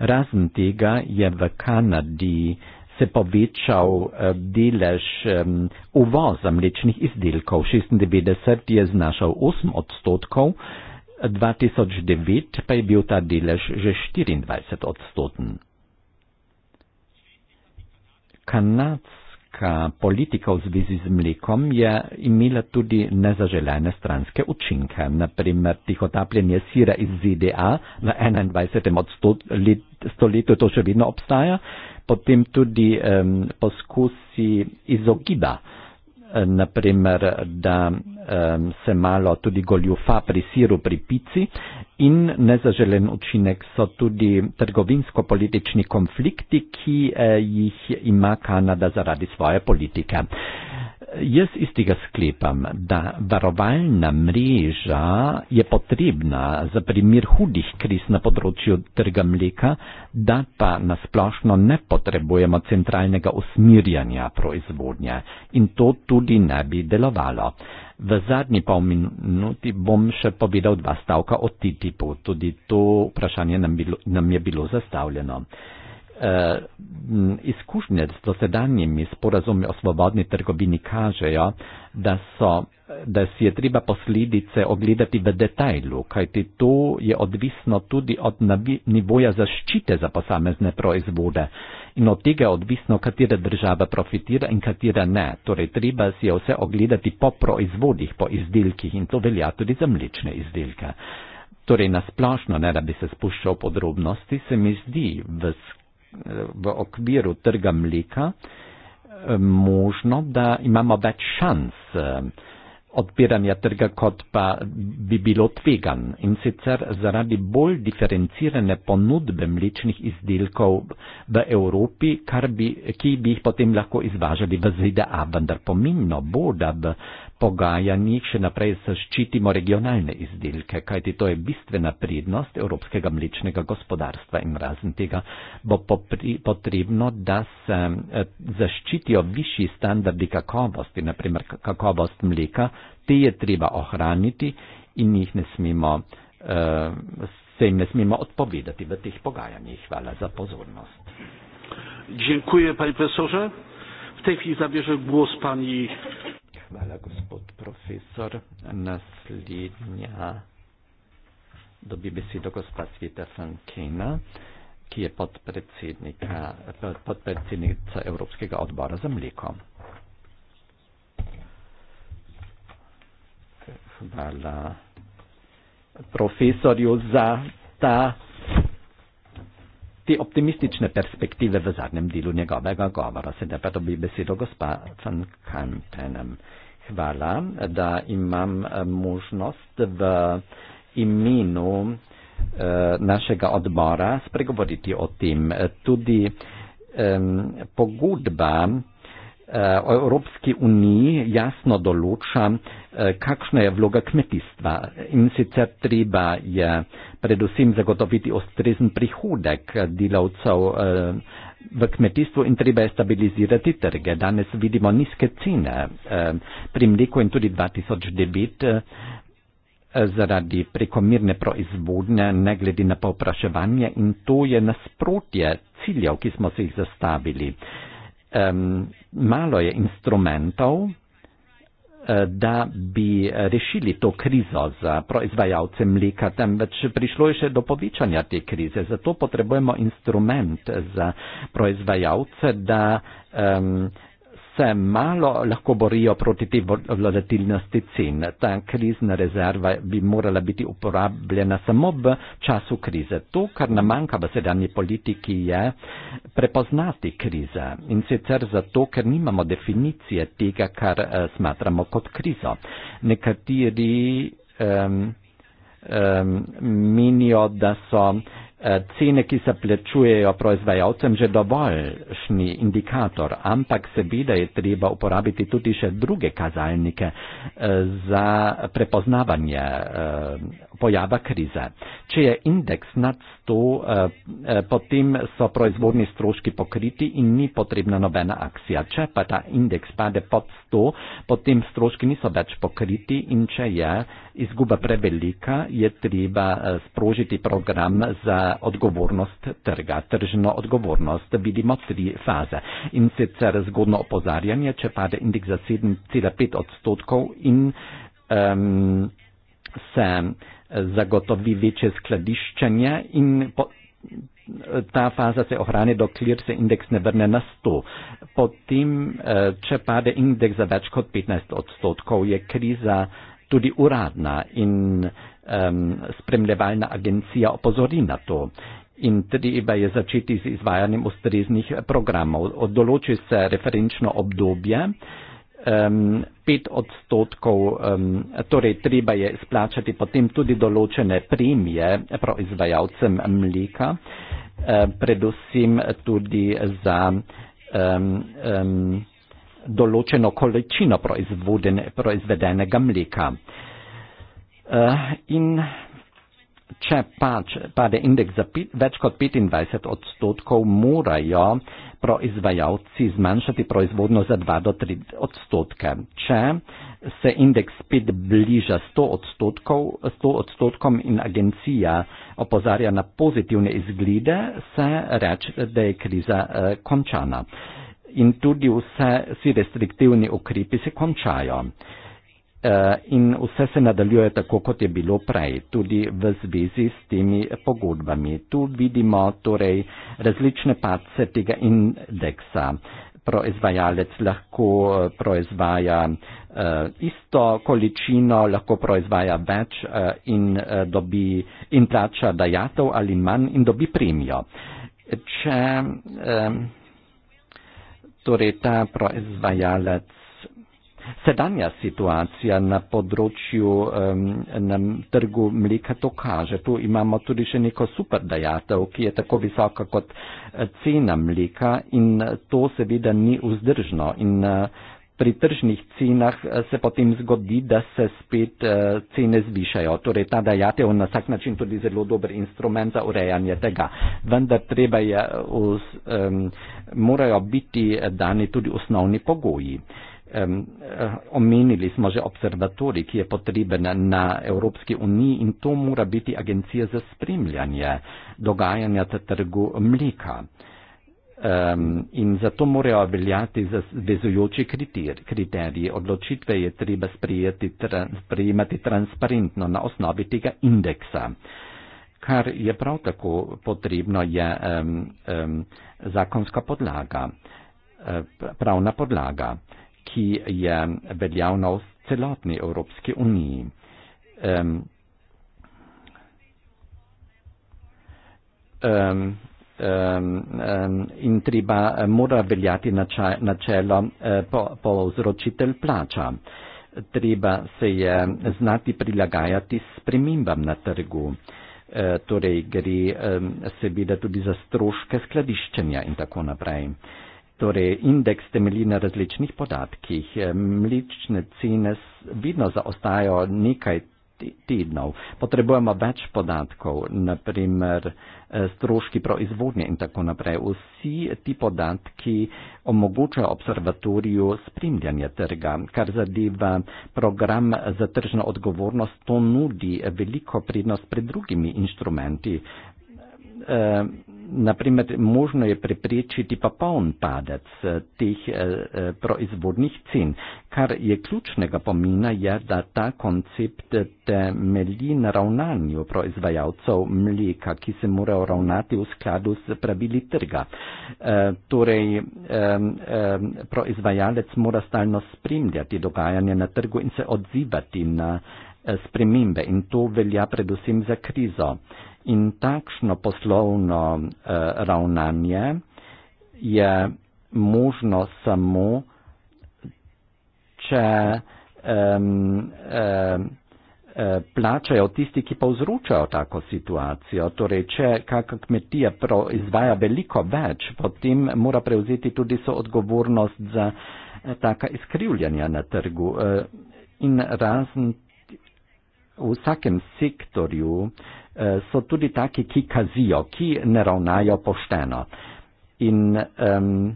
Razen tega je v Kanadi se povečal eh, delež uvoza mlečnih izdelkov. 96 je znašal 8 odstotkov, 2009 pa je bil ta delež že 24 odstoten. Kanadska politika v zvezi z mlekom je imela tudi nezaželene stranske učinke, naprimer tihotapljenje sira iz ZDA v 21. stoletju to še vedno obstaja potem tudi um, poskusi izogiba, naprimer, da um, se malo tudi goljufa pri siru, pri pici in nezaželen učinek so tudi trgovinsko-politični konflikti, ki uh, jih ima Kanada zaradi svoje politike. Uh, Jaz iz tega sklepam, da varovalna mreža je potrebna za primer hudih kriz na področju trga mleka, da pa nasplošno ne potrebujemo centralnega usmirjanja proizvodnje in to tudi ne bi delovalo. V zadnji pol minuti bom še povedal dva stavka o TTIP-u, tudi to vprašanje nam, bilo, nam je bilo zastavljeno. E, izkušnje z dosedanjimi sporazumi o svobodni trgovini kažejo, da, so, da si je treba posledice ogledati v detajlu, kajti to je odvisno tudi od nivoja zaščite za posamezne proizvode in od tega je odvisno, katera država profitira in katera ne. Torej, treba si je vse ogledati po proizvodih, po izdelkih in to velja tudi za mlečne izdelke. Torej, nasplošno, ne da bi se spuščal v podrobnosti, se mi zdi v skrbi, v okviru trga mlika možno, da imamo več šans. Odpiranja trga kot pa bi bilo tvegan in sicer zaradi bolj diferencirane ponudbe mlečnih izdelkov v Evropi, bi, ki bi jih potem lahko izvažali v ZDA. Vendar pomembno bo, da v pogajanjih še naprej zaščitimo regionalne izdelke, kajti to je bistvena prednost evropskega mlečnega gospodarstva in razen tega bo popri, potrebno, da se eh, zaščitijo višji standardi kakovosti, naprimer kakovost mleka, te je treba ohraniti in jih ne smemo, eh, se jim ne smemo odpovedati v teh pogajanjih. Hvala za pozornost. Dziękuję, panie profesorze. W tej chwili zabierze głos pani Hvala, gospod profesor. Naslednja dobi besedo gospa Sveta Fankena, ki je podpredsednica Evropskega odbora za mleko. Hvala profesorju za ta, te optimistične perspektive v zadnjem delu njegovega govora. Sedaj pa dobi besedo gospa Fankantenem. Hvala hvala, da imam eh, možnost v imenu eh, našega odbora spregovoriti o tem. Tudi pogodba eh, Evropske unije jasno določa, kakšna je vloga kmetijstva in sicer treba je predvsem zagotoviti ostrezen prihodek delavcev V kmetijstvu in treba je stabilizirati trge. Danes vidimo nizke cene eh, pri mleku in tudi 2009 eh, zaradi prekomirne proizvodnje, ne glede na povpraševanje in to je nasprotje ciljev, ki smo si jih zastavili. Malo je instrumentov, Eh, da bi rešili to krizo za proizvajalce mleka, temveč prišlo je še do povečanja te krize. Zato potrebujemo instrument za proizvajalce, da. Um, se malo lahko borijo proti ti volatilnosti cen. Ta krizna rezerva bi morala biti uporabljena samo v času krize. To, kar nam manjka v sedanji politiki, je prepoznati krize. In sicer zato, ker nimamo definicije tega, kar eh, smatramo kot krizo. Nekateri um, um, menijo, da so cene, ki se plačujejo proizvajalcem, že dovoljšni indikator, ampak seveda je treba uporabiti tudi še druge kazalnike eh, za prepoznavanje eh, pojava krize. Če je indeks nad 100, eh, potem so proizvodni stroški pokriti in ni potrebna nobena akcija. Če pa ta indeks pade pod 100, potem stroški niso več pokriti in če je izguba prevelika, je treba sprožiti program za odgovornost trga. Tržno odgovornost vidimo tri faze. In sicer zgodno opozarjanje, če pade indeks za 7,5 odstotkov in um, se eh, zagotovi večje skladiščenje in po, ta faza se ohrani, dokler se indeks ne vrne na 100. Potem, eh, če pade indeks za več kot 15 odstotkov, je kriza tudi uradna in um, spremljevalna agencija opozori na to. In treba je začeti z izvajanjem ustreznih programov. Določi se referenčno obdobje, um, pet odstotkov, um, torej treba je splačati potem tudi določene premije proizvajalcem mlika, um, e, predvsem tudi za um, um, določeno količino proizvedenega mlika. Eh, in če pač pade indeks za pet, več kot 25 odstotkov, morajo proizvajalci zmanjšati proizvodno za 2 do 3 odstotke. Če se indeks spet bliža 100 odstotkov, 100 odstotkom in agencija opozarja na pozitivne izglede, se reče, da je kriza eh, končana. In tudi vse si restriktivni ukrepi se končajo. Eh, Eh, in vse se nadaljuje tako, kot je bilo prej, tudi v zvezi s temi pogodbami. Tu vidimo torej različne pace tega indeksa. Proizvajalec lahko eh, proizvaja uh, isto količino, lahko proizvaja več uh, in, uh, dobi, in plača dajatov ali manj in dobi premijo. Če um, torej ta proizvajalec Sedanja situacija na področju, na trgu mlika to kaže. Tu imamo tudi še neko super dajatev, ki je tako visoka kot eh, cena mlika in to seveda ni vzdržno. In eh, pri tržnih cenah eh, se potem zgodi, da se spet cene zvišajo. Torej ta dajatev na vsak način tudi zelo dober instrument za urejanje tega. Vendar treba je, morajo biti dani tudi osnovni pogoji um, omenili smo že observatorij, ki je potreben na Evropski uniji in to mora biti agencija za spremljanje dogajanja na trgu mlika. Um, in zato morajo veljati zvezujoči kriter, kriteriji. Odločitve je treba sprejemati tra, transparentno na osnovi tega indeksa. Kar je prav tako potrebno, je um, um, zakonska podlaga, eh, pravna podlaga ki je veljavna v celotni Evropski uniji. Um, um, um, in treba mora veljati nača, načelo eh, povzročitelj po plača. Treba se je znati prilagajati spremembam na trgu. E, torej gre e, seveda tudi za stroške skladiščenja in tako naprej. E, Torej, indeks temelji na različnih podatkih. Eh, mlične cene vidno zaostajajo nekaj tednov. Potrebujemo več podatkov, naprimer eh, stroški proizvodnje in tako naprej. Vsi ti podatki omogočajo observatoriju spremljanje trga. Kar zadeva program za tržno odgovornost, to nudi veliko prednost pred drugimi inštrumenti, eh, naprimer, možno je preprečiti pa poln padec eh, teh eh, eh, proizvodnih cen. Kar je ključnega pomena je, da ta koncept eh, temelji na ravnanju proizvajalcev mleka, ki se morajo ravnati v skladu z pravili trga. Eh, torej, eh, eh, proizvajalec mora stalno spremljati dogajanje na trgu in se odzivati na eh, spremembe in to velja predvsem za krizo. Uh, In takšno poslovno eh, ravnanje je možno samo, če eh, eh, eh, plačajo tisti, ki povzročajo tako situacijo. Torej, če kakšna kmetija izvaja veliko več, potem mora prevzeti tudi so odgovornost za eh, taka izkrivljanja na trgu. Eh, in razen v vsakem sektorju, Eh, so tudi taki, ki kazijo, ki ne ravnajo pošteno. In um,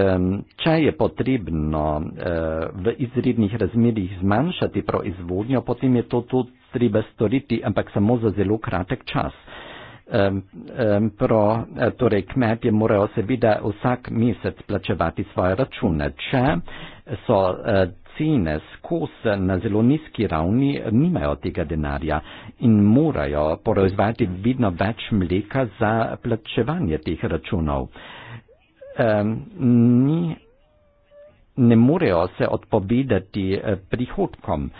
um, če je potrebno uh, v izrednih razmerih zmanjšati proizvodnjo, potem je to tudi treba storiti, ampak samo za zelo kratek čas. Pro, eh, torej kmetje morajo seveda vsak mesec plačevati svoje račune. Če so cene skozi na zelo nizki ravni nimajo tega denarja in morajo proizvajati vedno več mleka za plačevanje teh računov. Um, ni, ne morejo se odpovedati eh, prihodkom,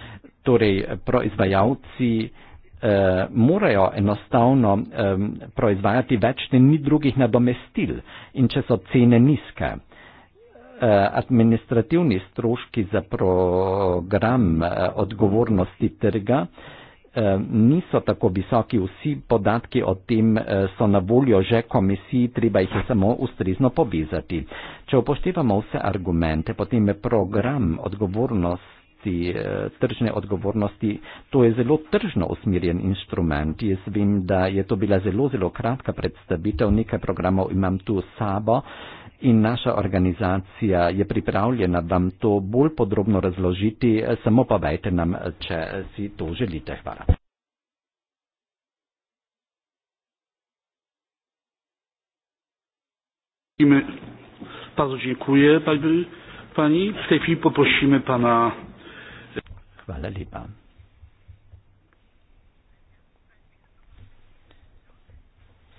torej proizvajalci um, morajo enostavno um, proizvajati več, ne ni drugih nadomestil in če so cene nizke. Eh, administrativni stroški za program eh, odgovornosti trga eh, niso tako visoki, vsi podatki o tem so na voljo že komisiji, treba jih je samo ustrezno povezati. Če upoštevamo vse argumente, potem je program odgovornosti tržne odgovornosti. To je zelo tržno usmirjen inštrument. Jaz vem, da je to bila zelo, zelo kratka predstavitev. Nekaj programov imam tu sabo. Uh, in naša organizacija je pripravljena vam to bolj podrobno razložiti, samo povejte nam, če si to želite. Hvala. Hvala lepa.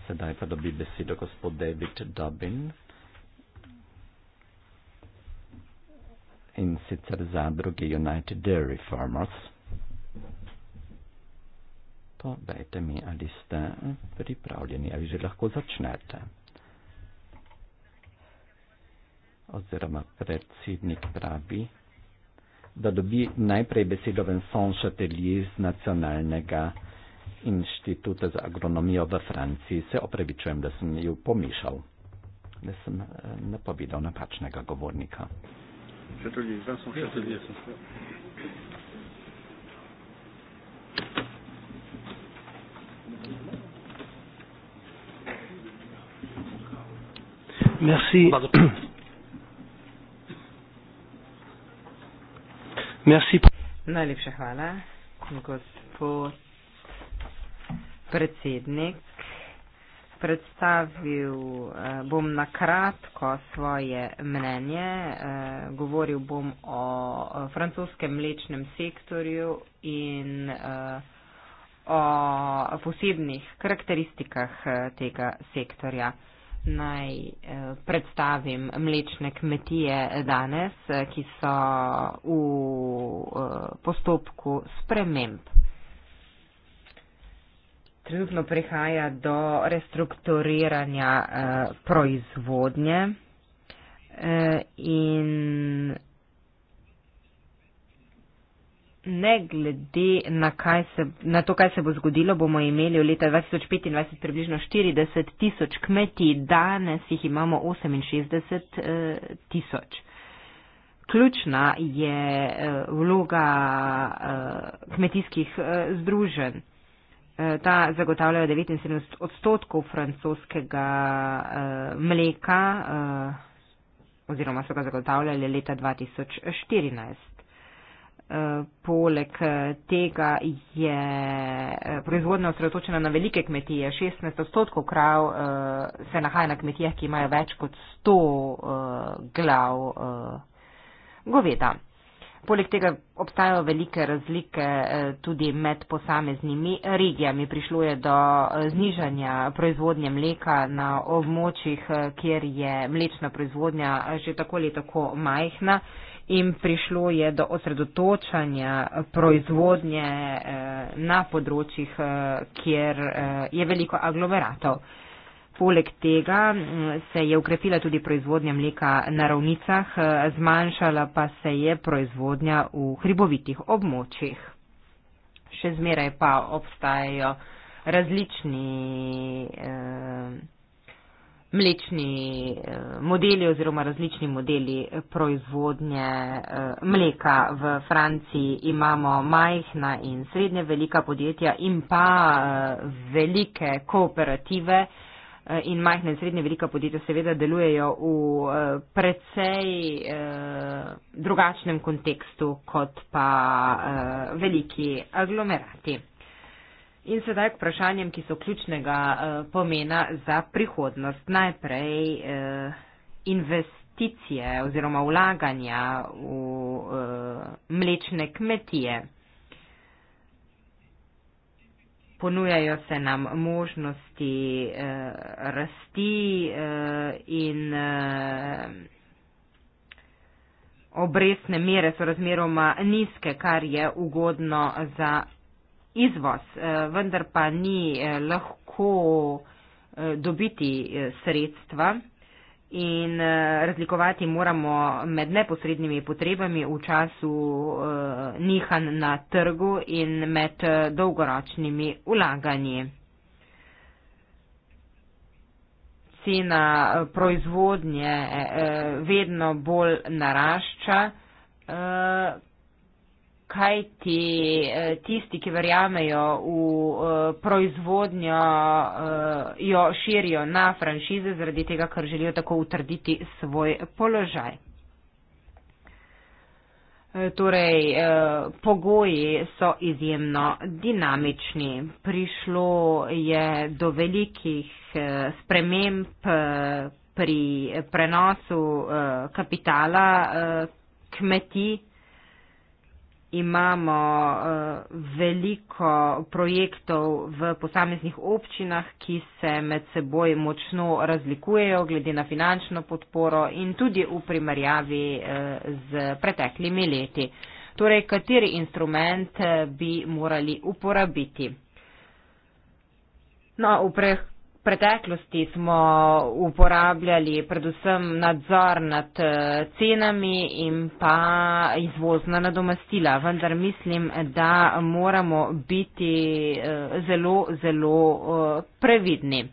Sedaj pa dobi besedo gospod David Dobbins. in sicer zadruge United Dairy Farmers. Povejte mi, ali ste pripravljeni, ali že lahko začnete. Oziroma predsednik pravi, da dobi najprej besedo Vincent Châtelier z Nacionalnega inštituta za agronomijo v Franciji. Se opravičujem, da sem jo pomišal, da sem eh, napovedal napačnega govornika. Châtelier, Vincent Châtelier. Merci. Merci. Najlepša hvala, gospod predsednik predstavil, eh, bom na kratko svoje mnenje, eh, govoril bom o francoskem mlečnem sektorju in eh, o posebnih karakteristikah tega sektorja. Naj predstavim mlečne kmetije danes, ki so v postopku sprememb trenutno prihaja do restrukturiranja eh, proizvodnje eh, in ne glede na, kaj se, na to, kaj se bo zgodilo, bomo imeli v leta 2025 približno 40 tisoč kmeti, danes jih imamo 68 eh, tisoč. Ključna je eh, vloga eh, kmetijskih eh, združenj. Eh, ta zagotavljajo 79 odstotkov francoskega uh, mleka uh, oziroma so ga zagotavljali leta 2014. Poleg tega je proizvodnja osredotočena na velike kmetije. 16 odstotkov krav se nahaja na kmetijah, ki imajo več kot 100 glav goveda. Poleg tega obstajajo velike razlike eh, tudi med posameznimi regijami. Prišlo je do eh, znižanja proizvodnje mleka na območjih, eh, kjer je mlečna proizvodnja že tako ali tako majhna in prišlo je do osredotočanja proizvodnje na področjih, kjer je veliko aglomeratov. Poleg tega mm, se je ukrepila tudi proizvodnja mleka na ravnicah, zmanjšala pa se je proizvodnja v hribovitih območjih. Še zmeraj pa obstajajo različni eh, mlečni eh, modeli oziroma različni modeli proizvodnje eh, mleka. V Franciji imamo majhna in srednje velika podjetja in pa eh, velike kooperative. Eh, Eh, in majhne in srednje velika podjetja seveda delujejo v eh, precej eh, drugačnem kontekstu kot pa veliki aglomerati. In sedaj k vprašanjem, ki so ključnega pomena za prihodnost. Najprej investicije oziroma vlaganja v mlečne kmetije ponujajo se nam možnosti eh, rasti eh, in eh, obrestne mere so razmeroma nizke, kar je ugodno za izvoz, eh, vendar pa ni eh, lahko eh, dobiti eh, sredstva. In eh, razlikovati moramo med neposrednimi potrebami v času uh, eh, nihan na trgu in med eh, dolgoročnimi ulaganji. Cena proizvodnje uh, vedno bolj narašča, uh, kaj ti eh, tisti, ki verjamejo v eh, proizvodnjo, eh, jo širijo na franšize, zaradi tega, ker želijo tako utrditi svoj položaj. Torej, pogoji so izjemno dinamični. Prišlo je do velikih sprememb pri prenosu kapitala kmetij imamo eh, veliko projektov v posameznih občinah, ki se med seboj močno razlikujejo glede na finančno podporo in tudi v primerjavi z eh, preteklimi leti. Torej, kateri instrument eh, bi morali uporabiti? No, v V preteklosti smo uporabljali predvsem nadzor nad eh, cenami in pa izvozna nadomestila, vendar mislim, da moramo biti eh, zelo, zelo eh, previdni.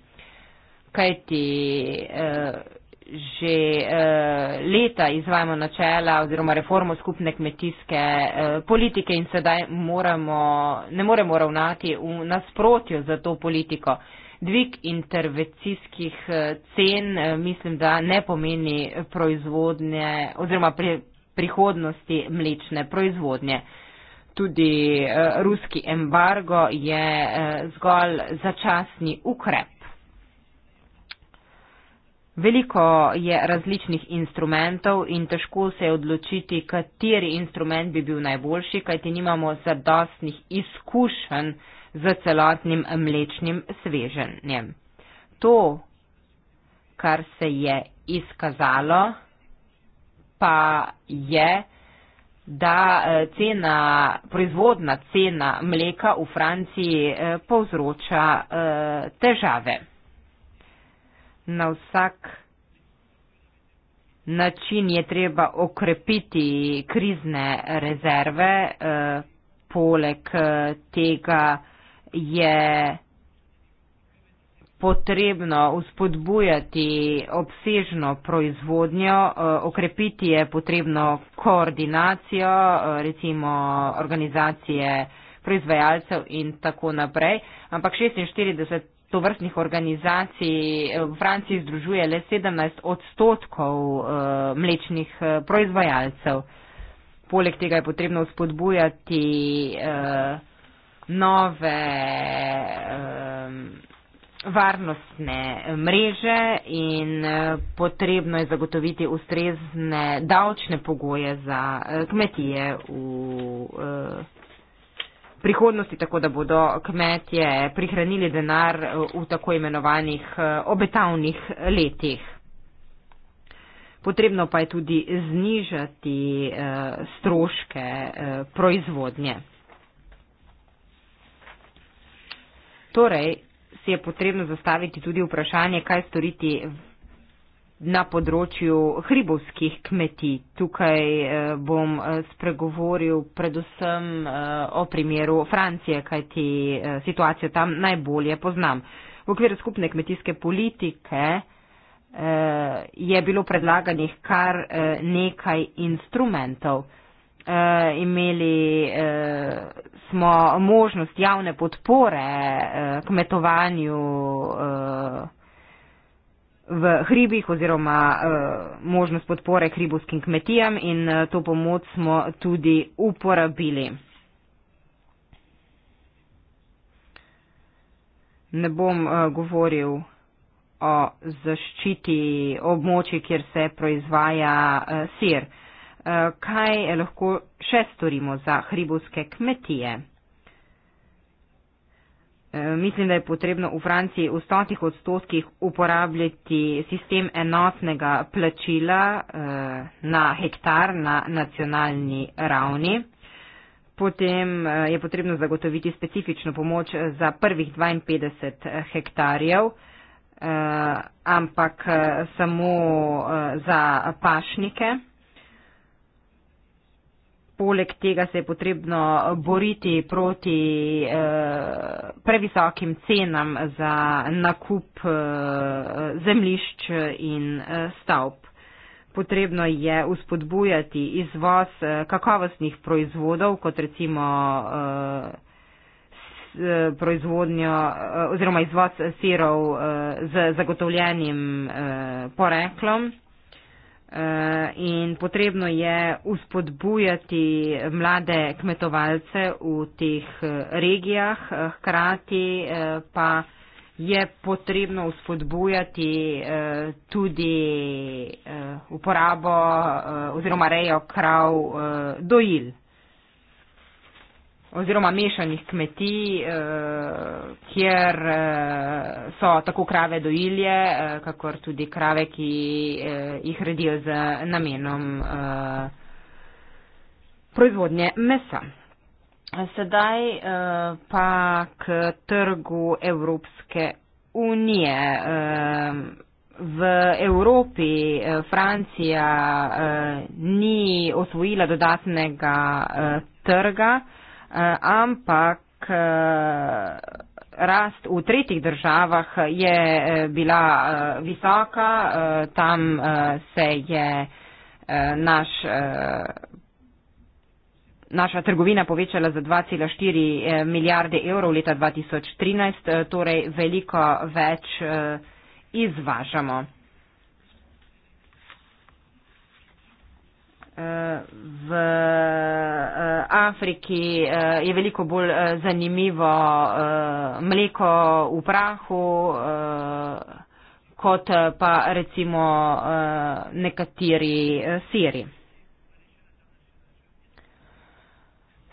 Kajti že leta izvajamo načela oziroma reformo skupne kmetijske politike in sedaj moramo, ne moremo ravnati v nasprotju za to politiko dvig intervencijskih eh, cen eh, mislim, da ne pomeni proizvodnje oziroma pri, prihodnosti mlečne proizvodnje. Tudi eh, ruski embargo je zgolj začasni ukrep. Veliko je različnih instrumentov in težko se je odločiti, kateri instrument bi bil najboljši, kajti nimamo zadostnih izkušenj z celotnim mlečnim sveženjem. To, kar se je izkazalo, pa je, da eh, cena, proizvodna cena mleka v Franciji eh, povzroča eh, težave. Na vsak način je treba okrepiti krizne rezerve, poleg tega, je potrebno uspodbujati obsežno proizvodnjo, eh, okrepiti je potrebno koordinacijo, eh, recimo organizacije proizvajalcev in tako naprej. Ampak 46 tovrstnih organizacij eh, v Franciji združuje le 17 odstotkov mlečnih proizvajalcev. Poleg tega je potrebno uspodbujati nove um, varnostne mreže in eh, potrebno je zagotoviti ustrezne davčne pogoje za eh, kmetije v uh, prihodnosti, tako da bodo kmetje prihranili denar v tako imenovanih obetavnih letih. Potrebno pa je tudi znižati uh, stroške uh, proizvodnje. Torej si je potrebno zastaviti tudi vprašanje, kaj storiti na področju hribovskih kmetij. Tukaj eh, bom eh, spregovoril predvsem eh, o primeru Francije, kaj ti situacijo tam najbolje poznam. V okviru skupne kmetijske politike je bilo predlaganih kar nekaj instrumentov uh, imeli uh, smo možnost javne podpore uh, kmetovanju uh, v hribih oziroma uh, možnost podpore hribovskim kmetijam in uh, to pomoč smo tudi uporabili. Ne bom uh, govoril o zaščiti območij, kjer se proizvaja uh, sir. Uh, Eh, kaj lahko še storimo za hribovske kmetije. Eh, mislim, da je potrebno v Franciji v stotih odstotkih uporabljati sistem enotnega plačila eh, na hektar na nacionalni ravni. Potem je potrebno zagotoviti specifično pomoč za prvih 52 hektarjev, ampak samo za pašnike poleg tega se je potrebno boriti proti eh, previsokim cenam za nakup eh, zemlišč in eh, stavb. Potrebno je uspodbujati izvoz kakovostnih proizvodov, kot recimo proizvodnjo oziroma izvoz sirov z zagotovljenim poreklom. Eh, in potrebno je uspodbujati mlade kmetovalce v teh eh, regijah, eh, hkrati pa je potrebno uspodbujati tudi uporabo oziroma rejo krav dojil oziroma mešanih kmetij, eh, kjer eh, so tako krave dojilje, eh, kakor tudi krave, ki jih redijo z namenom proizvodnje mesa. Sedaj pa k trgu Evropske unije. V Evropi Francija ni osvojila dodatnega trga. Eh, ampak eh, rast v tretjih državah je eh, bila visoka, tam se je naš, naša trgovina povečala za 2,4 milijarde evrov leta 2013, torej veliko več izvažamo. v eh, Afriki eh, je veliko bolj eh, zanimivo mleko v prahu kot pa recimo nekateri siri.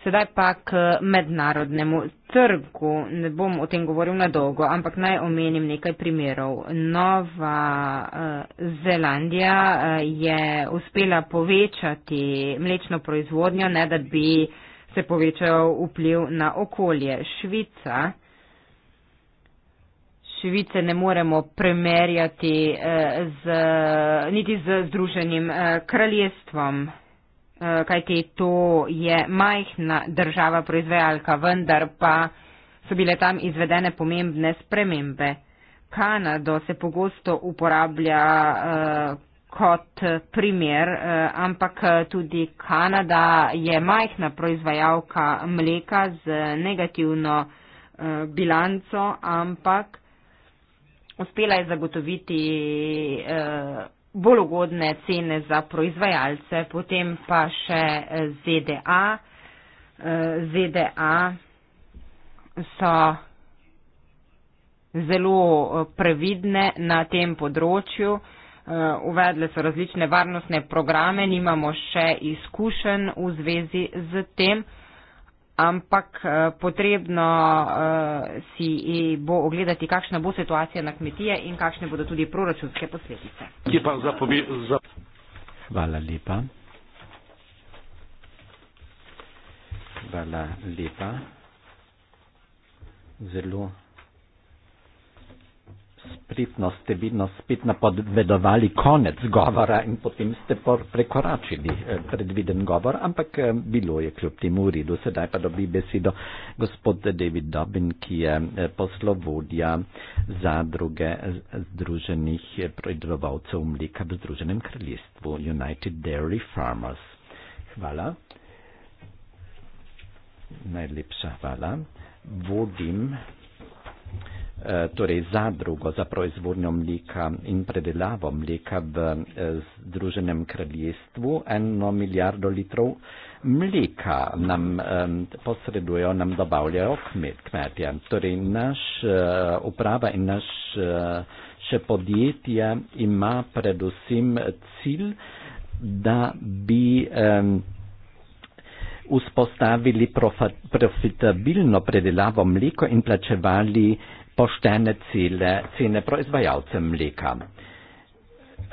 Sedaj pa k mednarodnemu trgu. Ne bom o tem govoril na dolgo, ampak naj omenim nekaj primerov. Nova eh, Zelandija eh, je uspela povečati mlečno proizvodnjo, ne da bi se povečal vpliv na okolje. Švica. Švice ne moremo primerjati eh, z, niti z Združenim kraljestvom. Eh, kajti to je majhna država proizvajalka, vendar pa so bile tam izvedene pomembne spremembe. Kanado se pogosto uporablja eh, kot primer, eh, ampak tudi Kanada je majhna proizvajalka mleka z negativno bilanco, ampak uspela je zagotoviti bolj ugodne cene za proizvajalce, potem pa še eh, ZDA. Eh, ZDA so zelo eh, previdne na tem področju. Uvedle so različne varnostne programe, nimamo še izkušenj v zvezi z tem ampak eh, potrebno eh, si bo ogledati, kakšna bo situacija na kmetije in kakšne bodo tudi proračunske posledice. Hvala lepa. Hvala lepa. Zelo spritno ste vidno spet napovedovali konec govora in potem ste prekoračili eh, predviden govor, ampak eh, bilo je kljub temu v redu. Sedaj pa dobi besedo gospod David Dobin, ki je eh, poslovodja zadruge Združenih proizvodovalcev mleka v Združenem kraljestvu United Dairy Farmers. Hvala. Najlepša hvala. Vodim Eh, torej zadrugo za proizvodnjo mlika in predelavo mlika v eh, Združenem kraljestvu. Eno milijardo litrov mlika nam eh, posredujo, nam dobavljajo kmetje. Torej naš uprava in naš še podjetje ima predvsem cilj, da bi vzpostavili profitabilno predelavo mleko in plačevali poštene cilje, cene proizvajalce mleka.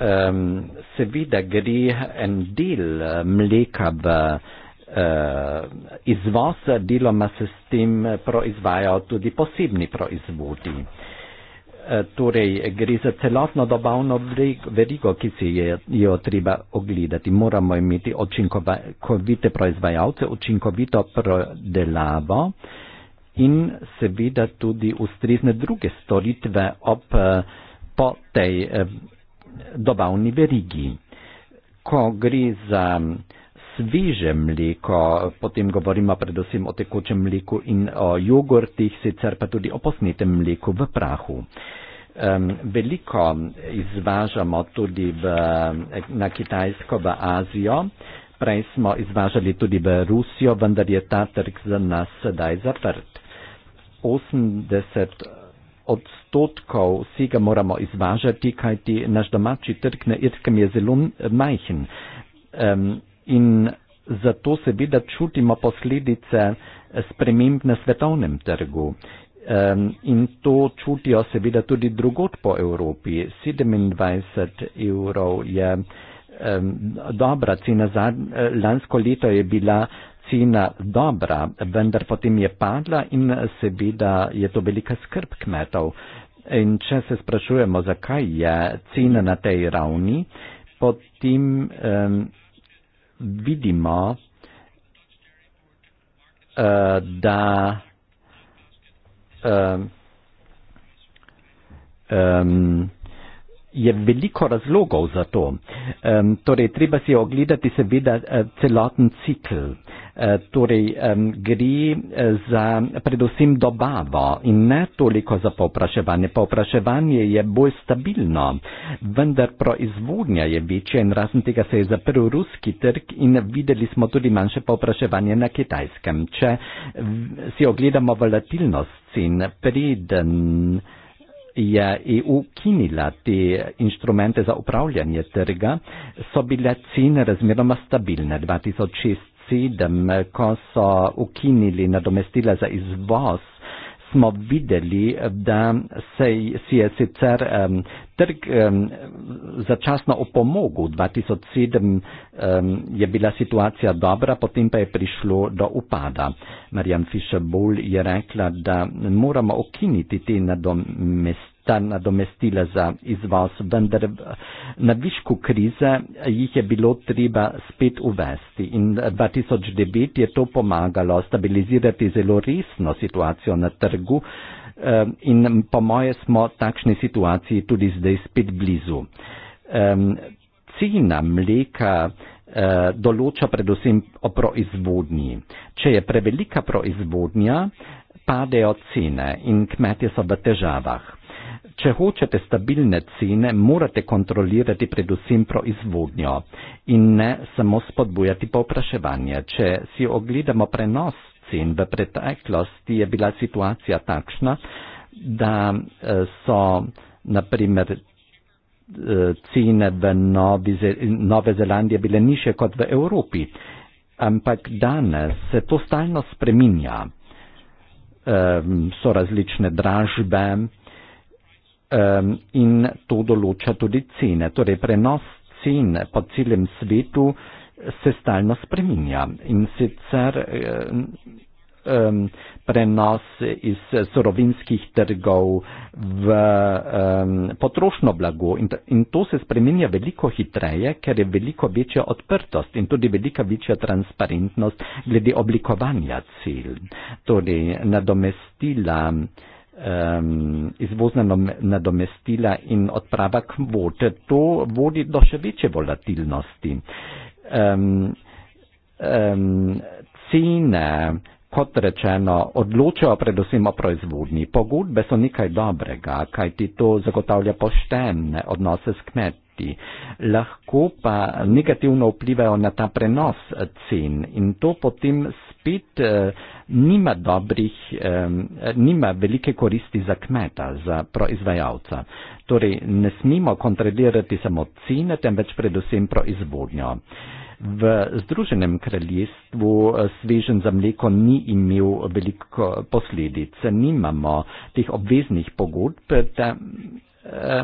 Um, seveda gre en del eh, mleka v uh, izvoz, deloma se s tem proizvajajo tudi posebni proizvodi. Eh, torej, gre za celotno dobavno verigo, ki se je, jo treba ogledati. Moramo imeti učinkovite proizvajalce, učinkovito prodelavo. Uh, in seveda tudi ustrezne druge storitve ob, eh, po tej eh, dobavni verigi. Ko gre za mm, sveže mleko, potem govorimo predvsem o tekočem mleku in o jogurtih, sicer pa tudi o posnetem mleku v prahu. Veliko izvažamo tudi v, na Kitajsko, v Azijo, prej smo izvažali tudi v Rusijo, vendar je ta trg za nas sedaj zaprt. 80 odstotkov vsega moramo izvažati, kajti naš domači trg na Irskem je zelo majhen. Um, in zato seveda čutimo posledice sprememb na svetovnem trgu. Um, in to čutijo seveda tudi drugot po Evropi. 27 evrov je um, dobra cena, za, eh, lansko leto je bila uh, cena dobra, vendar potem je padla in seveda je to velika skrb kmetov. In če se sprašujemo, zakaj je cena na tej ravni, potem um, vidimo, uh, da uh, um, je veliko razlogov za to. Um, torej, treba si ogledati seveda eh, celoten cikl. Eh, torej, um, gre eh, za predvsem dobavo in ne toliko za povpraševanje. Povpraševanje je bolj stabilno, vendar proizvodnja je večja in razen tega se je zaprl ruski trg in videli smo tudi manjše povpraševanje na kitajskem. Če si ogledamo volatilnost cen, preden je EU kinila te inštrumente za upravljanje trga, so bile cene razmeroma stabilne 2006. Ko so ukinili nadomestila za izvoz smo videli, da se si je sicer um, trg um, začasno opomogel. 2007 um, je bila situacija dobra, potem pa je prišlo do upada. Marjan Fischer-Bull je rekla, da moramo okiniti te nadomestitve ta nadomestila za izvoz, vendar na višku krize jih je bilo treba spet uvesti in 2009 je to pomagalo stabilizirati zelo resno situacijo na trgu eh, in po moje smo takšni situaciji tudi zdaj spet blizu. Cena mleka eh, določa predvsem o proizvodnji. Če je prevelika proizvodnja, padejo cene in kmetje so v težavah. Če hočete stabilne cene, morate kontrolirati predvsem proizvodnjo in ne samo spodbujati povpraševanje. Če si ogledamo prenos cen v preteklosti, je bila situacija takšna, da eh, so naprimer eh, cene v Nove Zelandije bile niše kot v Evropi, ampak danes se to stalno spreminja. Ehm, so različne dražbe, um, in to določa tudi cene. Torej, prenos cen po celem svetu se stalno spreminja in sicer um, prenos iz sorovinskih trgov v um, potrošno blago in, in to se spreminja veliko hitreje, ker je veliko večja odprtost in tudi velika večja transparentnost glede oblikovanja cilj. Torej, nadomestila um, izvozna nadomestila in odprava kvote. To vodi do še večje volatilnosti. Um, um, cene, kot rečeno, odločajo predvsem o proizvodni. Pogodbe so nekaj dobrega, kajti to zagotavlja poštene odnose s kmeti. Lahko pa negativno vplivajo na ta prenos cen in to potem s spet eh, nima dobrih, eh, nima velike koristi za kmeta, za proizvajalca. Torej, ne smemo kontrolirati samo cene, temveč predvsem proizvodnjo. V Združenem kraljestvu eh, svežen za mleko ni imel veliko posledic. Nimamo teh obveznih pogodb. Ta, eh,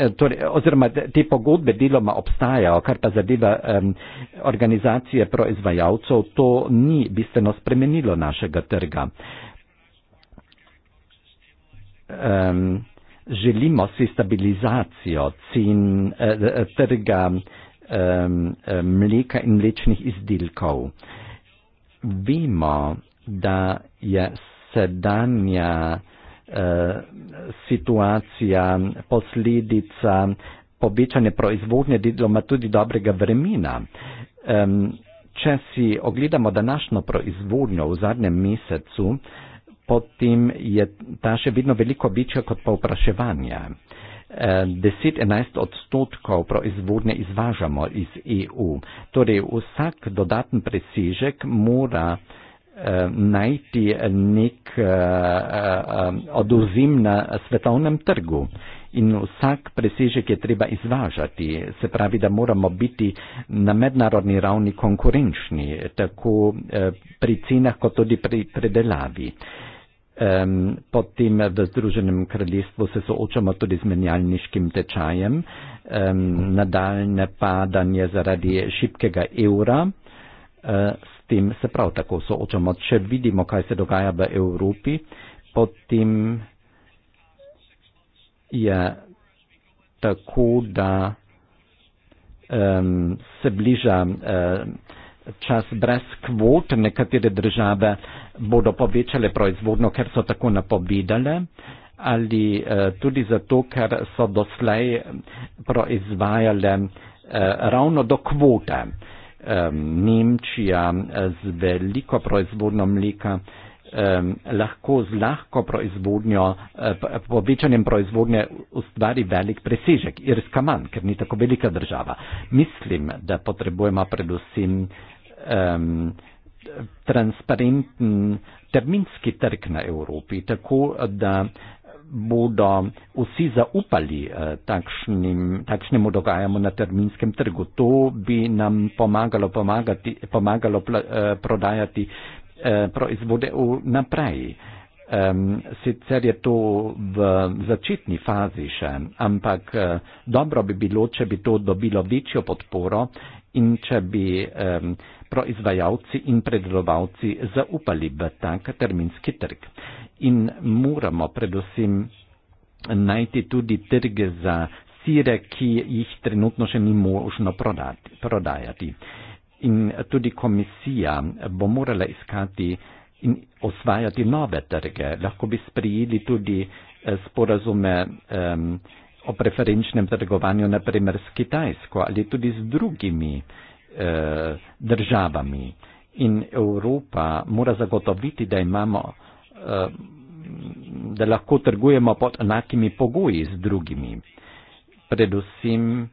Eh, torej, oziroma te pogodbe deloma obstajajo, kar pa zadeva um, organizacije proizvajalcev, to ni bistveno spremenilo našega trga. Um, želimo si stabilizacijo cen uh, trga um, mleka in mlečnih izdelkov. Vemo, da je sedanja Eh, situacija, posledica povečanja proizvodnje deloma tudi dobrega vremena. Če si ogledamo današnjo proizvodnjo v zadnjem mesecu, potem je ta še vedno veliko večja kot pa vpraševanje. Eh, 10-11 odstotkov proizvodnje izvažamo iz EU. Torej vsak dodatni presežek mora uh, najti eh, nek eh, eh, odozim na svetovnem trgu. In vsak presežek je treba izvažati, se pravi, da moramo biti na mednarodni ravni konkurenčni, tako pri cenah, kot tudi pri predelavi. Potem v Združenem kraljestvu se soočamo tudi z menjalniškim tečajem, nadaljne padanje zaradi šibkega evra, s tem se prav tako soočamo. Če vidimo, kaj se dogaja v Evropi, potem je tako, da um, se bliža um, čas brez kvot, nekatere države bodo povečale proizvodno, ker so tako napovedale ali eh, tudi zato, ker so doslej proizvajale eh, ravno do kvote. Eh, eh, Nemčija z veliko proizvodnjo mleka eh, lahko z lahko proizvodnjo, eh, eh, povečanjem proizvodnje ustvari velik presežek. Irska manj, ker ni tako velika država. Mislim, da potrebujemo predvsem eh, transparenten terminski trg na Evropi, tako da bodo vsi zaupali eh, takšnim, takšnemu dogajanju na terminskem trgu. To bi nam pomagalo, pomagati, pomagalo pl, eh, prodajati eh, proizvode v naprej. Sicer je to v začetni fazi še, ampak dobro bi bilo, če bi to dobilo večjo podporo in če bi proizvajalci in predelovalci zaupali v tak terminski trg in moramo predvsem najti tudi trge za sire, ki jih trenutno še ni možno prodajati. In tudi komisija bo morala iskati in osvajati nove trge. Lahko bi sprijeli tudi eh, sporazume um, o preferenčnem trgovanju, naprimer s Kitajsko ali tudi z drugimi uh, državami. In Evropa mora zagotoviti, da imamo Eh, da lahko trgujemo pod enakimi pogoji z drugimi. Predvsem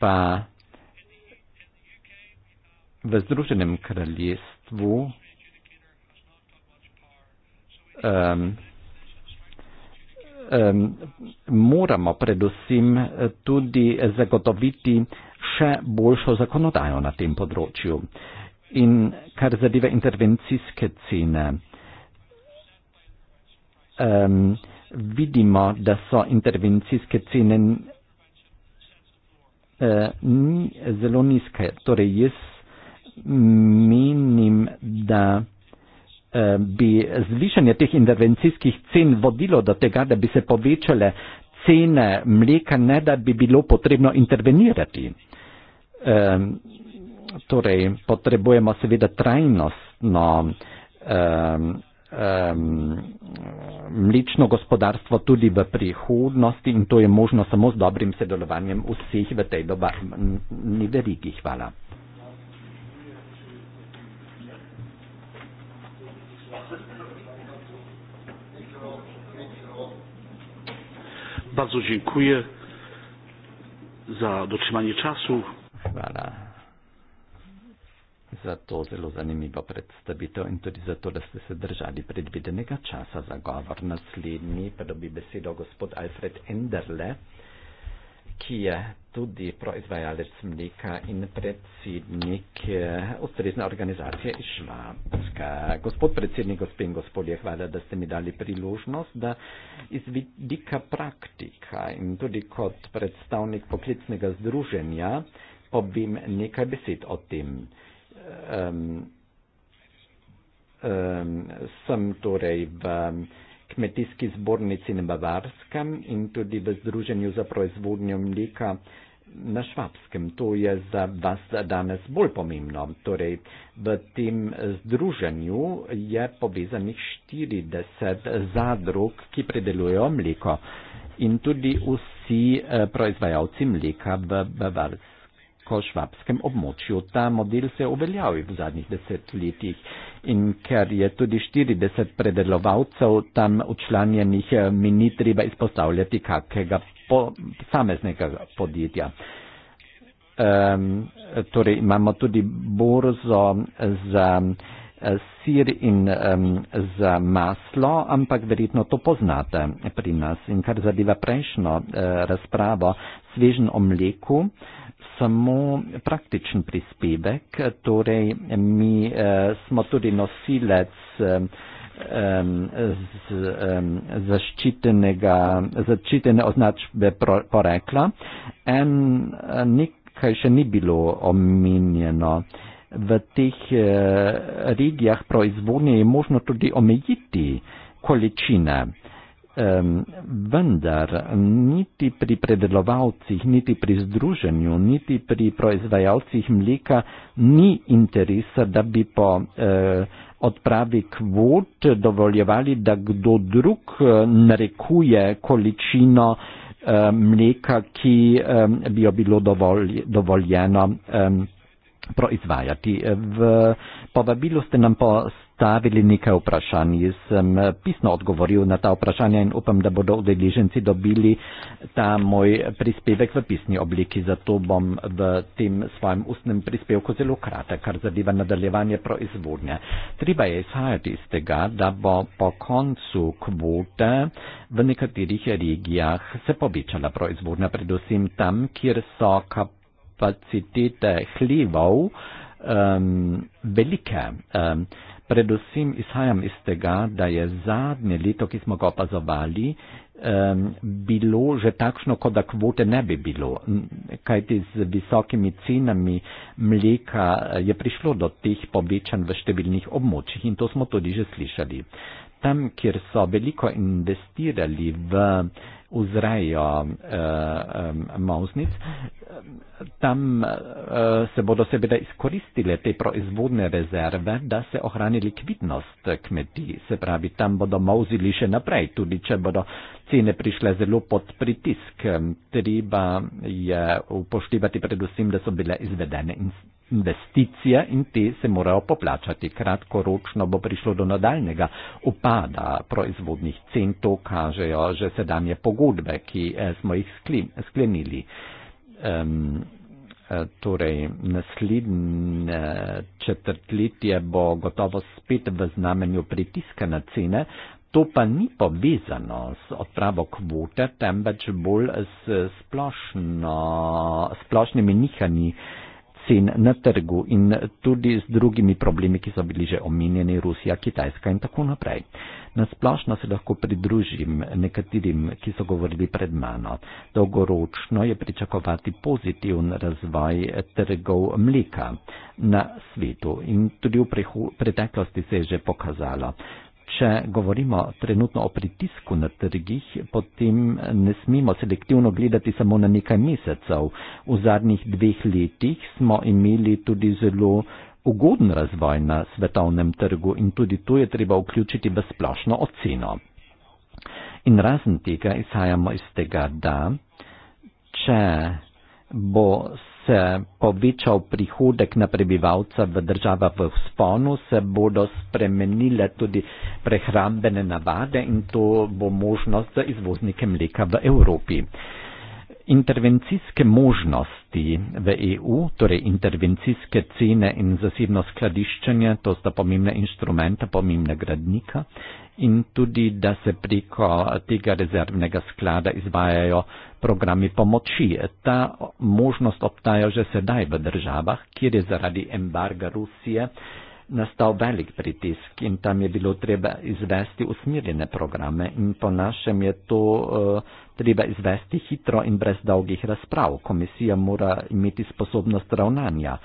pa v Združenem kraljestvu um, um, moramo predvsem eh, tudi zagotoviti še boljšo zakonodajo na tem področju. In kar zadeva intervencijske cene, um, vidimo, da so intervencijske cene uh, ni, zelo nizke. Torej, jaz menim, da e, bi zvišanje teh intervencijskih cen vodilo do tega, da bi se povečale cene mleka, ne da bi bilo potrebno intervenirati. E, torej, potrebujemo seveda trajnostno e, mlečno gospodarstvo tudi v prihodnosti in to je možno samo z dobrim sodelovanjem vseh v tej dobarni verigi. Hvala. Bardzo dziękuję za dotrzymanie czasu. Hvala zato zelo zanimiva predstavitev in tudi zato, da ste se držali predvidenega časa za govor. Naslednji pa dobi besedo gospod Alfred Enderle, ki je tudi proizvajalec mlika in predsednik eh, ustrezne organizacije Išlamska. Gospod predsednik, gospe in gospodje, hvala, da ste mi dali priložnost, da iz vidika praktika in tudi kot predstavnik poklicnega združenja. Povem nekaj besed o tem um, um, sem torej v kmetijski zbornici na Bavarskem in tudi v Združenju za proizvodnjo mlika na Švabskem. To je za vas danes bolj pomembno. Torej, v tem združenju je povezanih 40 zadrug, ki predelujejo mleko in tudi vsi eh, proizvajalci mleka v Bavarskem koševskem območju. Ta model se je uveljavil v zadnjih desetletjih in ker je tudi 40 predelovalcev tam učlanjenih, eh, mi ni treba izpostavljati kakega posameznega podjetja. Um, torej imamo tudi borzo za eh, sir in um, za maslo, ampak verjetno to poznate pri nas. In kar zadeva prejšnjo uh, razpravo, svežen o mleku, uh, samo praktičen prispevek, torej mi eh, smo tudi nosilec eh, z, eh, zaščitene označbe pro, porekla. En, nekaj še ni bilo omenjeno. V teh eh, regijah proizvodnje je možno tudi omejiti količine vendar niti pri predelovalcih, niti pri združenju, niti pri proizvajalcih mleka ni interesa, da bi po e, odpravi kvot dovoljevali, da kdo drug e, narekuje količino e, mleka, ki bi jo bilo dovoljeno proizvajati. V povabilu ste nam poslali, postavili nekaj vprašanj. Jaz sem eh, pisno odgovoril na ta vprašanja in upam, da bodo udeleženci dobili ta moj prispevek v pisni obliki. Zato bom v tem svojem ustnem prispevku zelo kratek, kar zadeva nadaljevanje proizvodnje. Treba je izhajati iz tega, da bo po koncu kvote v nekaterih regijah se povečala proizvodnja, predvsem tam, kjer so kapacitete hlivov um, ehm, velike. Um, predvsem izhajam iz tega, da je zadnje leto, ki smo ga opazovali, um, bilo že takšno, kot da kvote ne bi bilo. Kajti z visokimi cenami mleka eh, je prišlo do teh povečanj v številnih območjih in to smo tudi že slišali. Tam, kjer so veliko investirali v vzrejo eh, moznic. Tam eh, se bodo seveda izkoristile te proizvodne rezerve, da se ohrani likvidnost kmetij. Se pravi, tam bodo mozili še naprej, tudi če bodo cene prišle zelo pod pritisk. Treba je upoštevati predvsem, da so bile izvedene investicije in te se morajo poplačati. Kratkoročno bo prišlo do nadaljnega upada proizvodnih cen, to kažejo že sedanje pogodbe, ki eh, smo jih sklenili. Um, torej, naslednje četrtletje bo gotovo spet v znamenju pritiska na cene. To pa ni povezano s odpravo kvote, temveč bolj s splošno, splošnimi nihanji cen na trgu in tudi z drugimi problemi, ki so bili že omenjeni, Rusija, Kitajska in tako naprej. Nasplošno se lahko pridružim nekaterim, ki so govorili pred mano. Dolgoročno je pričakovati pozitiven razvoj trgov mleka na svetu in tudi v preteklosti se je že pokazalo. Če govorimo trenutno o pritisku na trgih, potem ne smemo selektivno gledati samo na nekaj mesecev. V zadnjih dveh letih smo imeli tudi zelo ugoden razvoj na svetovnem trgu in tudi to je treba vključiti v splošno oceno. In razen tega izhajamo iz tega, da če bo se povečal prihodek na prebivalca v državah v vzponu, se bodo spremenile tudi prehrambene navade in to bo možnost za izvoznike mleka v Evropi. Intervencijske možnosti v EU, torej intervencijske cene in zasebno skladiščenje, to sta pomembna inštrumenta, pomembna gradnika in tudi, da se preko tega rezervnega sklada izvajajo programi pomoči. Ta možnost obtaja že sedaj v državah, kjer je zaradi embarga Rusije nastal velik pritisk in tam je bilo treba izvesti usmirjene programe in po našem je to uh, treba izvesti hitro in brez dolgih razprav. Komisija mora imeti sposobnost ravnanja.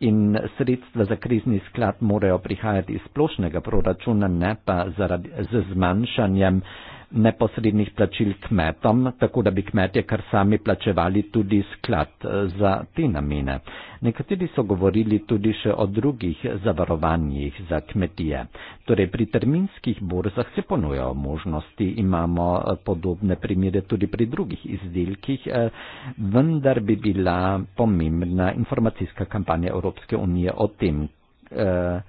In sredstva za krizni sklad morajo prihajati iz splošnega proračuna, ne pa zaradi, z zmanjšanjem eh, neposrednih plačil kmetom, tako da bi kmetje kar sami plačevali tudi sklad eh, za te namene. Nekateri so govorili tudi še o drugih zavarovanjih za kmetije. Torej pri terminskih borzah se ponujajo možnosti, imamo eh, podobne primere tudi pri drugih izdelkih, eh, vendar bi bila pomembna informacijska kampanja Evropske unije o tem. Eh,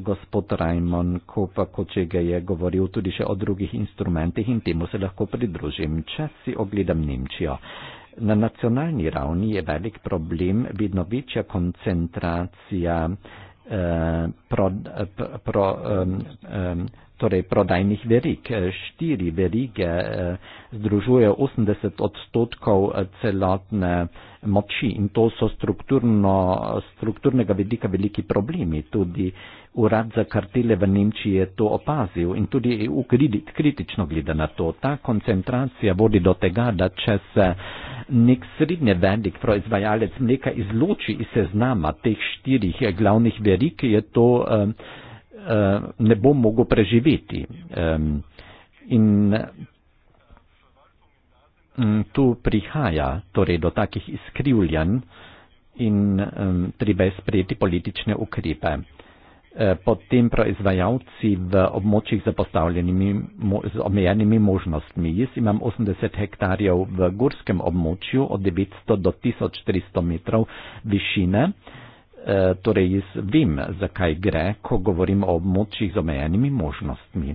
gospod Rajmon Kopa Kočega je govoril tudi še o drugih instrumentih in temu se lahko pridružim, če si ogledam Nemčijo. Na nacionalni ravni je velik problem vedno večja koncentracija eh, pro, eh, pro, eh, pro, eh, torej prodajnih verig. Eh, štiri verige eh, združujejo 80 odstotkov eh, celotne moči in to so strukturnega vidika veliki problemi. Tudi urad za kartele v Nemčiji je to opazil in tudi EU kritično gleda na to. Ta koncentracija vodi do tega, da če se nek srednje velik proizvajalec mleka izloči iz seznama teh štirih glavnih verig, je to. Eh, Eh, ne bom mogel preživeti. In mm, tu prihaja torej do takih izkrivljanj in treba je sprejeti politične ukrepe. Eh, potem proizvajalci v območjih z omejenimi možnostmi. Jaz imam 80 hektarjev v gorskem območju od 900 do 1300 metrov višine. E, torej jaz vem, zakaj gre, ko govorim o območjih z omejenimi možnostmi.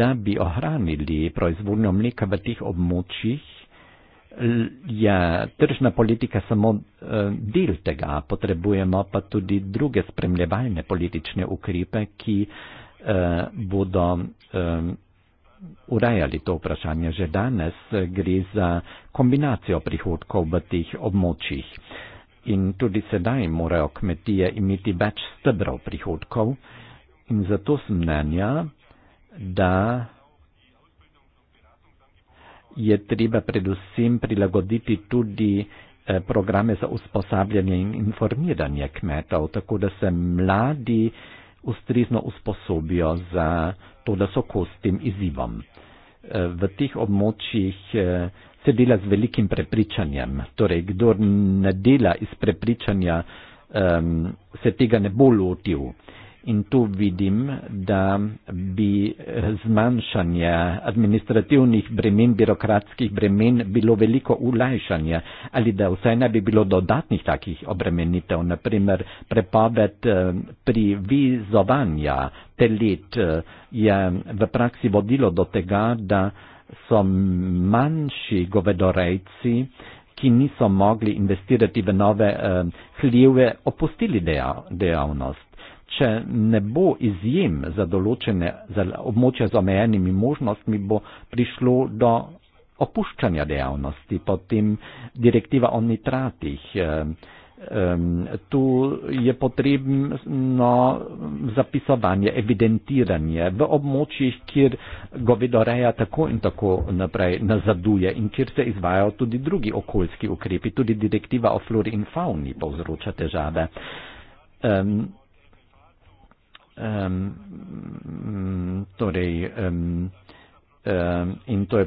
Da bi ohranili proizvodnjo mleka v teh območjih, je tržna politika samo e, del tega, potrebujemo pa tudi druge spremljevalne politične ukrepe, ki e, bodo urajali to vprašanje. Že danes gre za kombinacijo prihodkov v teh območjih in tudi sedaj morajo kmetije imeti več stebrov prihodkov in zato sem mnenja, da je treba predvsem prilagoditi tudi eh, programe za usposabljanje in informiranje kmetov, tako da se mladi ustrezno usposobijo za to, da so kos tem izzivom. Eh, v teh območjih eh, se dela z velikim prepričanjem. Torej, kdor ne dela iz prepričanja, um, se tega ne bo lotil. In tu vidim, da bi zmanjšanje administrativnih bremen, birokratskih bremen bilo veliko ulajšanje ali da vsaj ne bi bilo dodatnih takih obremenitev, naprimer prepoved pri vizovanja telet je v praksi vodilo do tega, da so manjši govedorejci, ki niso mogli investirati v nove eh, hljive, opustili dejav, dejavnost. Če ne bo izjem za določene za območja z omejenimi možnostmi, bo prišlo do opuščanja dejavnosti, potem direktiva o nitratih. Eh, Tu je potrebno zapisovanje, evidentiranje v območjih, kjer govedoreja tako in tako naprej nazaduje in kjer se izvajajo tudi drugi okoljski ukrepi, tudi direktiva o flori in fauni povzroča težave. Um, um, torej, um, Uh, in to je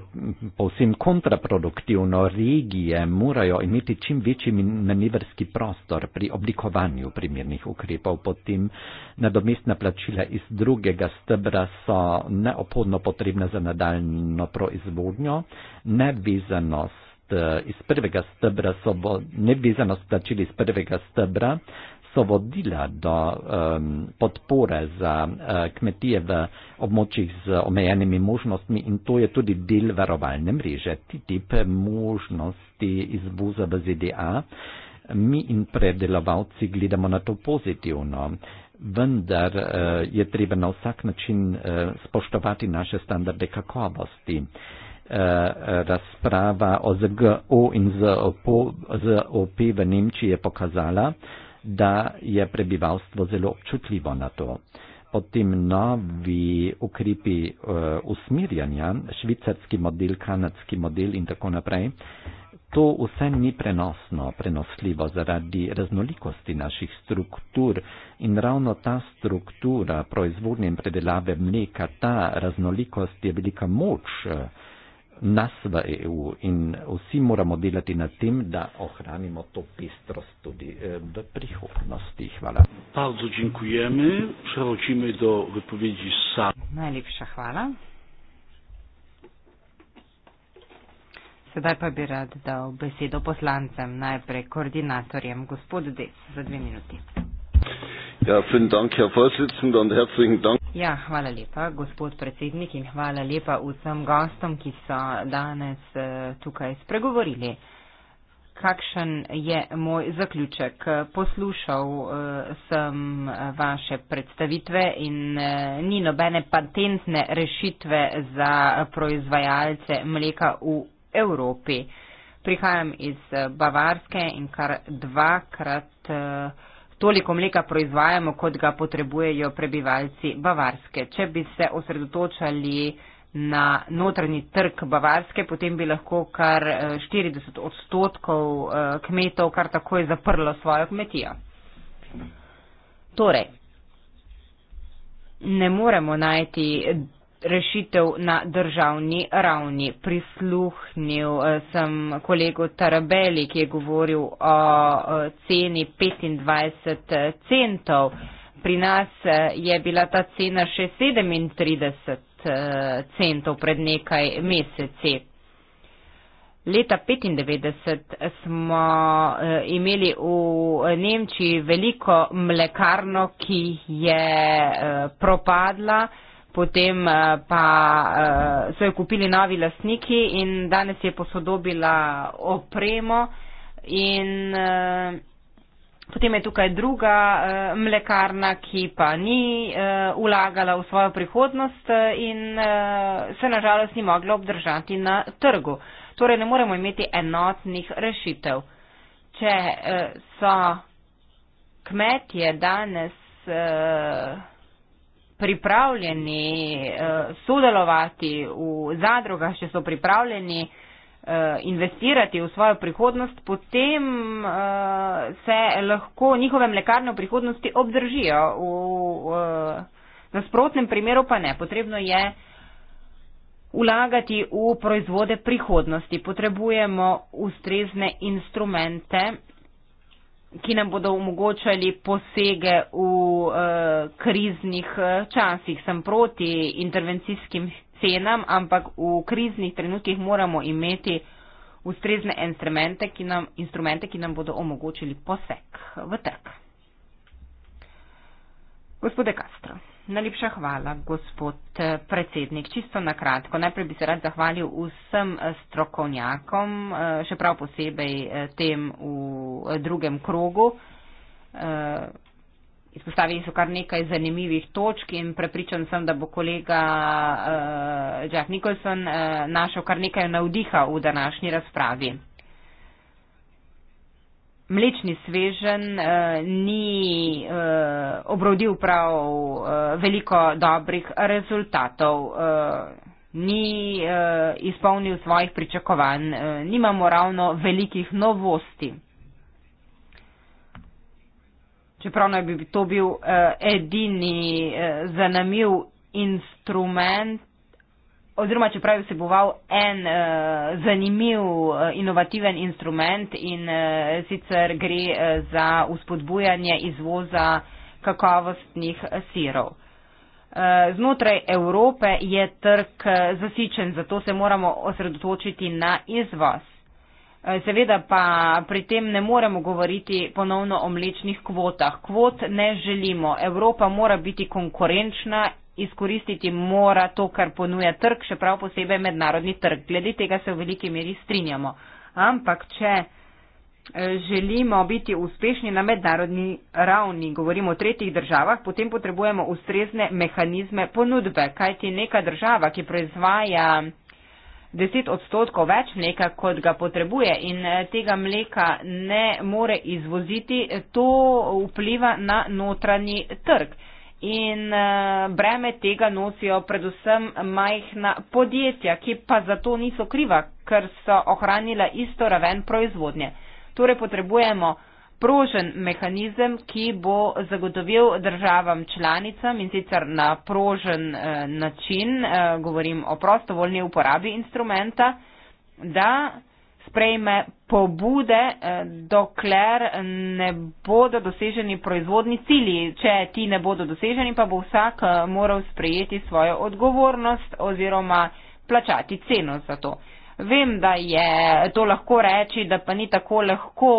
povsem kontraproduktivno, regije morajo imeti čim večji manevrski prostor pri oblikovanju primernih ukrepov, potem nadomestna plačila iz drugega stebra so neopodno potrebna za nadaljno proizvodnjo, nevezanost uh, iz prvega stebra so, nevezanost plačila iz prvega stebra so vodile do um, podpore za uh, kmetije v območjih z omejenimi možnostmi in to je tudi del varovalne mreže. Ti tip možnosti izbuza v ZDA mi in predelovalci gledamo na to pozitivno. Vendar uh, je treba na vsak način uh, spoštovati naše standarde kakovosti. Uh, razprava o ZGO in ZOP, ZOP v Nemčiji je pokazala, da je prebivalstvo zelo občutljivo na to. Potem novi ukrepi uh, eh, usmirjanja, švicarski model, kanadski model in tako naprej, to vse ni prenosno, prenosljivo zaradi raznolikosti naših struktur in ravno ta struktura proizvodnje in predelave mleka, ta raznolikost je velika moč. Uh, nas v EU in vsi moramo delati na tem, da ohranimo to pestrost tudi eh, v prihodnosti. Hvala. Bardzo dziękujemy. Przechodzimy do wypowiedzi sam. Najlepša hvala. Sedaj pa bi rad dal besedo poslancem, najprej koordinatorjem, gospod Dec, za dve minuti. Ja, vielen Dank, Herr Vorsitzender, und herzlichen Dank. Ja, hvala lepa, gospod predsednik, in hvala lepa vsem gostom, ki so danes eh, tukaj spregovorili. Kakšen je moj zaključek? Poslušal eh, sem eh, vaše predstavitve in ni nobene patentne rešitve za proizvajalce mleka v Evropi. Prihajam iz Bavarske in kar dvakrat toliko mleka proizvajamo, kot ga potrebujejo prebivalci Bavarske. Če bi se osredotočali na notranji trg Bavarske, potem bi lahko kar 40 eh, odstotkov eh, kmetov kar takoj zaprlo svojo kmetijo. Torej, ne moremo najti rešitev na državni ravni. Prisluhnil eh, sem kolegu Tarabeli, ki je govoril o ceni 25 eh, centov. Pri nas eh, je bila ta cena še 37 centov pred nekaj meseci. Leta 1995 smo imeli v Nemčiji veliko mlekarno, ki je propadla potem eh, pa eh, so jo kupili novi lastniki in danes je posodobila opremo in eh, potem je tukaj druga mlekarna, ki pa ni ulagala v svojo prihodnost in se nažalost ni mogla obdržati na trgu. Torej ne moremo imeti enotnih rešitev. Če so kmetje danes pripravljeni eh, sodelovati v zadrugah, če so pripravljeni eh, investirati v svojo prihodnost, potem eh, se lahko njihove mlekarne v prihodnosti obdržijo. V nasprotnem primeru pa ne. Potrebno je vlagati v proizvode prihodnosti. Potrebujemo ustrezne instrumente ki nam bodo omogočali posege v uh, kriznih eh, časih. Sem proti intervencijskim cenam, ampak v kriznih trenutkih moramo imeti ustrezne instrumente, ki nam, instrumente, ki nam bodo omogočili poseg v trg. Gospode Castro. Najlepša hvala, gospod eh, predsednik. Čisto na kratko. Najprej bi se rad zahvalil vsem eh, strokovnjakom, eh, še prav posebej tem v drugem krogu. Izpostavili so kar nekaj zanimivih točk in prepričan sem, da bo kolega Jack Nicholson našel kar nekaj navdiha v današnji razpravi mlečni svežen eh, ni eh, obrodil prav eh, veliko dobrih rezultatov, eh, ni eh, izpolnil svojih pričakovanj, eh, nimamo ravno velikih novosti. Čeprav naj bi to bil eh, edini eh, zanimiv instrument oziroma čeprav je vseboval en uh, zanimiv, uh, inovativen instrument in uh, sicer gre uh, za uspodbujanje izvoza kakovostnih sirov. Znotraj Evrope je trg zasičen, zato se moramo osredotočiti na izvoz. Seveda pa pri tem ne moremo govoriti ponovno o mlečnih kvotah. Kvot ne želimo. Evropa mora biti konkurenčna izkoristiti mora to, kar ponuja trg, še prav posebej mednarodni trg. Glede tega se v veliki meri strinjamo. Ampak, če eh, želimo biti uspešni na mednarodni ravni, govorimo o tretjih državah, potem potrebujemo ustrezne mehanizme ponudbe, kajti neka država, ki proizvaja 10 odstotkov več mleka, kot ga potrebuje in eh, tega mleka ne more izvoziti, to vpliva na notranji trg. In eh, breme tega nosijo predvsem majhna podjetja, ki pa zato niso kriva, ker so ohranila isto raven proizvodnje. Torej potrebujemo prožen mehanizem, ki bo zagotovil državam članicam in sicer na prožen eh, način, eh, govorim o prostovoljni uporabi instrumenta, da sprejme pobude, eh, dokler ne bodo doseženi proizvodni cilji. Če ti ne bodo doseženi, pa bo vsak eh, moral sprejeti svojo odgovornost oziroma plačati ceno za to. Vem, da je to lahko reči, da pa ni tako lahko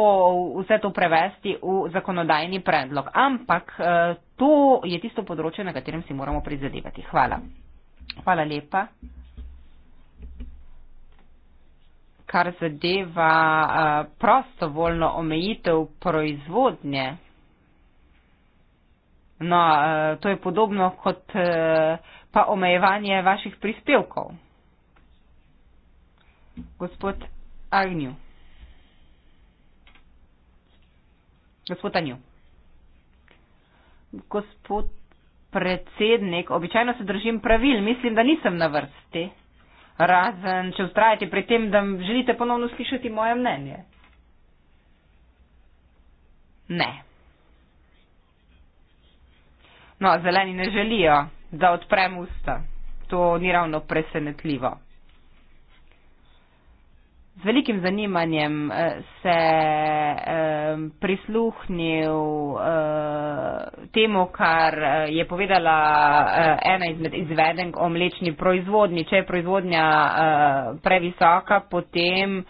vse to prevesti v zakonodajni predlog, ampak eh, to je tisto področje, na katerem si moramo prizadevati. Hvala. Hvala lepa. kar zadeva eh, prostovoljno omejitev proizvodnje. No, eh, to je podobno kot eh, pa omejevanje vaših prispevkov. Gospod Agnju. Gospod Agnju. Gospod predsednik, običajno se držim pravil, mislim, da nisem na vrsti razen če ustrajate pri tem, da želite ponovno slišati moje mnenje. Ne. No, zeleni ne želijo, da odprem usta. To ni ravno presenetljivo z velikim zanimanjem eh, se prisluhnil eh, temu, kar eh, je povedala ena izmed izvedenk o mlečni proizvodnji. Če je proizvodnja previsoka, potem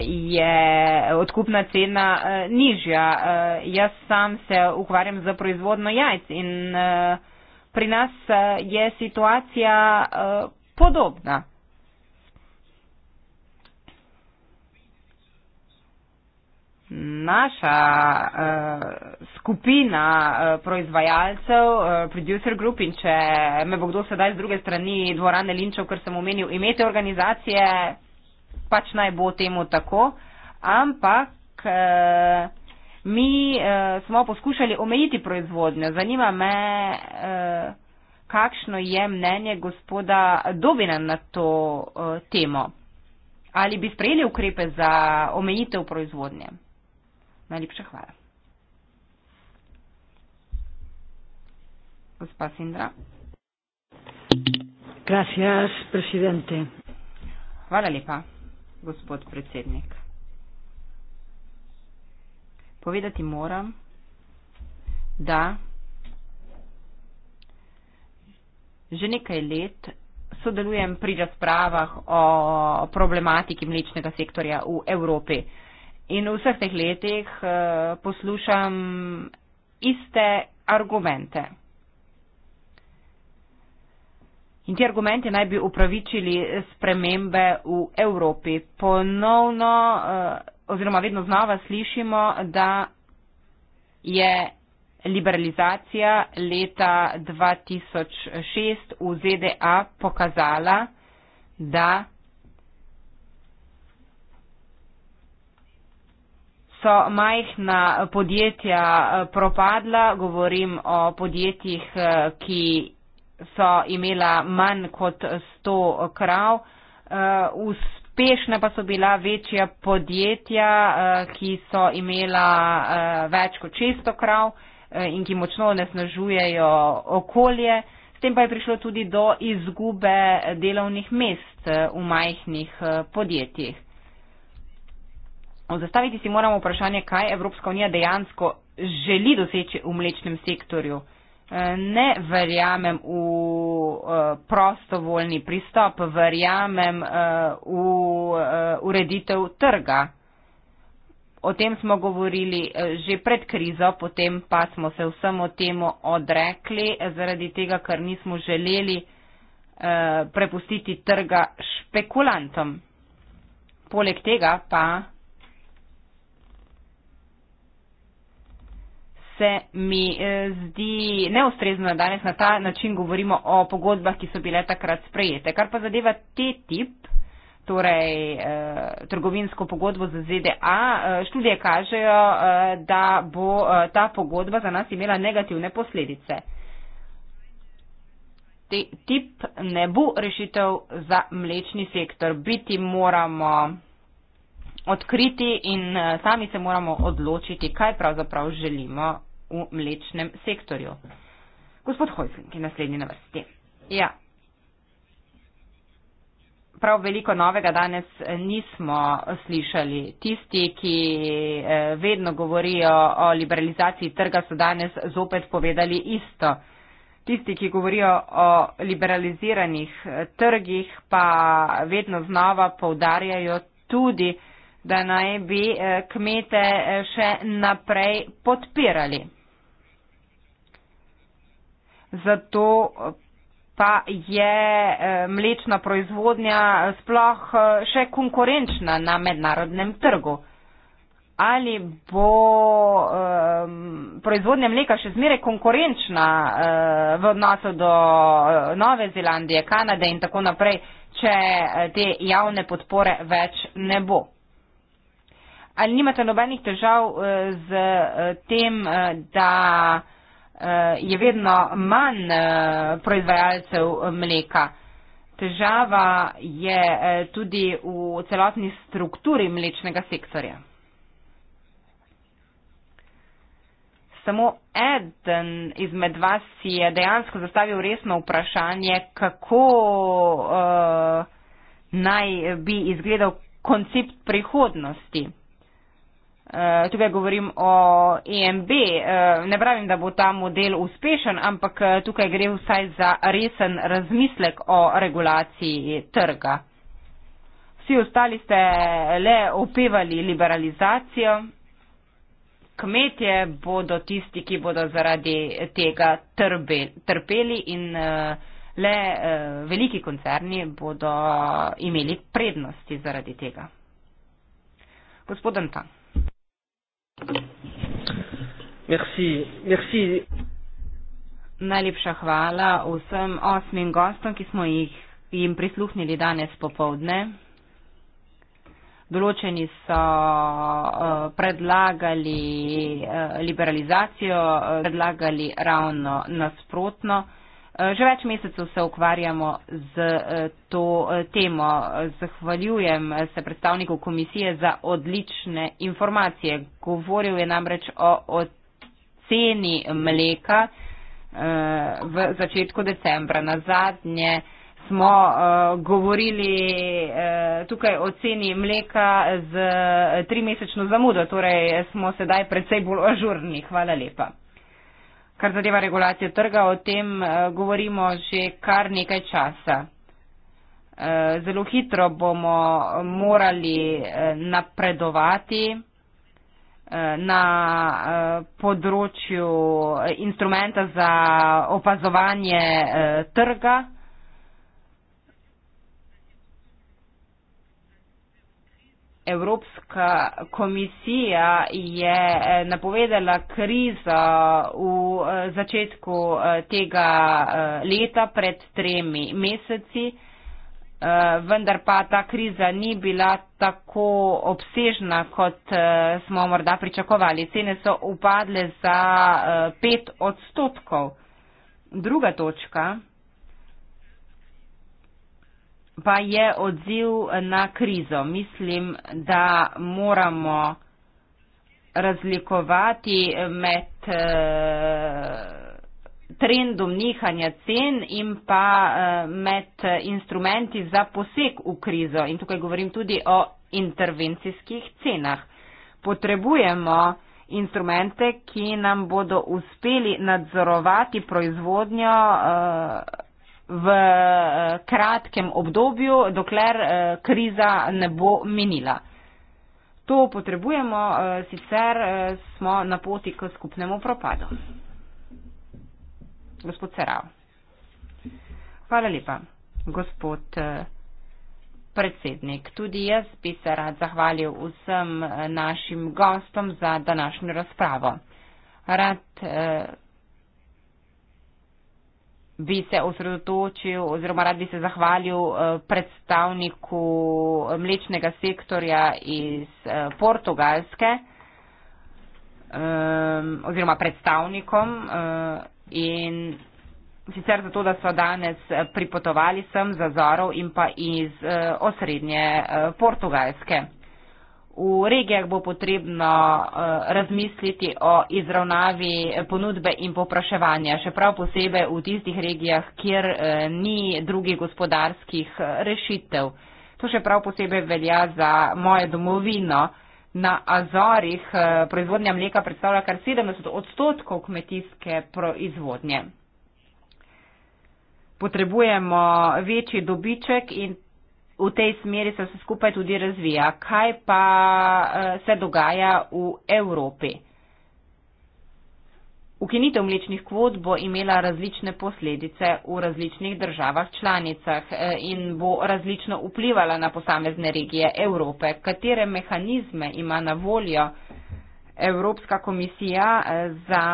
je odkupna cena nižja. Jaz sam se ukvarjam za proizvodno jajc in pri nas je situacija podobna. naša uh, skupina uh, proizvajalcev, uh, producer group in če me bo kdo sedaj z druge strani dvorane linčev, ker sem omenil, imete organizacije, pač naj bo temu tako, ampak uh, mi uh, smo poskušali omejiti proizvodnjo. Zanima me, uh, kakšno je mnenje gospoda Dobina na to uh, temo. Ali bi sprejeli ukrepe za omejitev proizvodnje? Najlepša hvala. Gospa Sindra. Gracias, presidente. Hvala lepa, gospod predsednik. Povedati moram, da že nekaj let sodelujem pri razpravah o problematiki mlečnega sektorja v Evropi. In v vseh teh letih eh, poslušam iste argumente. In ti argumenti naj bi upravičili spremembe v Evropi. Ponovno eh, oziroma vedno znova slišimo, da je liberalizacija leta 2006 v ZDA pokazala, da so majhna eh, podjetja eh, propadla, govorim o podjetjih, eh, ki so imela manj kot 100 krav. Uspešna pa so bila večja podjetja, ki so imela več kot 600 krav in ki močno onesnažujejo okolje. S tem pa je prišlo tudi do izgube delovnih mest v majhnih podjetjih. Zastaviti si moramo vprašanje, kaj Evropska unija dejansko želi doseči v mlečnem sektorju. E, ne verjamem v e, prostovoljni pristop, verjamem e, v ureditev trga. O tem smo govorili že pred krizo, potem pa smo se vsemu temu odrekli, zaradi tega, ker nismo želeli prepustiti trga špekulantom. Poleg tega pa. se mi eh, zdi neustrezno, da danes na ta način govorimo o pogodbah, ki so bile takrat sprejete. Kar pa zadeva te tip, torej eh, trgovinsko pogodbo za ZDA, eh, študije kažejo, eh, da bo eh, ta pogodba za nas imela negativne posledice. Te, tip ne bo rešitev za mlečni sektor. Biti moramo odkriti in eh, sami se moramo odločiti, kaj pravzaprav želimo v mlečnem sektorju. Gospod Hojfink je naslednji na vrsti. Ja. Prav veliko novega danes eh, nismo slišali. Tisti, ki eh, vedno govorijo o liberalizaciji trga, so danes zopet povedali isto. Tisti, ki govorijo o liberaliziranih eh, trgih, pa vedno znova poudarjajo tudi, da naj bi kmete še naprej podpirali zato pa je eh, mlečna proizvodnja sploh eh, še konkurenčna na mednarodnem trgu. Ali bo um, proizvodnja mleka še zmeraj konkurenčna uh, v odnosu do uh, Nove Zelandije, Kanade in tako naprej, če uh, te javne podpore več ne bo? Ali nimate nobenih težav uh, z uh, tem, uh, da uh, je vedno manj eh, proizvajalcev mleka. Težava je eh, tudi v celotni strukturi mlečnega sektorja. Samo eden izmed vas si je dejansko zastavil resno vprašanje, kako uh, naj bi izgledal koncept prihodnosti. Uh, tukaj govorim o EMB. Uh, eh, ne pravim, da bo ta model uspešen, ampak eh, tukaj gre vsaj za resen razmislek o regulaciji trga. Vsi ostali ste le opevali liberalizacijo. Kmetje bodo tisti, ki bodo zaradi tega trbe, trpeli in uh, le uh, veliki koncerni bodo imeli prednosti zaradi tega. Gospod Antan. Merci. Merci. Najlepša hvala vsem osmim gostom, ki smo jih, jim prisluhnili danes popovdne. Določeni so eh, predlagali eh, liberalizacijo, eh, predlagali ravno nasprotno. Že več mesecev se ukvarjamo z eh, to eh, temo. Zahvaljujem se predstavniku komisije za odlične informacije. Govoril je namreč o oceni mleka eh, v začetku decembra. Na zadnje smo govorili tukaj o ceni mleka z trimesečno zamudo, torej smo sedaj predvsej bolj ažurni. Hvala lepa kar zadeva regulacijo trga, o tem eh, govorimo že kar nekaj časa. Eh, zelo hitro bomo morali eh, napredovati na področju instrumenta za opazovanje trga. Evropska komisija je eh, napovedala krizo v eh, začetku eh, tega leta, pred tremi meseci, vendar pa ta kriza ni bila tako obsežna, kot smo morda pričakovali. Cene so upadle za pet odstotkov. Druga točka pa je odziv na krizo. Mislim, da moramo razlikovati med eh, trendom nihanja cen in pa eh, med eh, instrumenti za poseg v krizo. In tukaj govorim tudi o intervencijskih cenah. Potrebujemo instrumente, ki nam bodo uspeli nadzorovati proizvodnjo. Uh, v eh, kratkem obdobju, dokler eh, kriza ne bo minila. To potrebujemo, eh, sicer smo na poti k skupnemu propadu. Gospod Serav. Hvala lepa, gospod predsednik. Tudi jaz bi se rad zahvalil vsem našim gostom za današnjo razpravo. Rad. Eh, bi se osredotočil oziroma rad bi se zahvalil eh, predstavniku eh, mlečnega sektorja iz eh, Portugalske ehm, oziroma predstavnikom in sicer zato, da so danes pripotovali sem za Zorov in pa iz osrednje Portugalske v regijah bo potrebno eh, razmisliti o izravnavi ponudbe in popraševanja, še prav posebej v tistih regijah, kjer eh, ni drugih gospodarskih eh, rešitev. To še prav posebej velja za moje domovino. Na Azorih proizvodnja mleka predstavlja kar 70 odstotkov kmetijske proizvodnje. Potrebujemo večji dobiček in v tej smeri se vse skupaj tudi razvija. Kaj pa eh, se dogaja v Evropi? Ukinitev mlečnih kvot bo imela različne posledice v različnih državah članicah eh, in bo različno vplivala na posamezne regije Evrope. Katere mehanizme ima na voljo Evropska komisija eh, za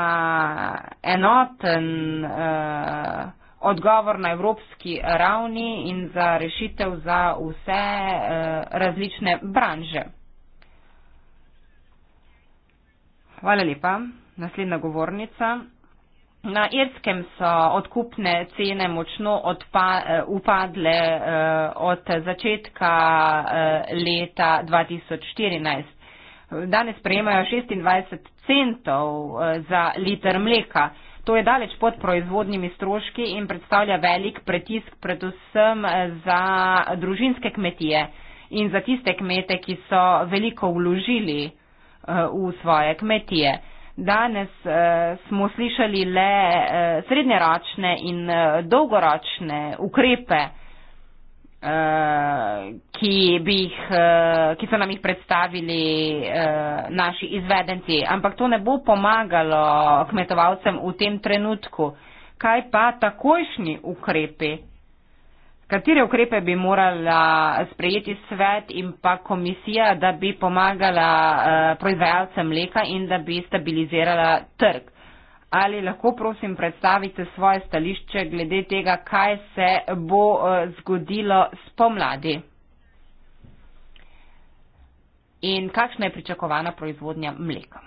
enoten. Uh, odgovor na evropski ravni in za rešitev za vse eh, različne branže. Hvala lepa. Naslednja govornica. Na Irskem so odkupne cene močno odpa, eh, upadle eh, od začetka eh, leta 2014. Danes prejemajo 26 centov eh, za liter mleka. Eh, To je daleč pod proizvodnimi stroški in predstavlja velik pritisk predvsem za družinske kmetije in za tiste kmete, ki so veliko vložili eh, v svoje kmetije. Danes eh, smo slišali le eh, srednjeročne in dolgoročne ukrepe, Eh, ki, bih, eh, ki so nam jih predstavili eh, naši izvedenci. Ampak to ne bo pomagalo kmetovalcem v tem trenutku. Kaj pa takojšnji ukrepi? Katere ukrepe bi morala sprejeti svet in pa komisija, da bi pomagala proizvajalcem mleka in da bi stabilizirala trg? Ali lahko prosim predstavite svoje stališče glede tega, kaj se bo eh, zgodilo spomladi in kakšna je pričakovana proizvodnja mleka?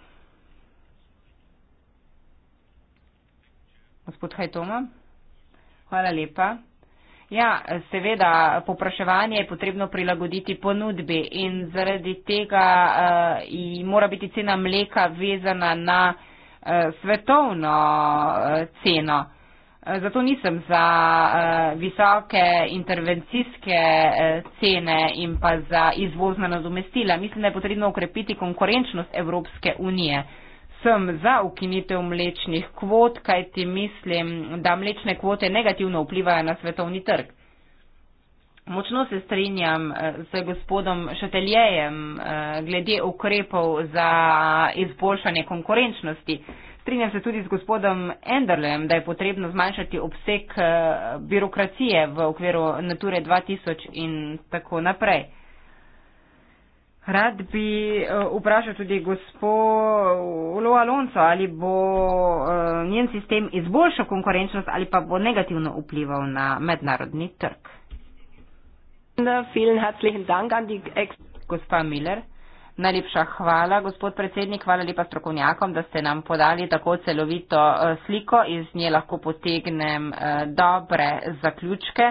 Gospod Hajtoma, hvala lepa. Ja, seveda, popraševanje je potrebno prilagoditi ponudbi in zaradi tega uh, mora biti cena mleka vezana na. Eh, svetovno eh, ceno. Eh, zato nisem za visoke intervencijske cene in pa za izvozna nadomestila. Mislim, da je potrebno ukrepiti konkurenčnost Evropske unije. Sem za ukinitev mlečnih kvot, kajti mislim, da mlečne kvote negativno vplivajo na svetovni trg. Močno se strinjam z eh, gospodom Šateljejem eh, glede ukrepov za izboljšanje konkurenčnosti. Strinjam se tudi z gospodom Enderlem, da je potrebno zmanjšati obseg eh, birokracije v okviru Nature 2000 in tako naprej. Rad bi vprašal tudi gospod Alonso, ali bo njen sistem izboljšal konkurenčnost ali pa bo negativno vplival na mednarodni trg. Vielen herzlichen Dank an die Ex Gospa Miller. Najlepša hvala, gospod predsednik, hvala lepa strokovnjakom, da ste nam podali tako celovito eh, sliko. Iz nje lahko potegnem eh, dobre zaključke.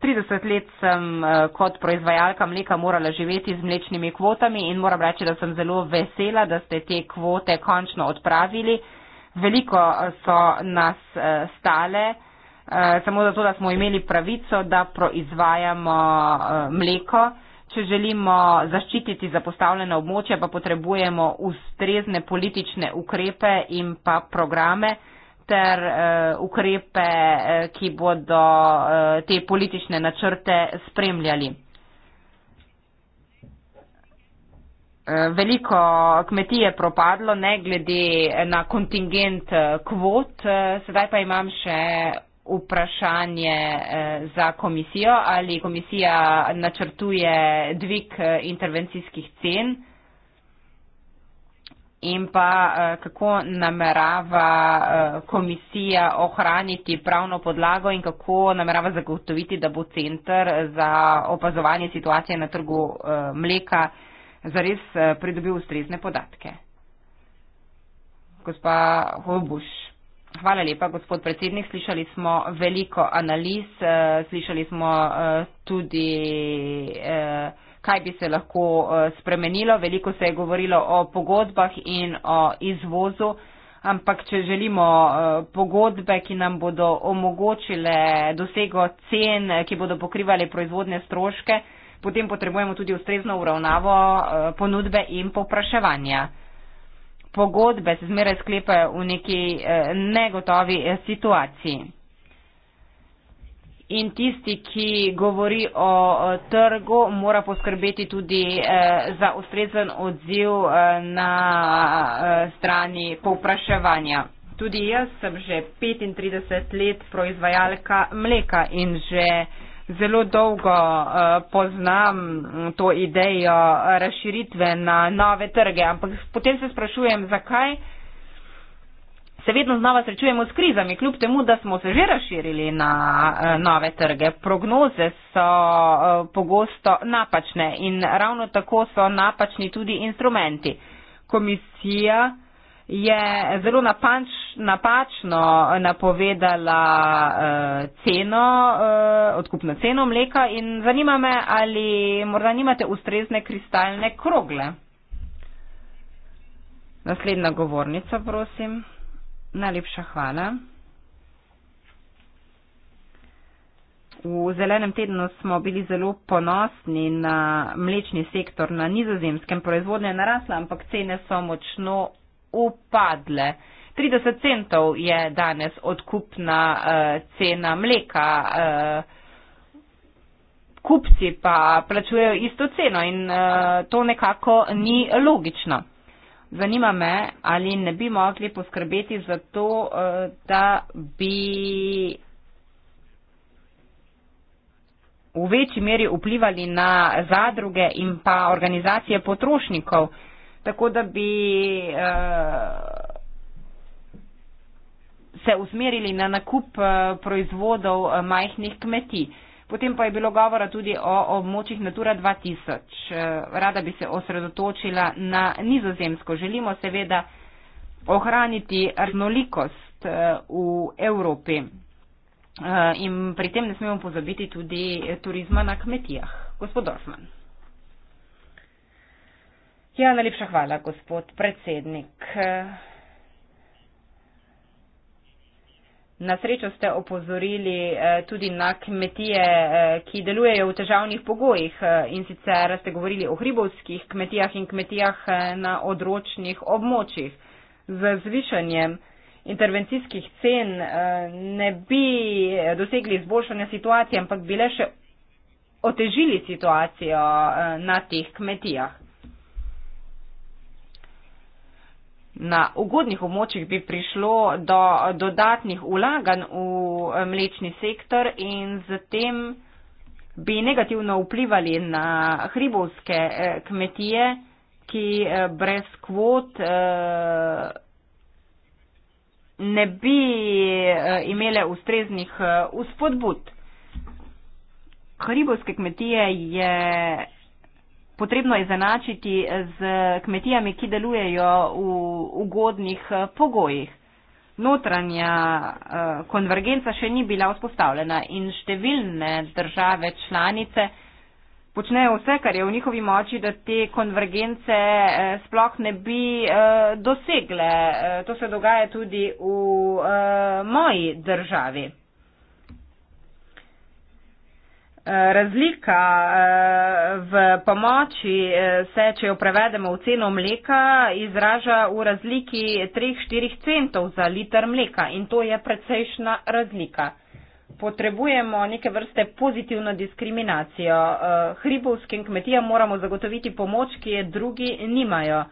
30 let sem eh, kot proizvajalka mleka morala živeti z mlečnimi kvotami in moram reči, da sem zelo vesela, da ste te kvote končno odpravili. Veliko so nas stale. Eh, samo zato, da smo imeli pravico, da proizvajamo eh, mleko. Če želimo zaščititi zapostavljena območja, pa potrebujemo ustrezne politične ukrepe in pa programe ter eh, ukrepe, ki bodo te politične načrte spremljali. Veliko kmetij je propadlo, ne glede na kontingent kvot, sedaj pa imam še vprašanje eh, za komisijo, ali komisija načrtuje dvig eh, intervencijskih cen in pa eh, kako namerava komisija ohraniti pravno podlago in kako namerava zagotoviti, da bo centr za opazovanje situacije na trgu mleka zares pridobil ustrezne podatke. Gospa Hobuš. Hvala lepa, gospod predsednik. Slišali smo veliko analiz, eh, slišali smo eh, tudi, eh, kaj bi se lahko spremenilo. Veliko se je govorilo o pogodbah in o izvozu, ampak če želimo pogodbe, ki nam bodo omogočile dosego cen, ki bodo pokrivali proizvodne stroške, potem potrebujemo tudi ustrezno uravnavo ponudbe in popraševanja pogodbe se zmeraj sklepajo v neki eh, negotovi eh, situaciji. In tisti, ki govori o eh, trgu, mora poskrbeti tudi eh, za ustrezen odziv eh, na eh, strani povpraševanja. Tudi jaz sem že 35 let proizvajalka mleka in že zelo dolgo eh, poznam mm, to idejo razširitve na nove trge, ampak potem se sprašujem, zakaj se vedno znova srečujemo s krizami, kljub temu, da smo se že razširili na eh, nove trge. Prognoze so eh, pogosto napačne in ravno tako so napačni tudi instrumenti. Komisija je zelo napanč, napačno napovedala uh, ceno, uh, odkupno ceno mleka in zanima me, ali morda nimate ustrezne kristalne krogle. Naslednja govornica, prosim. Najlepša hvala. V zelenem tednu smo bili zelo ponosni na mlečni sektor na nizozemskem. Proizvodnja je narasla, ampak cene so močno upadle. 30 centov je danes odkupna uh, cena mleka. Uh, kupci pa plačujejo isto ceno in uh, to nekako ni logično. Zanima me, ali ne bi mogli poskrbeti za to, uh, da bi v večji meri vplivali na zadruge in pa organizacije potrošnikov. Uh, tako da bi uh, se usmerili na nakup uh, proizvodov uh, majhnih kmetij. Potem pa je bilo govora tudi o območjih Natura 2000. Uh, rada bi se osredotočila na nizozemsko. Želimo seveda ohraniti raznolikost uh, v Evropi. In pri tem ne smemo pozabiti tudi turizma na kmetijah. Gospod Orfman. Ja, najlepša hvala, gospod predsednik. Na srečo ste opozorili eh, tudi na kmetije, eh, ki delujejo v težavnih pogojih eh, in sicer ste govorili o hribovskih kmetijah in kmetijah na odročnih območjih. Z zvišanjem intervencijskih cen ne bi dosegli izboljšanja situacije, ampak bi le še otežili situacijo na teh kmetijah. na ugodnih območjih bi prišlo do dodatnih ulaganj v eh, mlečni sektor in z tem bi negativno vplivali na hribovske eh, kmetije, ki eh, brez kvot ne bi imele ustreznih uspodbud. Hribovske kmetije je potrebno izenačiti z kmetijami, ki delujejo v ugodnih eh, pogojih. Notranja eh, konvergenca še ni bila vzpostavljena in številne države članice počnejo vse, kar je v njihovi moči, da te konvergence eh, sploh ne bi dosegle. To se dogaja tudi v moji državi. Eh, razlika eh, v pomoči eh, se, če jo prevedemo v ceno mleka, izraža v razliki 3-4 centov za liter mleka in to je precejšna razlika. Potrebujemo neke vrste pozitivno diskriminacijo. Hribovskim kmetijam moramo zagotoviti pomoč, ki je drugi nimajo.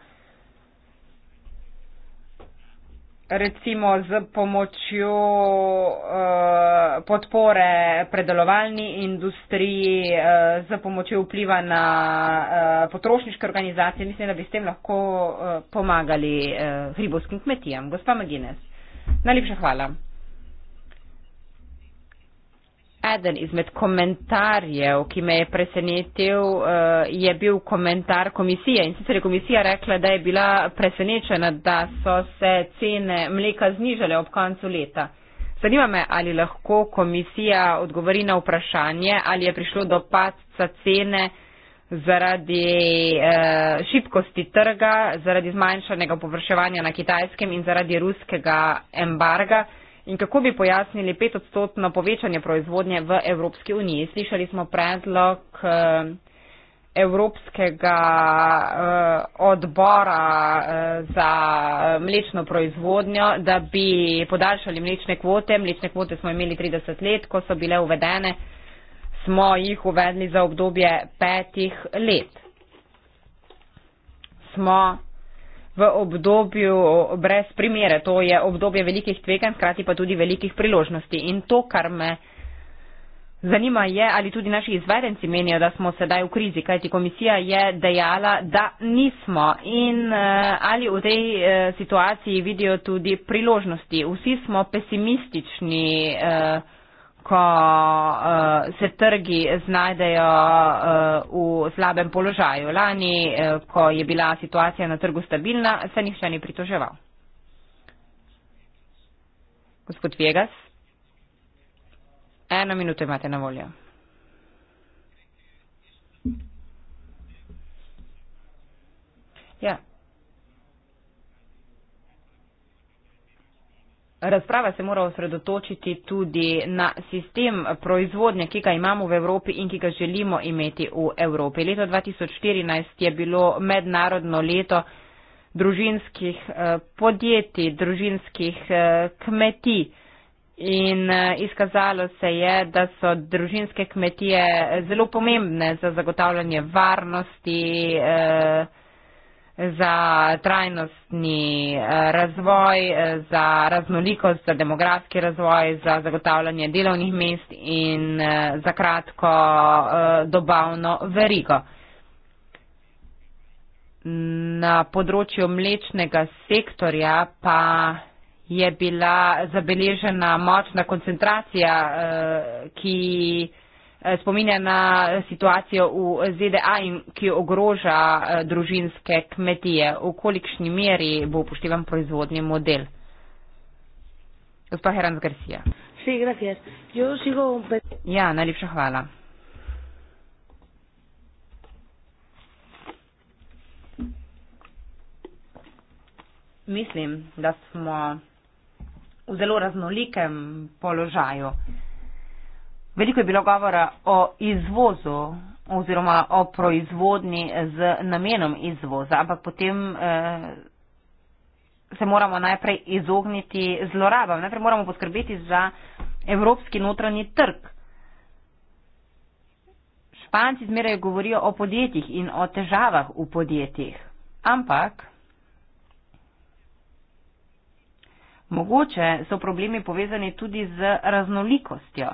recimo z pomočjo uh, podpore predelovalni industriji, uh, z pomočjo vpliva na uh, potrošniške organizacije, mislim, da bi s tem lahko uh, pomagali uh, hribovskim kmetijam. Gospa Magines, najlepša hvala. Eden izmed komentarjev, ki me je presenetil, eh, je bil komentar komisije. In sicer je komisija rekla, da je bila presenečena, da so se cene mleka znižale ob koncu leta. Zanima me, ali lahko komisija odgovori na vprašanje, ali je prišlo do padca cene zaradi eh, šibkosti trga, zaradi zmanjšanega površevanja na kitajskem in zaradi ruskega embarga in kako bi pojasnili petodstotno povečanje proizvodnje v Evropski uniji. Slišali smo predlog eh, Evropskega eh, odbora eh, za mlečno proizvodnjo, da bi podaljšali mlečne kvote. Mlečne kvote smo imeli 30 let, ko so bile uvedene, smo jih uvedli za obdobje petih let. Smo v obdobju brez primere. To je obdobje velikih tveganj, hkrati pa tudi velikih priložnosti. In to, kar me zanima, je, ali tudi naši izvedenci menijo, da smo sedaj v krizi, kajti komisija je dejala, da nismo. In eh, ali v tej eh, situaciji vidijo tudi priložnosti. Vsi smo pesimistični. Eh, ko uh, se trgi znajdejo uh, v slabem položaju. Lani, uh, ko je bila situacija na trgu stabilna, se nihče ni pritoževal. Gospod Vegas, eno minuto imate na voljo. Ja. Yeah. Razprava se mora osredotočiti tudi na sistem proizvodnje, ki ga imamo v Evropi in ki ga želimo imeti v Evropi. Leto 2014 je bilo mednarodno leto družinskih eh, podjetij, družinskih eh, kmetij in eh, izkazalo se je, da so družinske kmetije zelo pomembne za zagotavljanje varnosti, za trajnostni eh, razvoj, eh, za raznolikost, za demografski razvoj, za zagotavljanje delovnih mest in eh, za kratko dobavno verigo. Na področju mlečnega sektorja pa je bila zabeležena močna koncentracija, ki Eh, spominja na situacijo v ZDA, ki ogroža eh, družinske kmetije. V kolikšni meri bo upoštevan proizvodni model? Gospa Herans Garcia. Ja, najlepša hvala. Mislim, da smo v zelo raznolikem položaju. Veliko je bilo govora o izvozu oziroma o proizvodni z namenom izvoza, ampak potem eh, se moramo najprej izogniti zlorabam, najprej moramo poskrbeti za evropski notranji trg. Španci zmeraj govorijo o podjetjih in o težavah v podjetjih, ampak mogoče so problemi povezani tudi z raznolikostjo.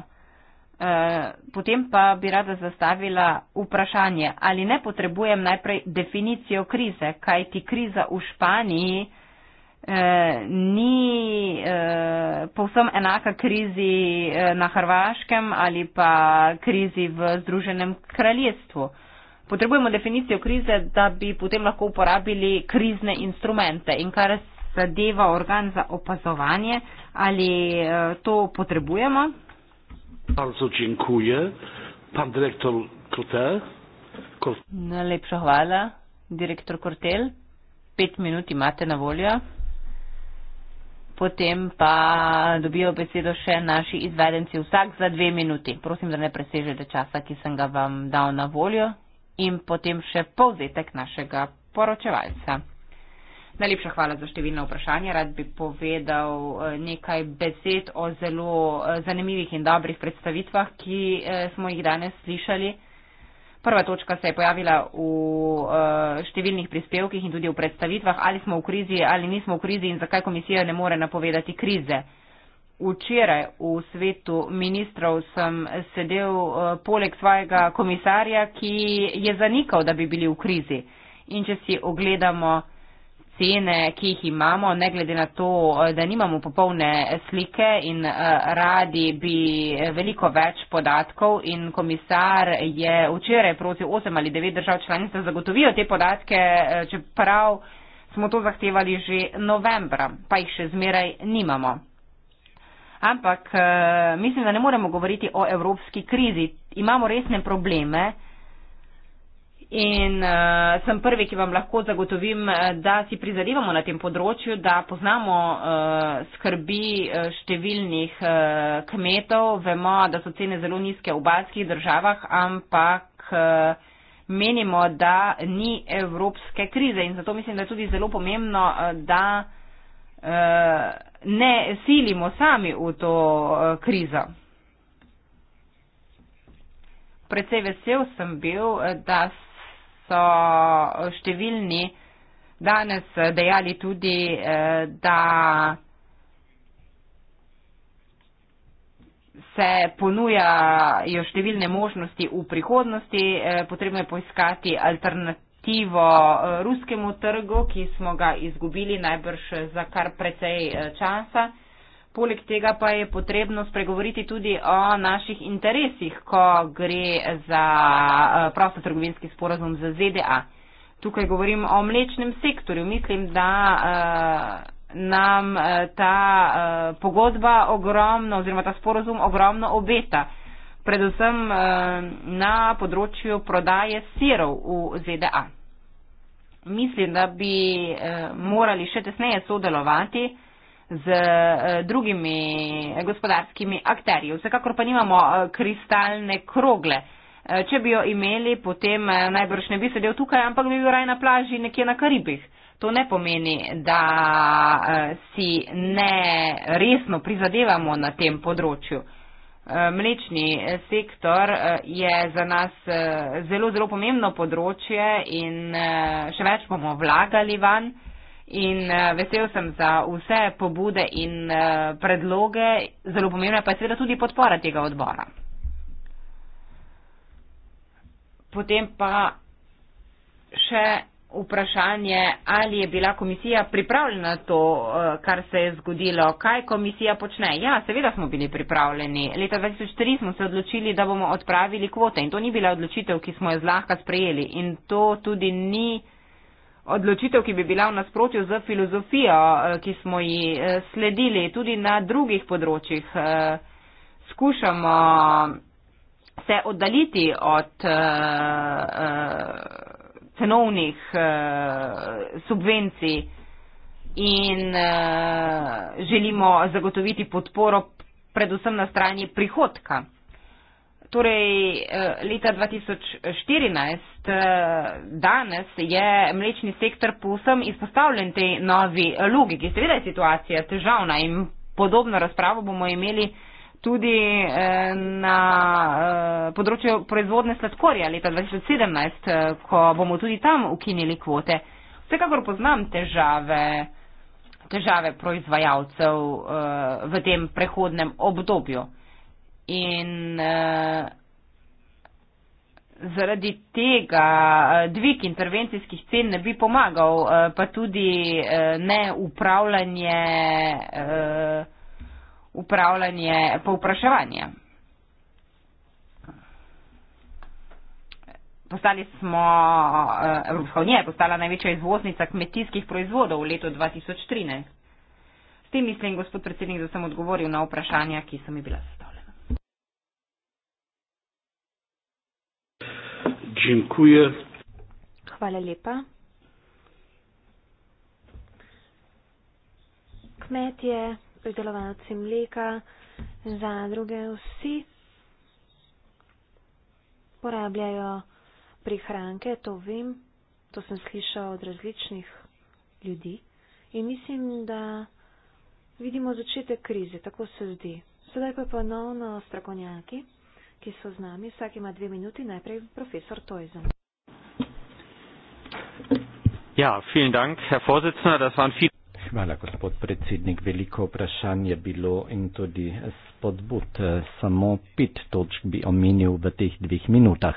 Eh, potem pa bi rada zastavila vprašanje, ali ne potrebujem najprej definicijo krize, kaj ti kriza v Španiji eh, ni eh, povsem enaka krizi eh, na Hrvaškem ali pa krizi v Združenem kraljestvu. Potrebujemo definicijo krize, da bi potem lahko uporabili krizne instrumente in kar zadeva organ za opazovanje, ali eh, to potrebujemo. Bardzo dziękuję. Pan dyrektor Kortel. Najlepsza chwała. Dyrektor Kortel. Pięć minut i macie na wolę. Potem pa dobijo besedo še naši izvedenci vsak za dve minuti. Prosim, da ne presežete časa, ki sem ga vam dal na voljo. In potem še povzetek našega poročevalca. Najlepša hvala za številna vprašanja. Rad bi povedal eh, nekaj besed o zelo eh, zanimivih in dobrih predstavitvah, ki eh, smo jih danes slišali. Prva točka se je pojavila v številnih prispevkih in tudi v predstavitvah, ali smo v krizi ali nismo v krizi in zakaj komisija ne more napovedati krize. Včeraj v svetu ministrov sem sedel poleg svojega komisarja, ki je zanikal, da bi bili v krizi. In če si ogledamo ocene, ki jih imamo, ne glede na to, da nimamo popolne slike in eh, radi bi veliko več podatkov in komisar je včeraj prosil 8 ali 9 držav članic, da zagotovijo te podatke, eh, čeprav smo to zahtevali že novembra, pa jih še zmeraj nimamo. Ampak eh, mislim, da ne moremo govoriti o evropski krizi. Imamo resne probleme. In uh, sem prvi, ki vam lahko zagotovim, eh, da si prizadevamo na tem področju, da poznamo uh, skrbi številnih uh, kmetov. Vemo, da so cene zelo nizke v balskih državah, ampak uh, menimo, da ni evropske krize. In zato mislim, da je tudi zelo pomembno, uh, da uh, ne silimo sami v to uh, krizo. Predvsej vesel sem bil, da so številni danes dejali tudi, eh, da se ponujajo številne možnosti v prihodnosti, eh, potrebno je poiskati alternativo eh, ruskemu trgu, ki smo ga izgubili najbrž za kar precej časa. Poleg tega pa je potrebno spregovoriti tudi o naših interesih, ko gre za eh, prostotrgovinski sporozum z ZDA. Tukaj govorim o mlečnem sektorju. Mislim, da uh, nam uh, ta uh, pogodba ogromno oziroma ta sporozum ogromno obeta, predvsem uh, na področju prodaje sirov v ZDA. Mislim, da bi uh, morali še tesneje sodelovati uh, z eh, drugimi gospodarskimi akterji. Vsekakor pa nimamo eh, kristalne krogle. Eh, če bi jo imeli, potem najbrž ne bi sedel tukaj, ampak bi bil raj na plaži nekje na Karibih. To ne pomeni, da si ne resno prizadevamo na tem področju. Mlečni sektor je za nas zelo, zelo pomembno področje in še več bomo vlagali vanj in eh, vesel sem za vse pobude in eh, predloge. Zelo pomembna pa je seveda tudi podpora tega odbora. Potem pa še vprašanje, ali je bila komisija pripravljena to, eh, kar se je zgodilo, kaj komisija počne. Ja, seveda smo bili pripravljeni. Leta 2003 smo se odločili, da bomo odpravili kvote in to ni bila odločitev, ki smo jo zlahka sprejeli in to tudi ni odločitev, ki bi bila v nasprotju z filozofijo, eh, ki smo ji eh, sledili tudi na drugih področjih. Eh, skušamo se oddaljiti od cenovnih subvencij in želimo zagotoviti podporo predvsem na strani prihodka torej eh, leta 2014, eh, danes je mlečni sektor povsem izpostavljen tej novi logiki. Seveda je situacija težavna in podobno razpravo bomo imeli tudi eh, na področju proizvodne sladkorja leta 2017, ko bomo tudi tam ukinili kvote. Vsekakor poznam težave, težave proizvajalcev v tem prehodnem obdobju in uh, zaradi tega eh, dvig intervencijskih cen ne bi pomagal, uh, pa tudi uh, ne upravljanje, uh, upravljanje povpraševanja. Postali smo, Evropska unija je postala največja izvoznica kmetijskih proizvodov v letu 2013. S tem mislim, gospod predsednik, da sem odgovoril na vprašanja, ki so mi bila zastavljena. Dziękuję. Chwała lepa. Kmetie, pridelowalcy mleka, za drugie wsi porabiają prihranke, to wiem, to sam słyszał od различnych ludzi i myślę, że widzimy zaczątek kryzysu, tak się zdi. Sedaj pa ponovno strokovnjaki ki so z nami. Vsak ima dve minuti. Najprej profesor Toizon. Ja, vielen Dank, Herr Vorsitzender. Das waren viele. Hvala, gospod predsednik. Veliko vprašanj je bilo in tudi spodbud. Samo pet točk bi omenil v teh dveh minutah.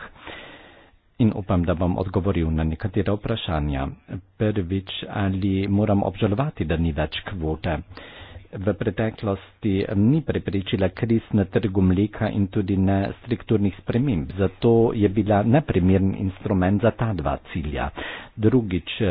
In upam, da bom odgovoril na nekatera vprašanja. Prvič, ali moram obžalovati, da ni več kvote? v preteklosti ni preprečila kriz na trgu mleka in tudi ne strukturnih sprememb. Zato je bila neprimern instrument za ta dva cilja. Drugič,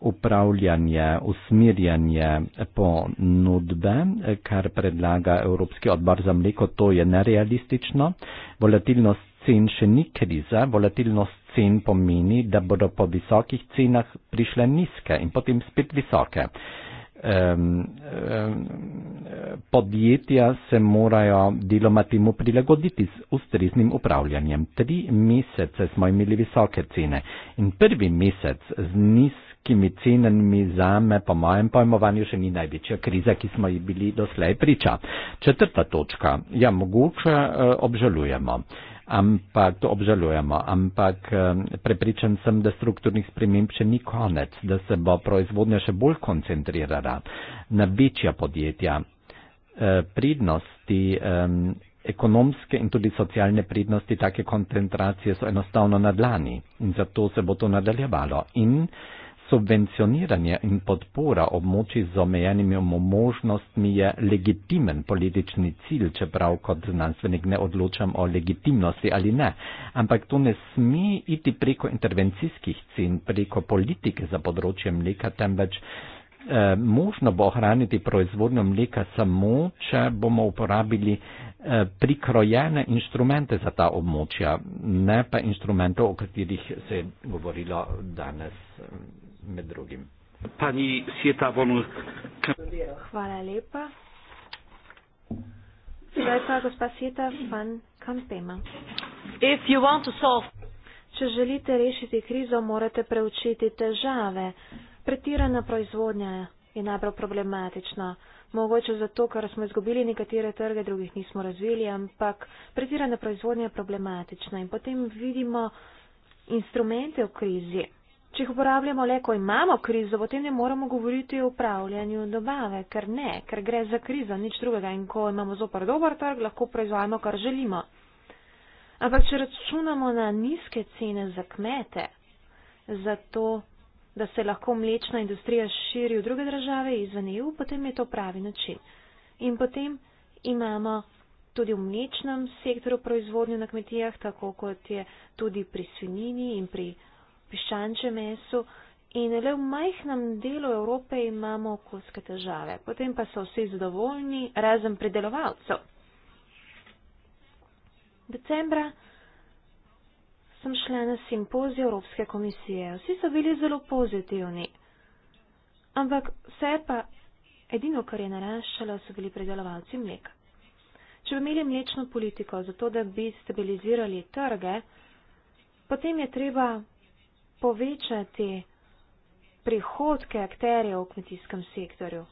upravljanje, usmirjanje ponudbe, kar predlaga Evropski odbor za mleko, to je nerealistično. Volatilnost cen še ni kriza, volatilnost cen pomeni, da bodo po visokih cenah prišle nizke in potem spet visoke um, um, podjetja se morajo deloma temu prilagoditi z ustreznim upravljanjem. Tri mesece smo imeli visoke cene in prvi mesec z nizkimi cenami za me, po mojem pojmovanju, še ni največja kriza, ki smo ji bili doslej priča. Četrta točka. Ja, mogoče uh, obžalujemo ampak to obžalujemo, ampak prepričan sem, da strukturnih sprememb še ni konec, da se bo proizvodnja še bolj koncentrirala na večja podjetja. E, pridnosti, ekonomske in tudi socialne pridnosti take koncentracije so enostavno na dlani in zato se bo to nadaljevalo. In Subvencioniranje in podpora območij z omejenimi možnostmi je legitimen politični cilj, čeprav kot znanstvenik ne odločam o legitimnosti ali ne. Ampak to ne sme iti preko intervencijskih cen, preko politike za področje mleka, temveč eh, možno bo ohraniti proizvodnjo mleka samo, če bomo uporabili eh, prikrojene inštrumente za ta območja, ne pa inštrumentov, o katerih se je govorilo danes. Eh, med drugim. Pani Sjeta Vonuk. Hvala lepa. Zdaj pa gospa Sjeta van Kampema. If you want to solve... Če želite rešiti krizo, morate preučiti težave. Pretirana proizvodnja je najprej problematična. Mogoče zato, ker smo izgubili nekatere trge, drugih nismo razvili, ampak pretirana proizvodnja je problematična. In potem vidimo instrumente v krizi. Če jih uporabljamo le, ko imamo krizo, potem ne moramo govoriti o upravljanju dobave, ker ne, ker gre za krizo, nič drugega. In ko imamo zopr dober trg, lahko proizvajamo, kar želimo. Ampak če računamo na nizke cene za kmete, zato da se lahko mlečna industrija širi v druge države izven EU, potem je to pravi način. In potem imamo tudi v mlečnem sektoru proizvodnjo na kmetijah, tako kot je tudi pri svinini in pri piščančje meso in le v majhnem delu Evrope imamo okoljske težave. Potem pa so vsi zadovoljni, razen predelovalcev. Decembra sem šla na simpozi Evropske komisije. Vsi so bili zelo pozitivni, ampak vse pa edino, kar je naraščalo, so bili predelovalci mleka. Če bi imeli mlečno politiko za to, da bi stabilizirali trge, potem je treba povečati prihodke akterjev v kmetijskem sektorju.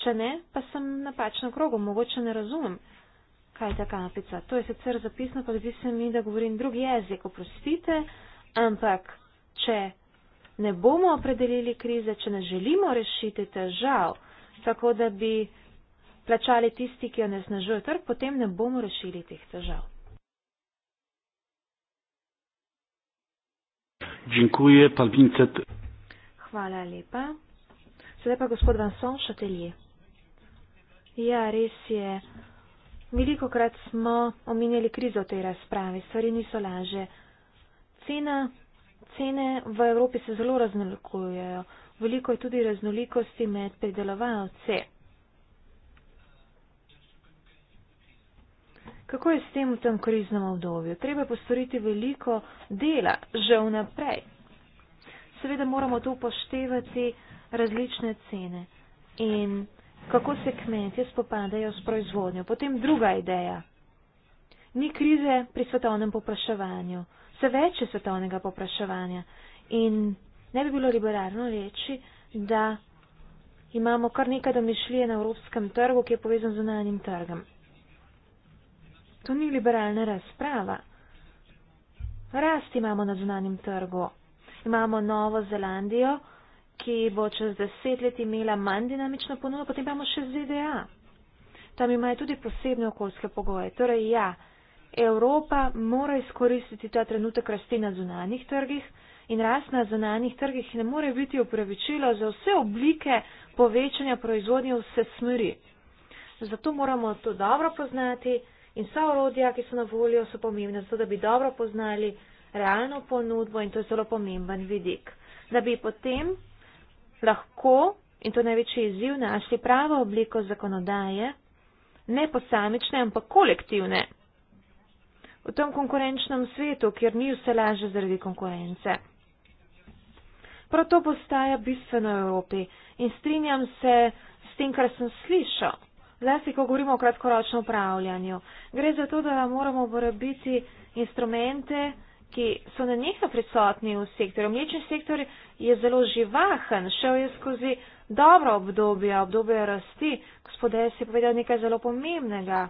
Če ne, pa sem na pačnem krogu, mogoče ne razumem, kaj je ta kapica. To je sicer zapisano, pa zdi se mi, da govorim drug jezik, oprostite, ampak če ne bomo opredelili krize, če ne želimo rešiti težav, tako da bi plačali tisti, ki jo ne snažujo trg, potem ne bomo rešili teh težav. Dziękuję. Pan Vincent. Hvala lepa. Sedaj pa gospod Vanson Šatelje. Ja, res je. Veliko krat smo omenjali krizo v tej razpravi. Stvari niso laže. Cena, cene v Evropi se zelo raznolikujejo. Veliko je tudi raznolikosti med predelovalce. Kako je s tem v tem kriznem obdobju? Treba je postoriti veliko dela že vnaprej. Seveda moramo tu poštevati različne cene in kako se kmetje spopadajo s proizvodnjo. Potem druga ideja. Ni krize pri svetovnem popraševanju. Vse več je svetovnega popraševanja in ne bi bilo liberalno reči, da imamo kar nekaj domišljije na evropskem trgu, ki je povezan z zunanjim trgom. To ni liberalna razprava. Rast imamo na zunanjem trgu. Imamo Novo Zelandijo, ki bo čez deset let imela manj dinamično ponudo, potem imamo še ZDA. Tam imajo tudi posebne okoljske pogoje. Torej, ja, Evropa mora izkoristiti ta trenutek rasti na zunanjih trgih in rast na zunanjih trgih ne more biti upravičilo za vse oblike povečanja proizvodnje vse smeri. Zato moramo to dobro poznati in vsa orodja, ki so na voljo, so pomembna zato, da bi dobro poznali realno ponudbo in to je zelo pomemben vidik. Da bi potem lahko, in to je največji izziv, našli pravo obliko zakonodaje, ne posamične, ampak kolektivne. V tom konkurenčnem svetu, kjer ni vse laže zaradi konkurence. Prav to postaja bistveno v Evropi in strinjam se s tem, kar sem slišal. Zlasti, ko govorimo o kratkoročnem upravljanju. Gre za to, da moramo uporabiti instrumente, ki so na njih prisotni v sektorju. Mlečni sektor je zelo živahen, šel je skozi dobro obdobje, obdobje rasti. Gospode, si povedal nekaj zelo pomembnega.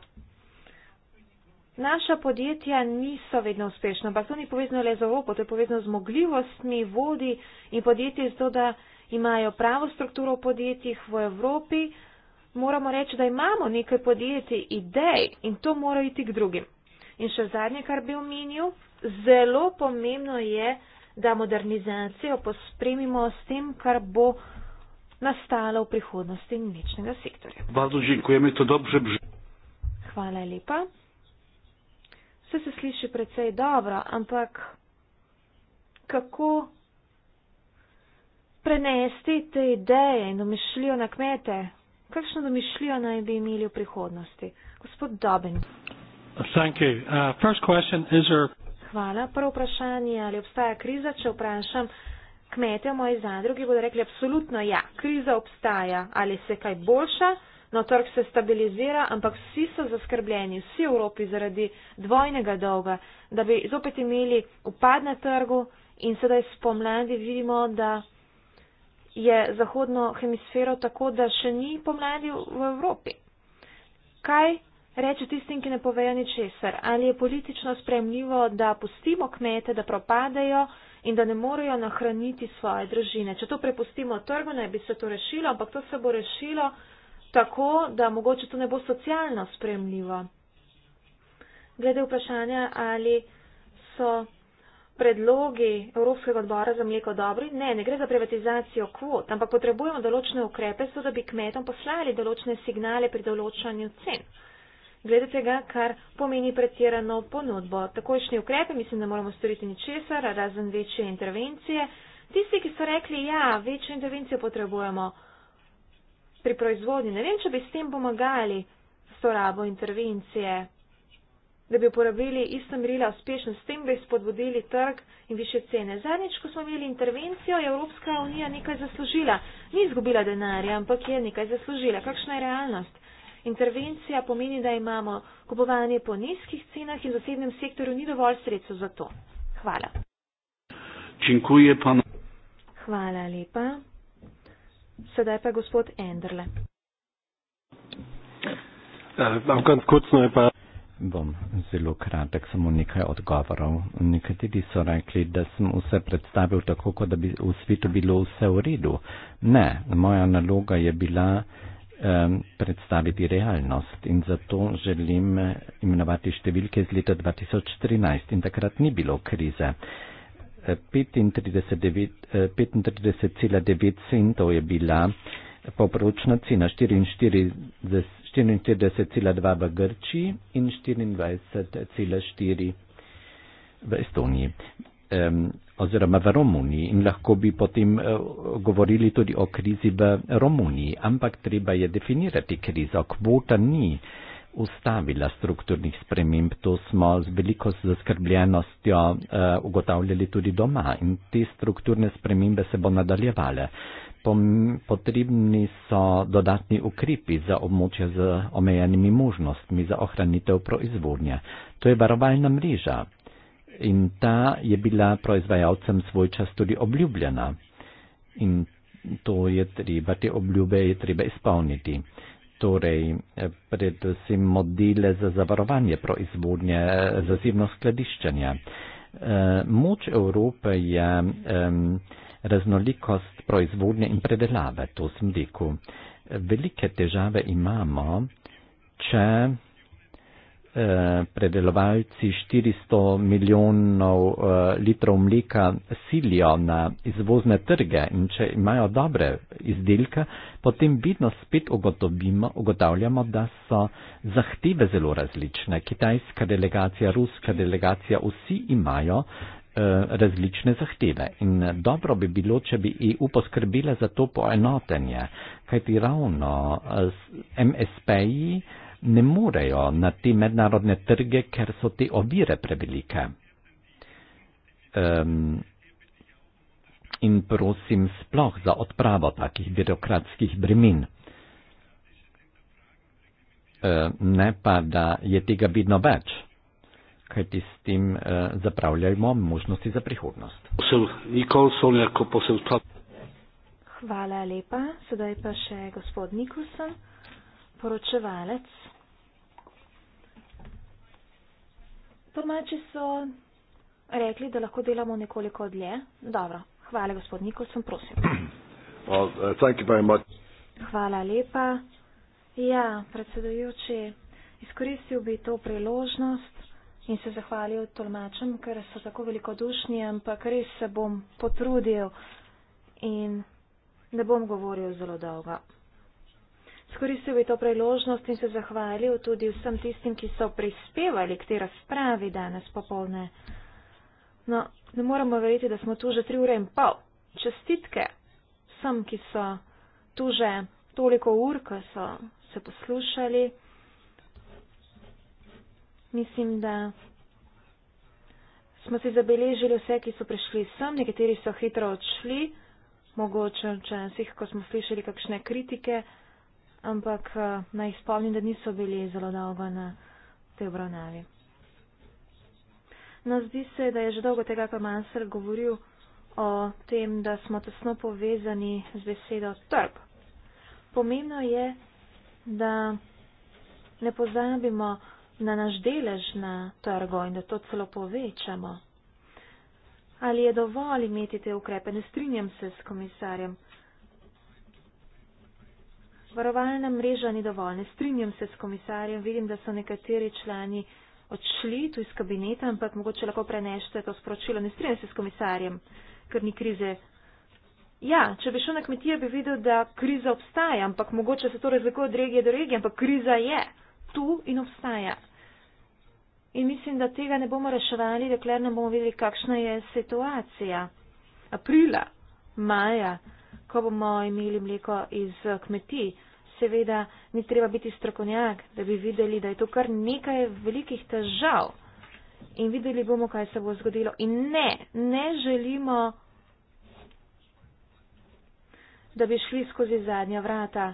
Naša podjetja niso vedno uspešna, ampak to ni povezano le z Evropo, to je povezano z mogljivostmi, vodi in podjetji, zato da imajo pravo strukturo v podjetjih v Evropi, moramo reči, da imamo nekaj podjetij, idej in to mora iti k drugim. In še zadnje, kar bi omenil, zelo pomembno je, da modernizacijo pospremimo s tem, kar bo nastalo v prihodnosti nečnega sektorja. Hvala lepa. Vse se sliši precej dobro, ampak kako prenesti te ideje in domišljijo na kmete, kakšno domišljijo naj bi imeli v prihodnosti. Gospod Dobin. Thank you. Uh, first question, is there... Hvala. Prvo vprašanje, ali obstaja kriza, če vprašam kmete v moji zadrugi, bodo rekli, absolutno ja, kriza obstaja, ali se kaj boljša, no trg se stabilizira, ampak vsi so zaskrbljeni, vsi v Evropi zaradi dvojnega dolga, da bi zopet imeli upad na trgu in sedaj spomladi vidimo, da je zahodno hemisfero tako, da še ni pomladi v Evropi. Kaj reči tistim, ki ne povejo ničesar? Ali je politično spremljivo, da pustimo kmete, da propadajo in da ne morejo nahraniti svoje družine? Če to prepustimo trgu, ne bi se to rešilo, ampak to se bo rešilo tako, da mogoče to ne bo socialno spremljivo. Glede vprašanja, ali so predlogi Evropskega odbora za mleko dobri? Ne, ne gre za privatizacijo kvot, ampak potrebujemo določene ukrepe, so da bi kmetom poslali določene signale pri določanju cen. Glede tega, kar pomeni pretirano ponudbo. Takojšnji ukrepe, mislim, da moramo storiti ničesar, razen večje intervencije. Tisti, ki so rekli, ja, večjo intervencijo potrebujemo pri proizvodnji, ne vem, če bi s tem pomagali s to rabo intervencije da bi uporabili ista merila uspešno s tem, da bi spodbudili trg in više cene. Zadnjič, ko smo imeli intervencijo, je Evropska unija nekaj zaslužila. Ni izgubila denarja, ampak je nekaj zaslužila. Kakšna je realnost? Intervencija pomeni, da imamo kupovanje po nizkih cenah in v zasebnem sektorju ni dovolj sredstva za to. Hvala. Hvala lepa. Sedaj pa gospod Enderle. Uh, Bom zelo kratek, samo nekaj odgovorov. Nekateri so rekli, da sem vse predstavil tako, kot da bi v svetu bilo vse v redu. Ne, moja naloga je bila um, predstaviti realnost in zato želim imenovati številke iz leta 2013 in takrat ni bilo krize. 35,9 eh, centov je bila povprečna cena, 44. 44,2 v Grčiji in 24,4 v Estoniji um, oziroma v Romuniji. In lahko bi potem uh, govorili tudi o krizi v Romuniji, ampak treba je definirati krizo. Kvota ni ustavila strukturnih sprememb, to smo z veliko zaskrbljenostjo uh, ugotavljali tudi doma in te strukturne spremembe se bo nadaljevale potrebni so dodatni ukrepi za območje z omejenimi možnostmi za ohranitev proizvodnje. To je varovalna mreža in ta je bila proizvajalcem svoj čas tudi obljubljena. In to je treba, te obljube je treba izpolniti. Torej, predvsem modele za zavarovanje proizvodnje, zazivno skladiščenje. Eh, moč Evrope je. Um, raznolikost proizvodnje in predelave, to sem rekel. Velike težave imamo, če eh, predelovalci 400 milijonov eh, litrov mleka silijo na izvozne trge in če imajo dobre izdelke, potem vidno spet ugotovimo, ugotavljamo, da so zahteve zelo različne. Kitajska delegacija, ruska delegacija, vsi imajo Eh, različne zahteve. In eh, dobro bi bilo, če bi EU poskrbila za to poenotenje, kajti ravno eh, MSP-ji ne morejo na te mednarodne trge, ker so te ovire prevelike. Um, in prosim sploh za odpravo takih birokratskih bremen. Uh, ne pa, da je tega vedno več kaj ti s tem eh, zapravljajmo možnosti za prihodnost. Hvala lepa. Sedaj pa še gospod Nikolson, poročevalec. Tomači so rekli, da lahko delamo nekoliko dlje. Dobro. Hvala, gospod Nikolson, prosim. Uh, Hvala lepa. Ja, predsedujoči, izkoristil bi to priložnost in se zahvalil tolmačem, ker so tako velikodušni, ampak res se bom potrudil in ne bom govoril zelo dolgo. Skoristil bi to priložnost in se zahvalil tudi vsem tistim, ki so prispevali k tej razpravi danes popolne. No, ne moramo verjeti, da smo tu že tri ure in pol. Čestitke vsem, ki so tu že toliko ur, ko so se poslušali. Mislim, da smo si zabeležili vse, ki so prišli sem, nekateri so hitro odšli, mogoče včasih, ko smo slišali kakšne kritike, ampak eh, naj spomnim, da niso bili zelo dolgo na te obravnavi. No, zdi se, da je že dolgo tega, kar Manser govoril o tem, da smo tesno povezani z besedo trb. Pomembno je, da ne pozabimo, na naš delež na trgu in da to celo povečamo. Ali je dovolj imeti te ukrepe? Ne strinjam se s komisarjem. Varovalna mreža ni dovolj. Ne strinjam se s komisarjem. Vidim, da so nekateri člani odšli tu iz kabineta, ampak mogoče lahko prenešte to sporočilo. Ne strinjam se s komisarjem, ker ni krize. Ja, če bi šel na kmetijo, bi videl, da kriza obstaja, ampak mogoče se to razlikuje od regije do regije, ampak kriza je tu in obstaja in mislim, da tega ne bomo reševali, dokler ne bomo videli, kakšna je situacija aprila, maja, ko bomo imeli mleko iz eh, kmetij. Seveda ni treba biti strokovnjak, da bi videli, da je to kar nekaj velikih težav in videli bomo, kaj se bo zgodilo. In ne, ne želimo, da bi šli skozi zadnja vrata.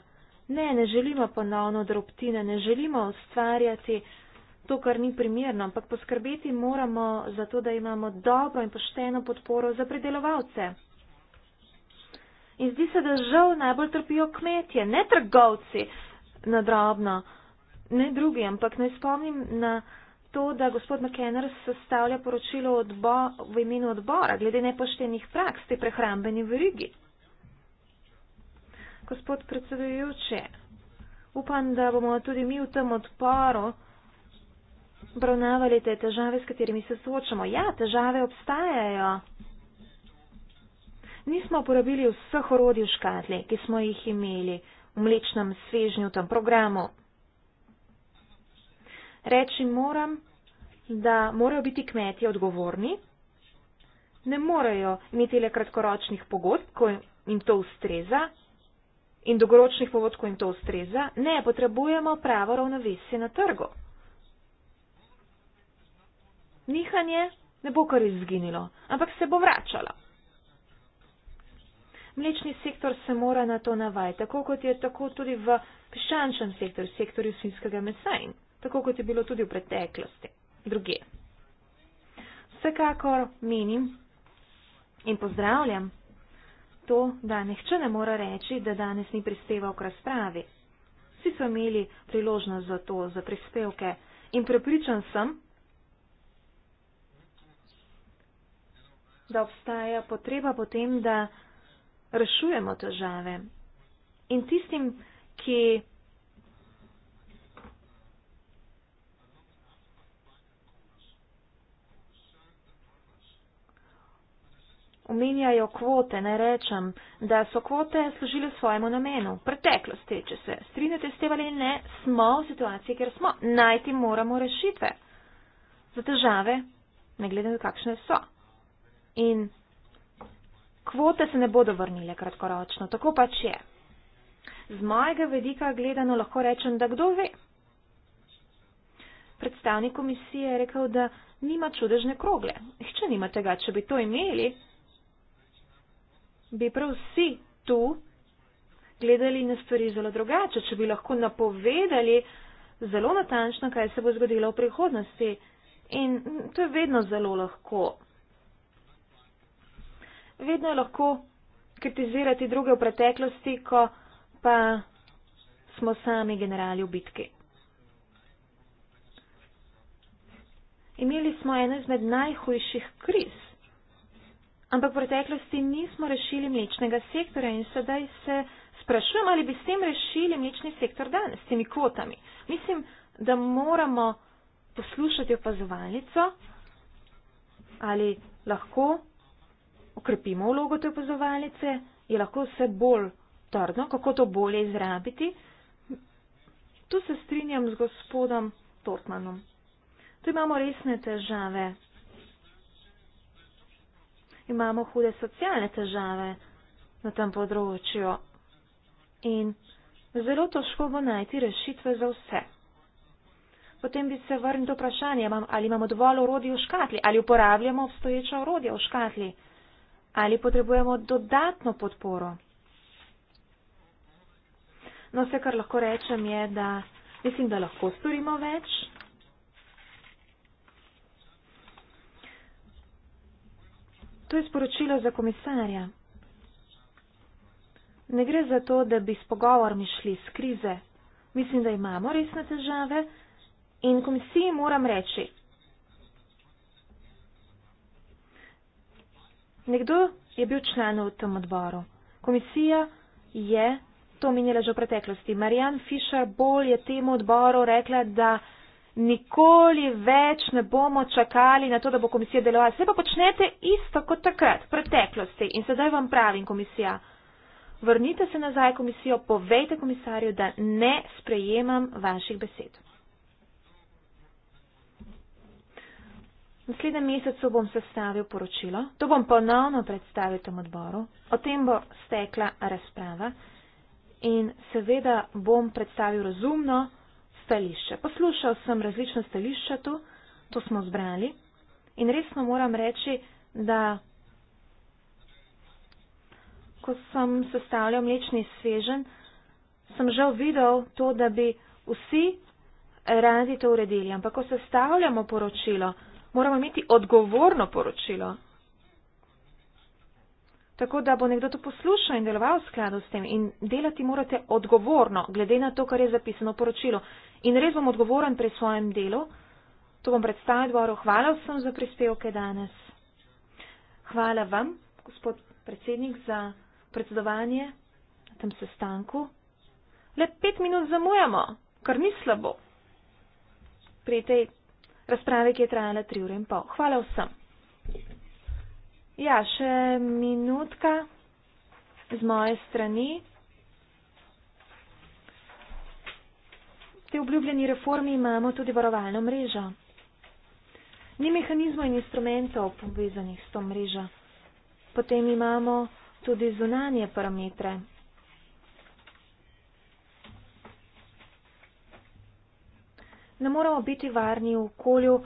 Ne, ne želimo ponovno drobtine, ne želimo ustvarjati to, kar ni primerno, ampak poskrbeti moramo za to, da imamo dobro in pošteno podporo za predelovalce. In zdi se, da žal najbolj trpijo kmetje, ne trgovci nadrobno, ne drugi, ampak naj spomnim na to, da gospod McKenner sestavlja poročilo odbo, v imenu odbora glede nepoštenih praks te prehrambeni verigi. Gospod predsedujoče, upam, da bomo tudi mi v tem odporu obravnavali te težave, s katerimi se soočamo. Ja, težave obstajajo. Nismo uporabili vseh orodij v škatli, ki smo jih imeli v mlečnem svežnju, v tem programu. Reči moram, da morajo biti kmetje odgovorni, ne morajo imeti le kratkoročnih pogodb, ko jim to ustreza, in dolgoročnih pogodb, ko jim to ustreza. Ne, potrebujemo pravo ravnovesje na trgu nihanje ne bo kar izginilo, ampak se bo vračalo. Mlečni sektor se mora na to navajati, tako kot je tako tudi v piščančem sektorju, sektorju svinskega mesa in tako kot je bilo tudi v preteklosti, druge. Vsekakor menim in pozdravljam to, da nihče ne mora reči, da danes ni prispeval k razpravi. Vsi so imeli priložnost za to, za prispevke in prepričan sem, da obstaja potreba potem, da rešujemo težave. In tistim, ki omenjajo kvote, ne rečem, da so kvote služile svojemu namenu. V preteklosti, če se strinjate s tem ali ne, smo v situaciji, kjer smo. Najti moramo rešitve za težave, ne glede na kakšne so in kvote se ne bodo vrnile kratkoročno, tako pač je. Z mojega vedika gledano lahko rečem, da kdo ve. Predstavnik komisije je rekel, da nima čudežne krogle. Nihče nima tega, če bi to imeli, bi prav vsi tu gledali na stvari zelo drugače, če bi lahko napovedali zelo natančno, kaj se bo zgodilo v prihodnosti. In to je vedno zelo lahko vedno je lahko kritizirati druge v preteklosti, ko pa smo sami generali v bitki. Imeli smo eno izmed najhujših kriz, ampak v preteklosti nismo rešili mlečnega sektorja in sedaj se sprašujem, ali bi s tem rešili mlečni sektor danes, s temi kvotami. Mislim, da moramo poslušati opazovalnico, ali lahko okrepimo vlogo te opazovalice, je lahko vse bolj trdno, kako to bolje izrabiti. Tu se strinjam z gospodom Tortmanom. Tu imamo resne težave. Imamo hude socialne težave na tem področju in zelo težko bo najti rešitve za vse. Potem bi se vrnil do vprašanja, ali imamo dovolj orodij v škatli, ali uporabljamo obstoječa orodja v škatli ali potrebujemo dodatno podporo. No, vse, kar lahko rečem, je, da mislim, da lahko storimo več. To je sporočilo za komisarja. Ne gre za to, da bi s pogovorni šli iz krize. Mislim, da imamo resne težave in komisiji moram reči, Nekdo je bil član v tem odboru. Komisija je, to minjala že v preteklosti, Marjan Fišer bolj je temu odboru rekla, da nikoli več ne bomo čakali na to, da bo komisija delovala. Vse pa počnete isto kot takrat, v preteklosti. In sedaj vam pravim, komisija, vrnite se nazaj komisijo, povejte komisarju, da ne sprejemam vaših besed. Naslednjem mesecu bom sestavil poročilo, to bom ponovno predstavil tem odboru, o tem bo stekla razprava in seveda bom predstavil razumno stališče. Poslušal sem različno stališče tu, to smo zbrali in resno moram reči, da ko sem sestavljal mlečni svežen, sem žal videl to, da bi vsi radi to uredili, ampak ko sestavljamo poročilo, moramo imeti odgovorno poročilo. Tako da bo nekdo to poslušal in deloval v skladu s tem in delati morate odgovorno, glede na to, kar je zapisano v poročilu. In res bom odgovoren pri svojem delu. To bom predstavil dvoru. Hvala vsem za prispevke danes. Hvala vam, gospod predsednik, za predsedovanje na tem sestanku. Le pet minut zamujamo, kar ni slabo. Pri tej razprave, ki je trajala tri ure in pol. Hvala vsem. Ja, še minutka z moje strani. V obljubljeni reformi imamo tudi varovalno mrežo. Ni mehanizmov in instrumentov povezanih s to mrežo. Potem imamo tudi zunanje parametre, ne moremo biti varni v okolju,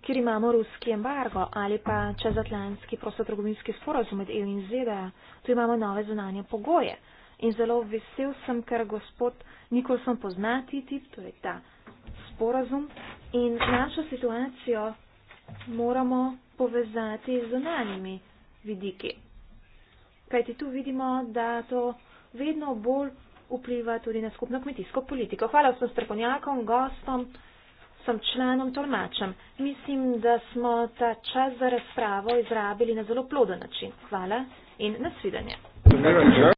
kjer imamo ruski embargo ali pa čezatlantski prostotrgovinski sporozum med EU in ZDA. Tu imamo nove zunanje pogoje. In zelo vesel sem, ker gospod Nikolson pozna TTIP, torej ta sporozum. In našo situacijo moramo povezati z zunanjimi vidiki. Kajti tu vidimo, da to vedno bolj vpliva tudi na skupno kmetijsko politiko. Hvala vsem strokovnjakom, gostom, sem členom tolmačem. Mislim, da smo ta čas za razpravo izrabili na zelo ploden način. Hvala in nasvidenje.